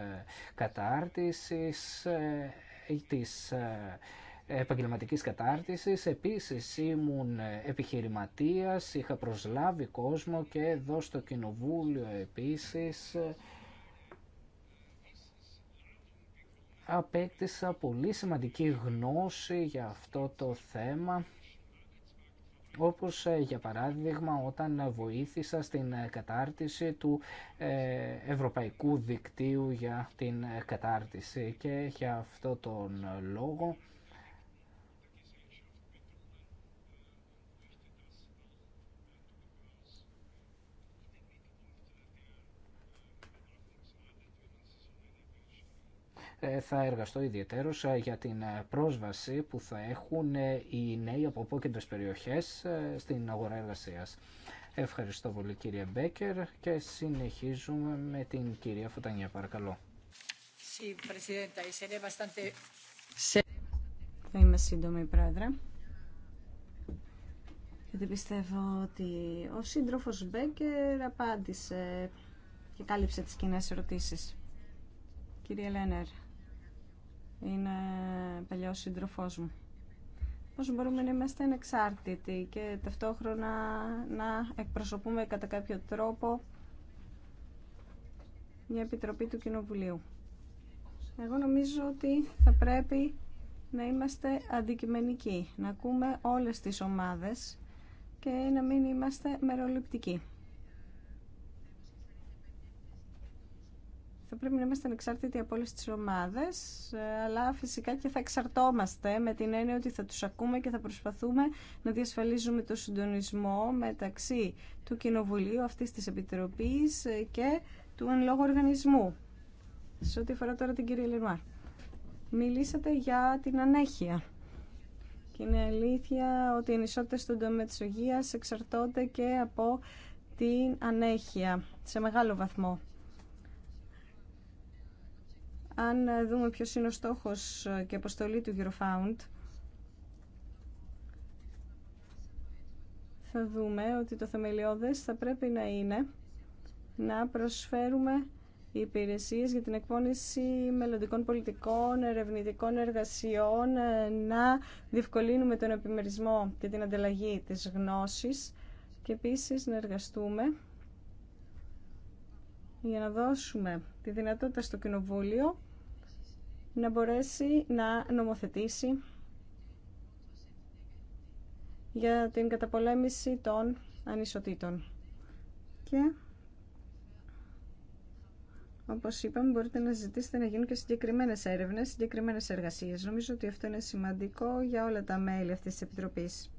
κατάρτισης της επαγγελματικής κατάρτισης. Επίσης ήμουν επιχειρηματίας, είχα προσλάβει κόσμο και εδώ στο κοινοβούλιο επίσης απέκτησα πολύ σημαντική γνώση για αυτό το θέμα όπως ε, για παράδειγμα όταν βοήθησα στην ε, κατάρτιση του ε, Ευρωπαϊκού Δικτύου για την κατάρτιση και για αυτό τον λόγο Ε, θα εργαστώ ιδιαιτέρως ε, για την ε, πρόσβαση που θα έχουν οι νέοι από απόκεντρες περιοχές στην αγορά εργασία. Ευχαριστώ πολύ κύριε Μπέκερ και συνεχίζουμε με την κυρία Φωτανία παρακαλώ.
Θα είμαι σύντομη πρόεδρε. Γιατί πιστεύω ότι ο σύντροφος Μπέκερ απάντησε και κάλυψε τις κοινέ ερωτήσεις. Κύριε Λένερ, είναι παλιό συντροφό μου. Πώς μπορούμε να είμαστε ανεξάρτητοι και ταυτόχρονα να εκπροσωπούμε κατά κάποιο τρόπο μια επιτροπή του Κοινοβουλίου. Εγώ νομίζω ότι θα πρέπει να είμαστε αντικειμενικοί, να ακούμε όλες τις ομάδες και να μην είμαστε μεροληπτικοί. πρέπει να είμαστε ανεξάρτητοι από όλε τι ομάδε, αλλά φυσικά και θα εξαρτώμαστε με την έννοια ότι θα του ακούμε και θα προσπαθούμε να διασφαλίζουμε το συντονισμό μεταξύ του Κοινοβουλίου, αυτή της επιτροπή και του εν λόγω οργανισμού. Σε ό,τι αφορά τώρα την κυρία Λενουάρ. Μιλήσατε για την ανέχεια. Και είναι αλήθεια ότι οι ανισότητες στον τομέα της υγείας εξαρτώνται και από την ανέχεια σε μεγάλο βαθμό. Αν δούμε ποιος είναι ο στόχος και αποστολή του Eurofound, θα δούμε ότι το θεμελιώδες θα πρέπει να είναι να προσφέρουμε υπηρεσίες για την εκπόνηση μελλοντικών πολιτικών, ερευνητικών εργασιών, να διευκολύνουμε τον επιμερισμό και την ανταλλαγή της γνώσης και επίσης να εργαστούμε για να δώσουμε τη δυνατότητα στο Κοινοβούλιο να μπορέσει να νομοθετήσει για την καταπολέμηση των ανισοτήτων. Και όπως είπαμε μπορείτε να ζητήσετε να γίνουν και συγκεκριμένες έρευνες, συγκεκριμένες εργασίες. Νομίζω ότι αυτό είναι σημαντικό για όλα τα μέλη αυτής της Επιτροπής.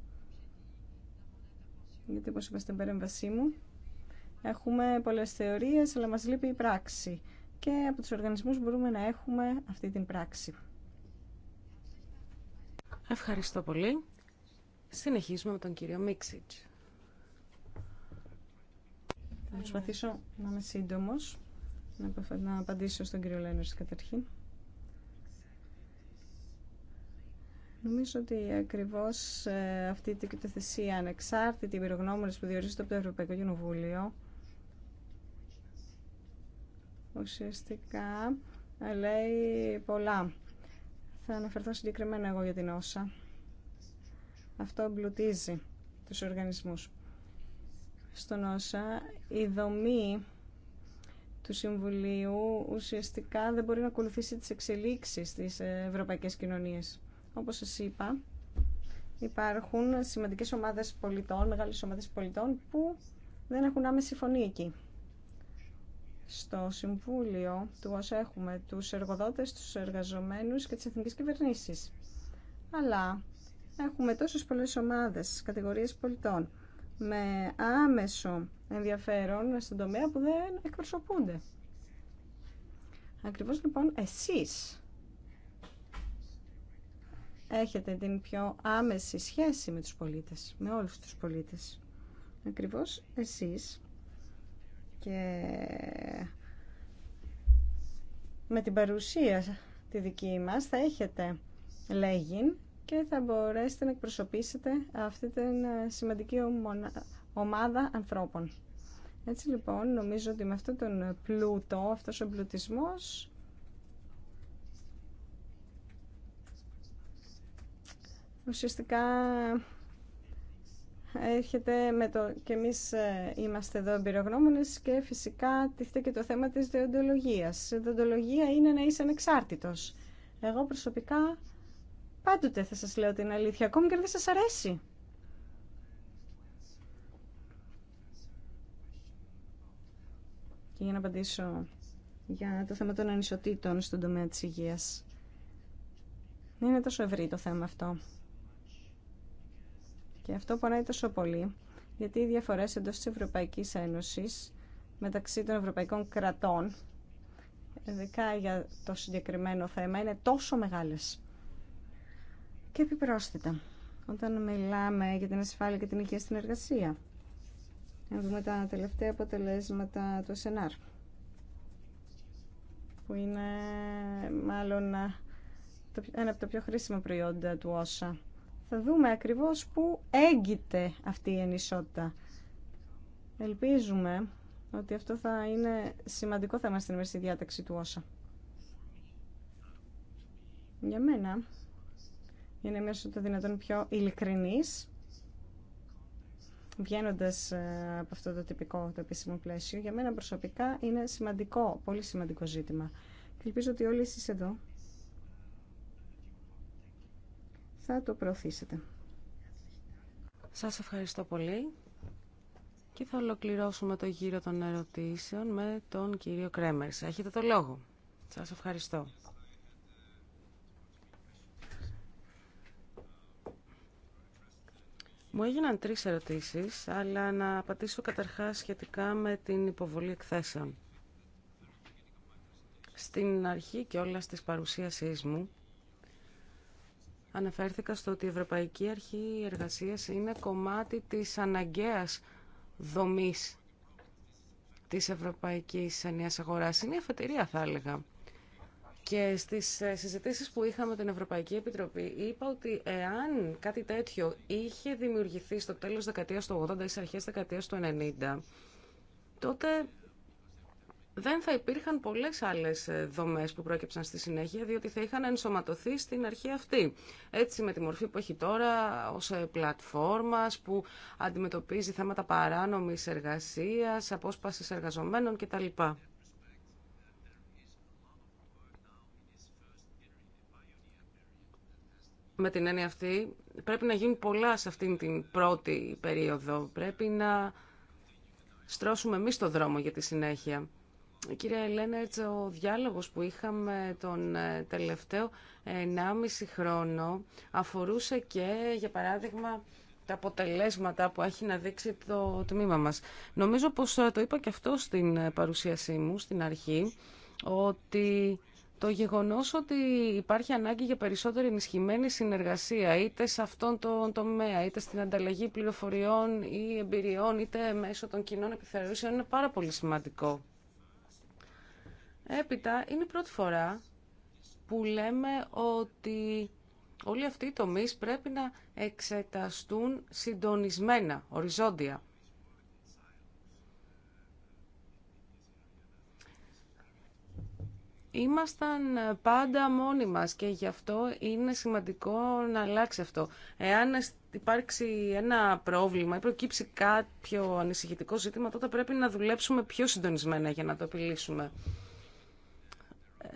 Γιατί όπως είπα στην παρέμβασή μου, έχουμε πολλές θεωρίες αλλά μας λείπει η πράξη και από τους οργανισμούς μπορούμε να έχουμε αυτή την πράξη.
Ευχαριστώ πολύ. Συνεχίζουμε με τον κύριο Μίξιτς.
Θα προσπαθήσω να είμαι σύντομο να απαντήσω στον κύριο Λένερς καταρχήν. Νομίζω ότι ακριβώς ε, αυτή η τεκτοθεσία ανεξάρτητη πυρογνώμονες που διορίζεται από το Ευρωπαϊκό Κοινοβούλιο ουσιαστικά ε, λέει πολλά. Θα αναφερθώ συγκεκριμένα εγώ για την όσα. Αυτό εμπλουτίζει τους οργανισμούς. Στον όσα η δομή του Συμβουλίου ουσιαστικά δεν μπορεί να ακολουθήσει τις εξελίξεις της ευρωπαϊκής κοινωνίας. Όπως σας είπα, υπάρχουν σημαντικές ομάδες πολιτών, μεγάλες ομάδες πολιτών που δεν έχουν άμεση φωνή εκεί στο Συμβούλιο του όσο έχουμε τους εργοδότες, τους εργαζομένους και τις εθνικές κυβερνήσεις. Αλλά έχουμε τόσες πολλές ομάδες, κατηγορίες πολιτών με άμεσο ενδιαφέρον στον τομέα που δεν εκπροσωπούνται. Ακριβώς λοιπόν εσείς έχετε την πιο άμεση σχέση με τους πολίτες, με όλους τους πολίτες. Ακριβώς εσείς και με την παρουσία τη δική μας θα έχετε λέγιν και θα μπορέσετε να εκπροσωπήσετε αυτή την ε, σημαντική ομάδα ανθρώπων. Έτσι λοιπόν νομίζω ότι με αυτό τον πλούτο, αυτός ο πλουτισμός ουσιαστικά έρχεται με το και εμείς ε, είμαστε εδώ εμπειρογνώμονες και φυσικά τίθεται και το θέμα της διοντολογίας. Η διοντολογία είναι να είσαι ανεξάρτητος. Εγώ προσωπικά πάντοτε θα σας λέω την αλήθεια, ακόμη και αν δεν σας αρέσει. Και για να απαντήσω για το θέμα των ανισοτήτων στον τομέα της υγείας. Είναι τόσο ευρύ το θέμα αυτό. Και αυτό πονάει τόσο πολύ, γιατί οι διαφορές εντός της ευρωπαϊκή Ένωσης μεταξύ των ευρωπαϊκών κρατών, ειδικά για το συγκεκριμένο θέμα, είναι τόσο μεγάλες. Και επιπρόσθετα, όταν μιλάμε για την ασφάλεια και την υγεία στην εργασία, να δούμε τα τελευταία αποτελέσματα του σενάρ, που είναι μάλλον ένα από τα πιο χρήσιμα προϊόντα του όσα θα δούμε ακριβώς πού έγκυται αυτή η ενισότητα. Ελπίζουμε ότι αυτό θα είναι σημαντικό θέμα στην στη διάταξη του όσα. Για μένα, είναι μέσω είμαι δυνατόν πιο ειλικρινής, βγαίνοντα ε, από αυτό το τυπικό, το επίσημο πλαίσιο, για μένα προσωπικά είναι σημαντικό, πολύ σημαντικό ζήτημα. Και ελπίζω ότι όλοι εσείς εδώ θα το προωθήσετε.
Σας ευχαριστώ πολύ και θα ολοκληρώσουμε το γύρο των ερωτήσεων με τον κύριο Κρέμερ. Έχετε το λόγο. Σας ευχαριστώ. Μου έγιναν τρεις ερωτήσεις, αλλά να απαντήσω καταρχάς σχετικά με την υποβολή εκθέσεων. Στην αρχή και όλα στις παρουσίασεις μου, αναφέρθηκα στο ότι η Ευρωπαϊκή Αρχή Εργασίας είναι κομμάτι της αναγκαίας δομής της Ευρωπαϊκής Ενίας Αγοράς. Είναι η αφετηρία θα έλεγα. Και στις ε, συζητήσεις που είχαμε με την Ευρωπαϊκή Επιτροπή είπα ότι εάν κάτι τέτοιο είχε δημιουργηθεί στο τέλος δεκαετίας του 80 ή στις αρχές δεκαετίας του 90, τότε δεν θα υπήρχαν πολλές άλλες ε, δομές που πρόκειψαν στη συνέχεια, διότι θα είχαν ενσωματωθεί στην αρχή αυτή. Έτσι, με τη μορφή που έχει τώρα ως ε, πλατφόρμας που αντιμετωπίζει θέματα παράνομης εργασίας, απόσπασης εργαζομένων κτλ. Με την έννοια αυτή, πρέπει να γίνουν πολλά σε αυτήν την πρώτη περίοδο. Πρέπει να στρώσουμε εμεί το δρόμο για τη συνέχεια. Κύριε έτσι ο διάλογος που είχαμε τον ε, τελευταίο 1,5 χρόνο αφορούσε και, για παράδειγμα, τα αποτελέσματα που έχει να δείξει το τμήμα μας. Νομίζω πως ε, το είπα και αυτό στην ε, παρουσίασή μου, στην αρχή, ότι το γεγονός ότι υπάρχει ανάγκη για περισσότερη ενισχυμένη συνεργασία είτε σε αυτόν τον τομέα, είτε στην ανταλλαγή πληροφοριών ή εμπειριών, είτε μέσω των κοινών επιθεωρήσεων είναι πάρα πολύ σημαντικό. Έπειτα, είναι η πρώτη φορά που λέμε ότι όλοι αυτοί οι τομείς πρέπει να εξεταστούν συντονισμένα, οριζόντια. Ήμασταν πάντα μόνοι μας και γι' αυτό είναι σημαντικό να αλλάξει αυτό. Εάν υπάρξει ένα πρόβλημα ή προκύψει κάποιο ανησυχητικό ζήτημα, τότε πρέπει να δουλέψουμε πιο συντονισμένα για να το επιλύσουμε.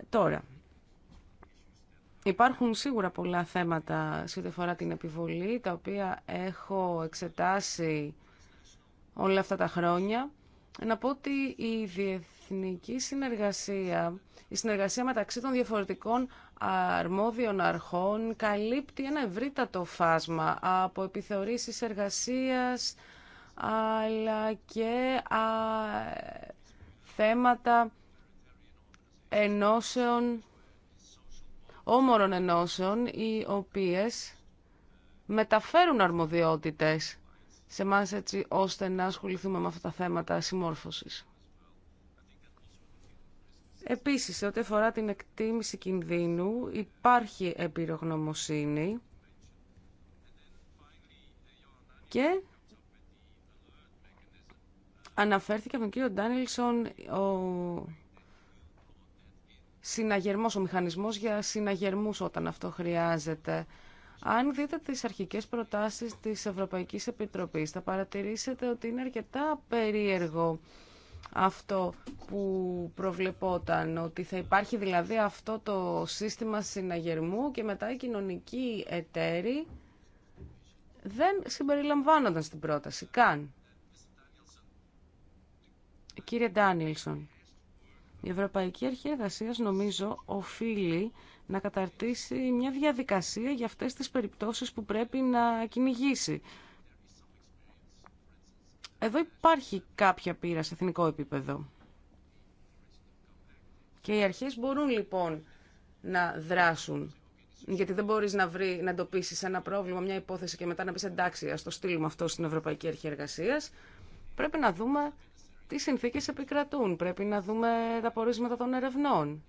Τώρα, υπάρχουν σίγουρα πολλά θέματα σχετικά με την επιβολή, τα οποία έχω εξετάσει όλα αυτά τα χρόνια. Να πω ότι η διεθνική συνεργασία, η συνεργασία μεταξύ των διαφορετικών αρμόδιων αρχών καλύπτει ένα ευρύτατο φάσμα από επιθεωρήσεις εργασίας αλλά και θέματα ενώσεων, όμορων ενώσεων, οι οποίες μεταφέρουν αρμοδιότητες σε εμά έτσι ώστε να ασχοληθούμε με αυτά τα θέματα συμμόρφωσης. Επίσης, σε ό,τι αφορά την εκτίμηση κινδύνου, υπάρχει επιρογνωμοσύνη και αναφέρθηκε από τον κύριο Ντάνιλσον ο συναγερμός, ο μηχανισμός για συναγερμούς όταν αυτό χρειάζεται. Αν δείτε τις αρχικές προτάσεις της Ευρωπαϊκής Επιτροπής, θα παρατηρήσετε ότι είναι αρκετά περίεργο αυτό που προβλεπόταν, ότι θα υπάρχει δηλαδή αυτό το σύστημα συναγερμού και μετά οι κοινωνικοί εταίροι δεν συμπεριλαμβάνονταν στην πρόταση καν. Κύριε Ντάνιλσον, η Ευρωπαϊκή Αρχή Εργασίας νομίζω οφείλει να καταρτήσει μια διαδικασία για αυτές τις περιπτώσεις που πρέπει να κυνηγήσει. Εδώ υπάρχει κάποια πείρα σε εθνικό επίπεδο. Και οι αρχές μπορούν λοιπόν να δράσουν. Γιατί δεν μπορείς να, βρει, να εντοπίσει ένα πρόβλημα, μια υπόθεση και μετά να πεις εντάξει, ας το στείλουμε αυτό στην Ευρωπαϊκή Αρχή Εργασίας. Πρέπει να δούμε τι συνθήκες επικρατούν. Πρέπει να δούμε τα πορίσματα των ερευνών.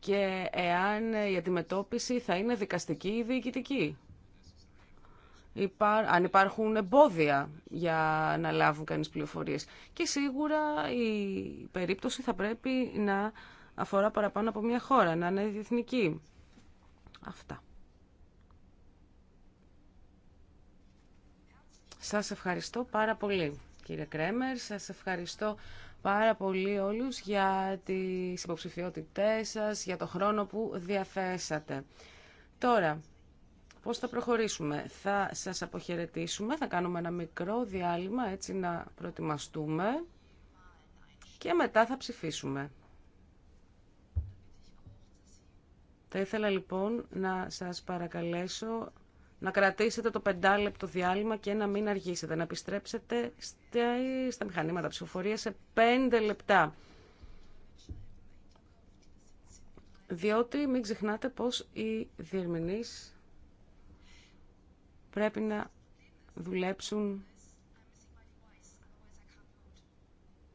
και εάν η αντιμετώπιση θα είναι δικαστική ή διοικητική. αν υπάρχουν εμπόδια για να λάβουν κανείς πληροφορίες. Και σίγουρα η περίπτωση θα πρέπει να αφορά παραπάνω από μια χώρα, να είναι διεθνική. Αυτά. Σας ευχαριστώ πάρα πολύ κύριε Κρέμερ, σας ευχαριστώ πάρα πολύ όλους για τις υποψηφιότητές σας, για το χρόνο που διαθέσατε. Τώρα, πώς θα προχωρήσουμε. Θα σας αποχαιρετήσουμε, θα κάνουμε ένα μικρό διάλειμμα έτσι να προετοιμαστούμε και μετά θα ψηφίσουμε. Θα ήθελα λοιπόν να σας παρακαλέσω να κρατήσετε το πεντάλεπτο διάλειμμα και να μην αργήσετε. Να επιστρέψετε στα μηχανήματα ψηφοφορία σε πέντε λεπτά. Διότι μην ξεχνάτε πως οι διερμηνείς πρέπει να δουλέψουν.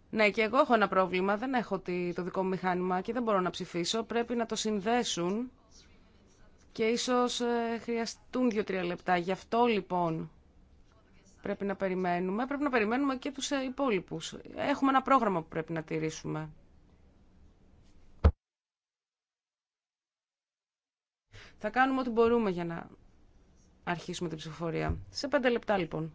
Ναι, και εγώ έχω ένα πρόβλημα. Δεν έχω το δικό μου μηχάνημα και δεν μπορώ να ψηφίσω. Πρέπει να το συνδέσουν και ίσως ε, χρειαστούν δύο-τρία λεπτά. Γι' αυτό λοιπόν πρέπει να περιμένουμε. Πρέπει να περιμένουμε και τους ε, υπόλοιπους. Έχουμε ένα πρόγραμμα που πρέπει να τηρήσουμε. Θα κάνουμε ό,τι μπορούμε για να αρχίσουμε την ψηφοφορία. Σε πέντε λεπτά λοιπόν.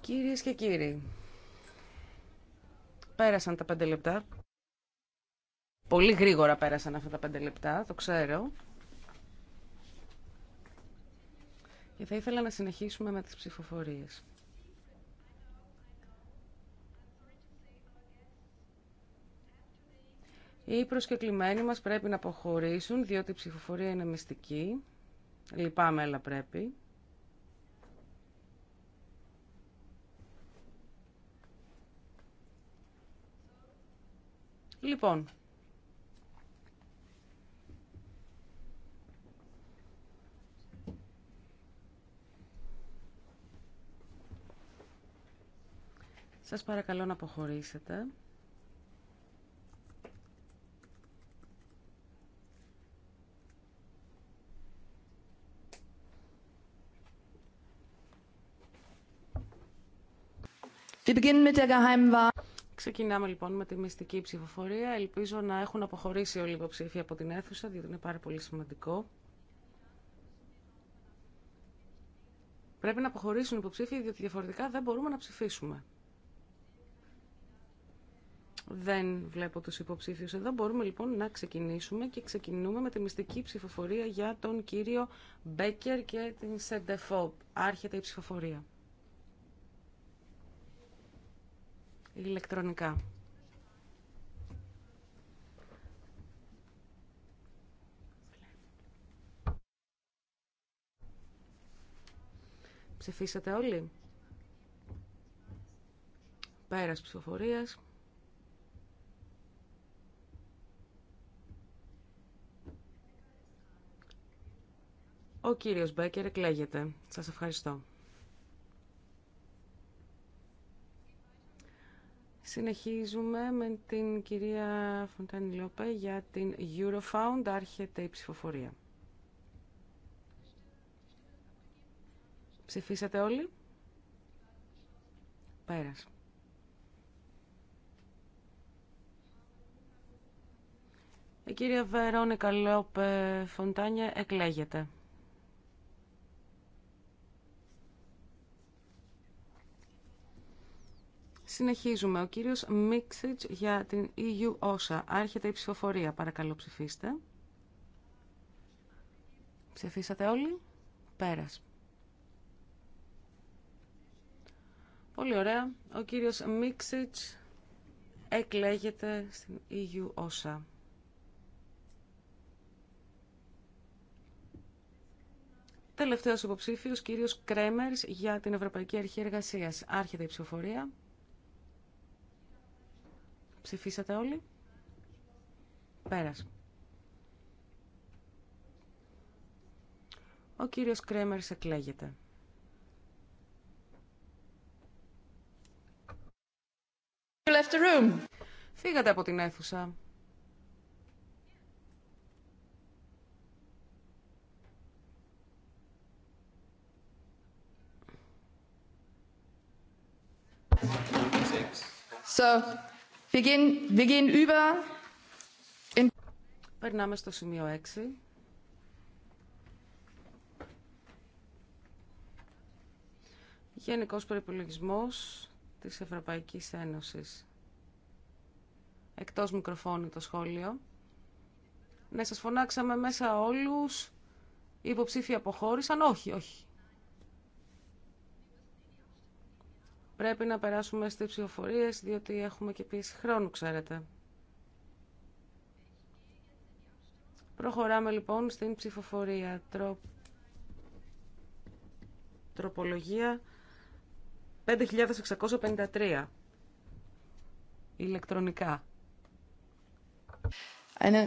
Κυρίε και κύριοι, πέρασαν τα πέντε λεπτά. Πολύ γρήγορα πέρασαν αυτά τα πέντε λεπτά, το ξέρω. Και θα ήθελα να συνεχίσουμε με τις ψηφοφορίες. Οι προσκεκλημένοι μας πρέπει να αποχωρήσουν, διότι η ψηφοφορία είναι μυστική. Λυπάμαι, αλλά πρέπει. Λοιπόν, Σας παρακαλώ να αποχωρήσετε. Wir beginnen mit der Geheimen Wahl. Ξεκινάμε λοιπόν με τη μυστική ψηφοφορία. Ελπίζω να έχουν αποχωρήσει όλοι οι υποψήφοι από την αίθουσα, διότι είναι πάρα πολύ σημαντικό. Πρέπει να αποχωρήσουν οι υποψήφοι, διότι διαφορετικά δεν μπορούμε να ψηφίσουμε. Δεν βλέπω τους υποψήφιους εδώ. Μπορούμε λοιπόν να ξεκινήσουμε και ξεκινούμε με τη μυστική ψηφοφορία για τον κύριο Μπέκερ και την Σεντεφόπ. Άρχεται η ψηφοφορία. ηλεκτρονικά. Ψηφίσατε όλοι. Πέρας ψηφοφορίας. Ο κύριος Μπέκερ εκλέγεται. Σας ευχαριστώ. Συνεχίζουμε με την κυρία Φοντάνη Λόπε για την Eurofound. Άρχεται η ψηφοφορία. Ψηφίσατε όλοι. Πέρασε. Η κυρία Βερόνικα Λόπε Φοντάνια εκλέγεται. Συνεχίζουμε. Ο κύριος Μίξιτς για την EU όσα. Άρχεται η ψηφοφορία. Παρακαλώ ψηφίστε. Ψηφίσατε όλοι. Πέρας. Πολύ ωραία. Ο κύριος Μίξιτς εκλέγεται στην EU όσα. Τελευταίος υποψήφιος, κύριος Κρέμερς για την Ευρωπαϊκή Αρχή Εργασίας. Άρχεται η ψηφοφορία. Ψηφίσατε όλοι. Πέρας. Ο κύριος σε εκλέγεται. You left the room. Φύγατε από την αίθουσα. So, Περνάμε στο σημείο 6. Γενικός προπολογισμό της Ευρωπαϊκής Ένωσης. Εκτός μικροφώνου το σχόλιο. Ναι, σας φωνάξαμε μέσα όλους. Οι υποψήφοι αποχώρησαν. Όχι, όχι. Πρέπει να περάσουμε στις ψηφοφορίες, διότι έχουμε και πίεση χρόνου, ξέρετε. Προχωράμε λοιπόν στην ψηφοφορία. Τροπολογία 5653. Ηλεκτρονικά. Eine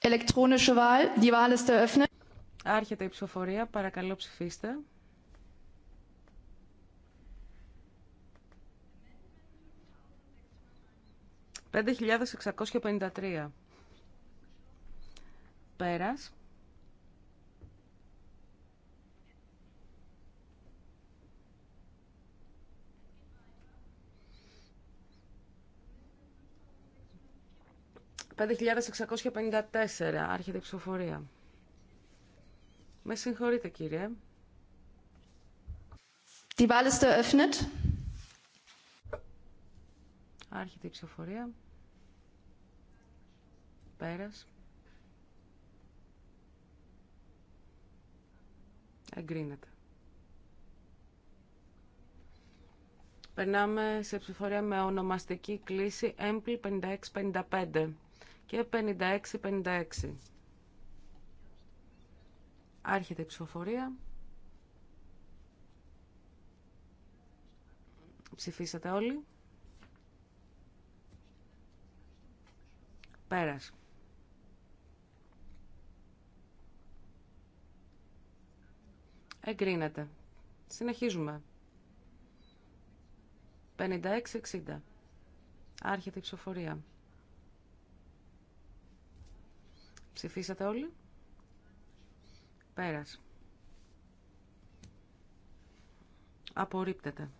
elektronische Wahl.
Die Wahl ist eröffnet. Άρχεται η ψηφοφορία. Παρακαλώ ψηφίστε. Πέντε χιλιάδες εξακόσια πενήντα τρία. Πέρας. Πέντε χιλιάδες εξακόσια πενήντα τέσσερα. Άρχεται η ψηφοφορία. Με συγχωρείτε κύριε. Τη βάλεστα έφτιαξε. Άρχεται η ψηφοφορία. Πέρας. Εγκρίνεται. Περνάμε σε ψηφοφορία με ονομαστική κλίση MP 5655 και 5656. Άρχεται η ψηφοφορία. Ψηφίσατε όλοι. Πέρας. Εγκρίνεται. Συνεχίζουμε. 56-60. Άρχεται η ψηφοφορία. Ψηφίσατε όλοι. Πέρας. Απορρίπτεται.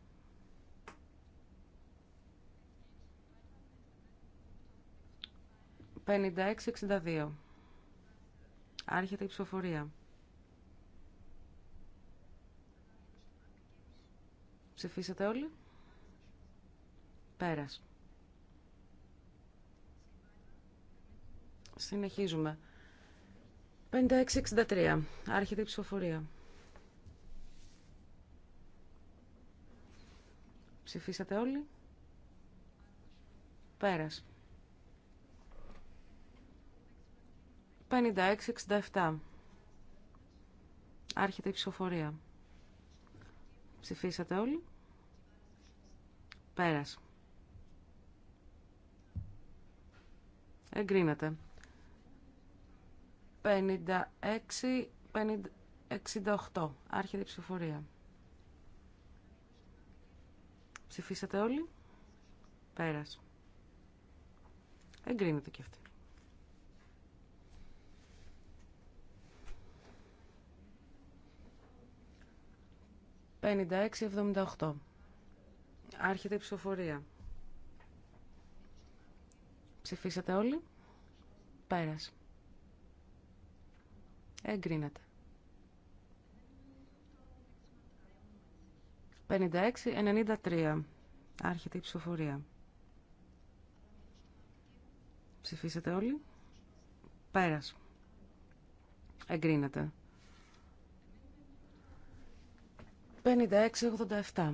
56-62. Άρχεται η ψηφοφορία. Ψηφίσατε όλοι. Πέρας. Συνεχίζουμε. 56-63. Άρχεται η ψηφοφορία. Ψηφίσατε όλοι. Πέρας. 56-67. Άρχεται η ψηφοφορία. Ψηφίσατε όλοι. Πέρας. Εγκρίνεται. 56-68. Άρχεται η ψηφοφορία. Ψηφίσατε όλοι. Πέρας. Εγκρίνεται και αυτή. 56-78. Άρχεται η ψηφοφορία. Ψηφίσατε περασε Πέρας. Εγκρίνατε. 56-93. Άρχεται η ψηφοφορία. Ψηφίσατε όλοι. Πέρας. Εγκρίνατε. 56-87.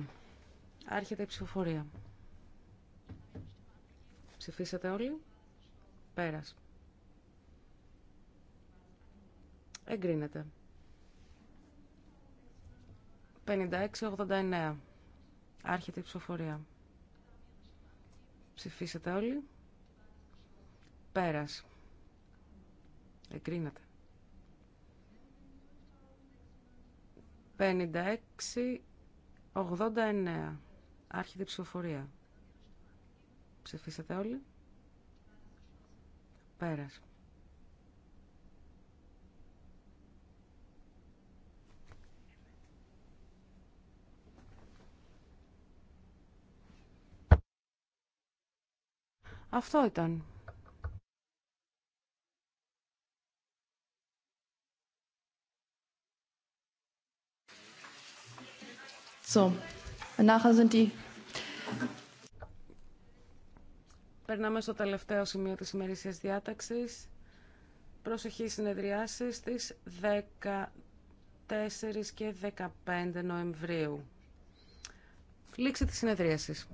Άρχεται η ψηφοφορία. Ψηφίσατε όλοι. Πέρας. Εγκρίνεται. 56-89. Άρχεται η ψηφοφορία. Ψηφίσατε όλοι. Πέρας. Εγκρίνεται. 56-89. Άρχεται ψηφοφορία. Ψηφίσατε όλοι. Πέρας. Αυτό ήταν. So, nachher sind die... Περνάμε στο τελευταίο σημείο της ημερήσιας διάταξης. Προσοχή συνεδριάσεις στις 14 και 15 Νοεμβρίου. Λήξη της συνεδρίασης.